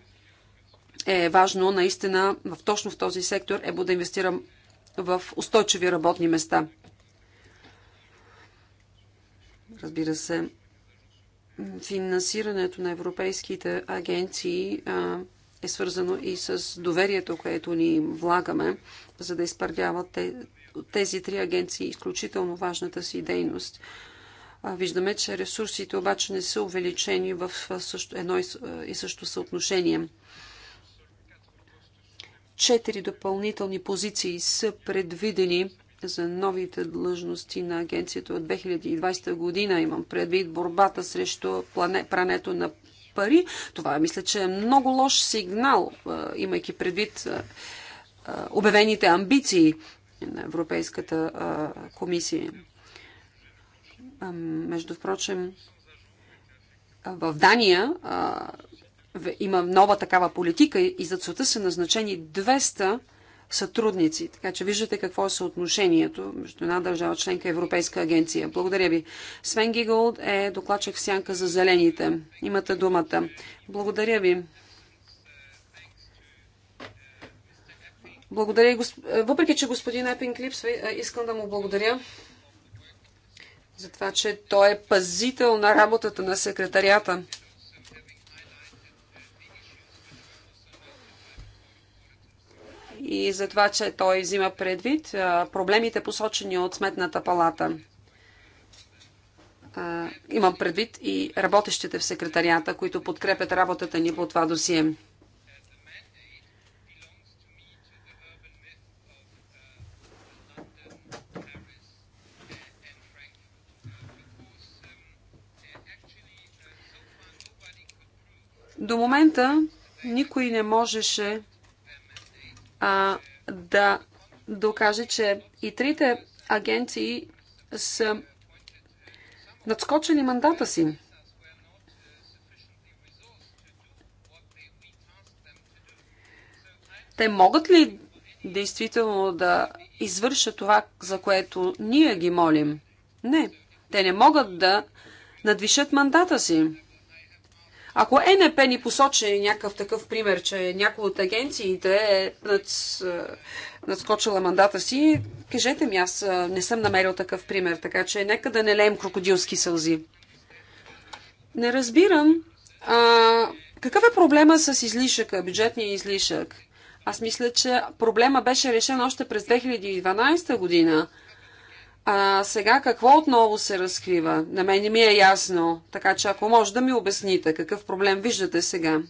Speaker 2: е важно наистина в точно в този сектор е да инвестира в устойчиви работни места. Разбира се, финансирането на европейските агенции е свързано и с доверието, което ни влагаме, за да изпърдяват тези три агенции изключително важната си дейност. Виждаме, че ресурсите обаче не са увеличени в едно и също съотношение. Четири допълнителни позиции са предвидени за новите длъжности на агенцията от 2020 година. Имам предвид борбата срещу прането на пари. Това мисля, че е много лош сигнал, имайки предвид обявените амбиции на Европейската комисия. Между впрочем, в Дания има нова такава политика и за целта са назначени 200 сътрудници. Така че виждате какво е съотношението между една държава членка и Европейска агенция. Благодаря ви. Свен Гиголд е докладчик в сянка за зелените. Имате думата. Благодаря ви. Благодаря. Госп... Е, въпреки, че господин Епинг липсва, е, е, искам да му благодаря за това, че той е пазител на работата на секретарията. и за това, че той взима предвид проблемите посочени от Сметната палата. Имам предвид и работещите в секретарията, които подкрепят работата ни по това досие. До момента никой не можеше а, да докаже, че и трите агенции са надскочили мандата си. Те могат ли действително да извършат това, за което ние ги молим? Не. Те не могат да надвишат мандата си. Ако ЕНП ни посочи някакъв такъв пример, че някой от агенциите е над, е, надскочила мандата си, кажете ми, аз е, не съм намерил такъв пример, така че нека да не леем крокодилски сълзи. Не разбирам. А, какъв е проблема с излишъка, бюджетния излишък? Аз мисля, че проблема беше решен още през 2012 година. А сега какво отново се разкрива? На мен не ми е ясно, така че ако може да ми обясните какъв проблем виждате сега.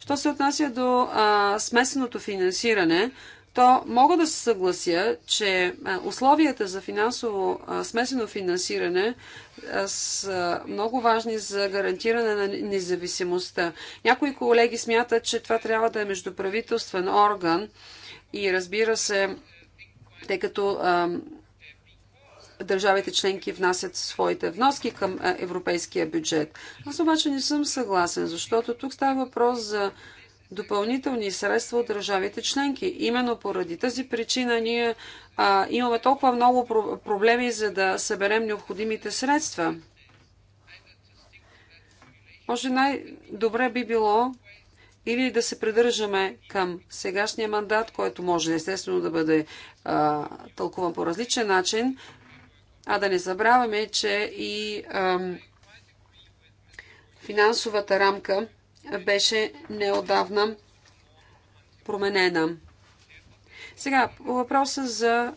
Speaker 2: Що се отнася до а, смесеното финансиране, то мога да се съглася, че условията за финансово смесено финансиране са много важни за гарантиране на независимостта. Някои колеги смятат, че това трябва да е междуправителствен орган и разбира се, тъй като държавите членки внасят своите вноски към е, европейския бюджет. Аз обаче не съм съгласен, защото тук става въпрос за допълнителни средства от държавите членки. Именно поради тази причина ние а, имаме толкова много проблеми, за да съберем необходимите средства. Може най-добре би било или да се придържаме към сегашния мандат, който може естествено да бъде а, тълкуван по различен начин, а да не забравяме, че и ам, финансовата рамка беше неодавна променена. Сега, въпроса за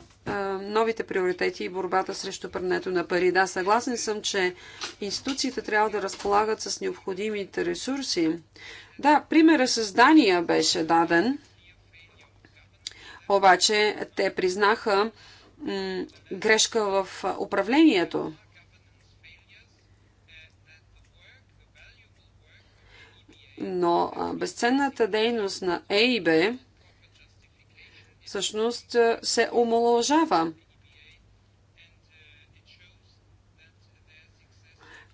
Speaker 2: новите приоритети и борбата срещу прането на пари. Да, съгласен съм, че институциите трябва да разполагат с необходимите ресурси. Да, примера с Дания беше даден, обаче те признаха, грешка в управлението. Но безценната дейност на ЕИБ всъщност се омоложава,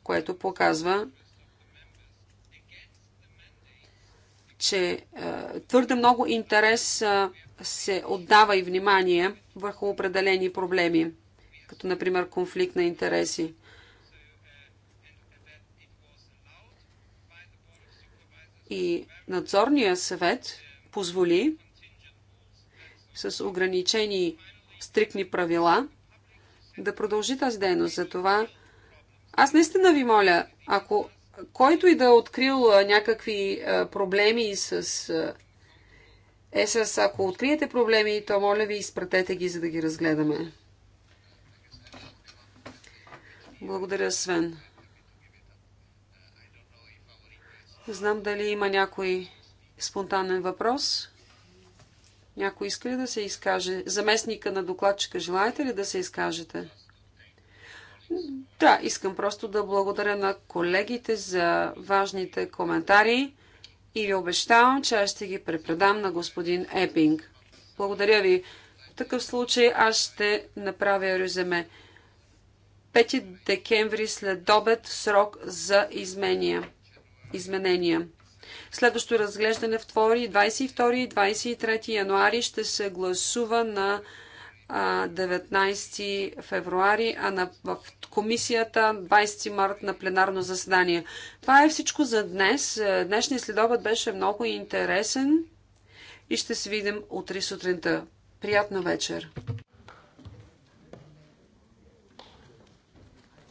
Speaker 2: което показва, че твърде много интерес се отдава и внимание върху определени проблеми, като например конфликт на интереси. И надзорния съвет позволи с ограничени стрикни правила да продължи тази дейност. Затова аз наистина ви моля, ако който и да е открил някакви проблеми с е ако откриете проблеми, то моля ви изпратете ги, за да ги разгледаме. Благодаря, Свен. Не знам дали има някой спонтанен въпрос. Някой иска ли да се изкаже? Заместника на докладчика, желаете ли да се изкажете? Да, искам просто да благодаря на колегите за важните коментари и ви обещавам, че аз ще ги препредам на господин Епинг. Благодаря ви. В такъв случай аз ще направя резюме. 5 декември след обед срок за изменения. изменения. Следващото разглеждане в твори 22 и 23 януари ще се гласува на 19 февруари, а на, в комисията 20 март на пленарно заседание. Това е всичко за днес. Е, днешният следобед беше много интересен и ще се видим утре сутринта. Приятна вечер!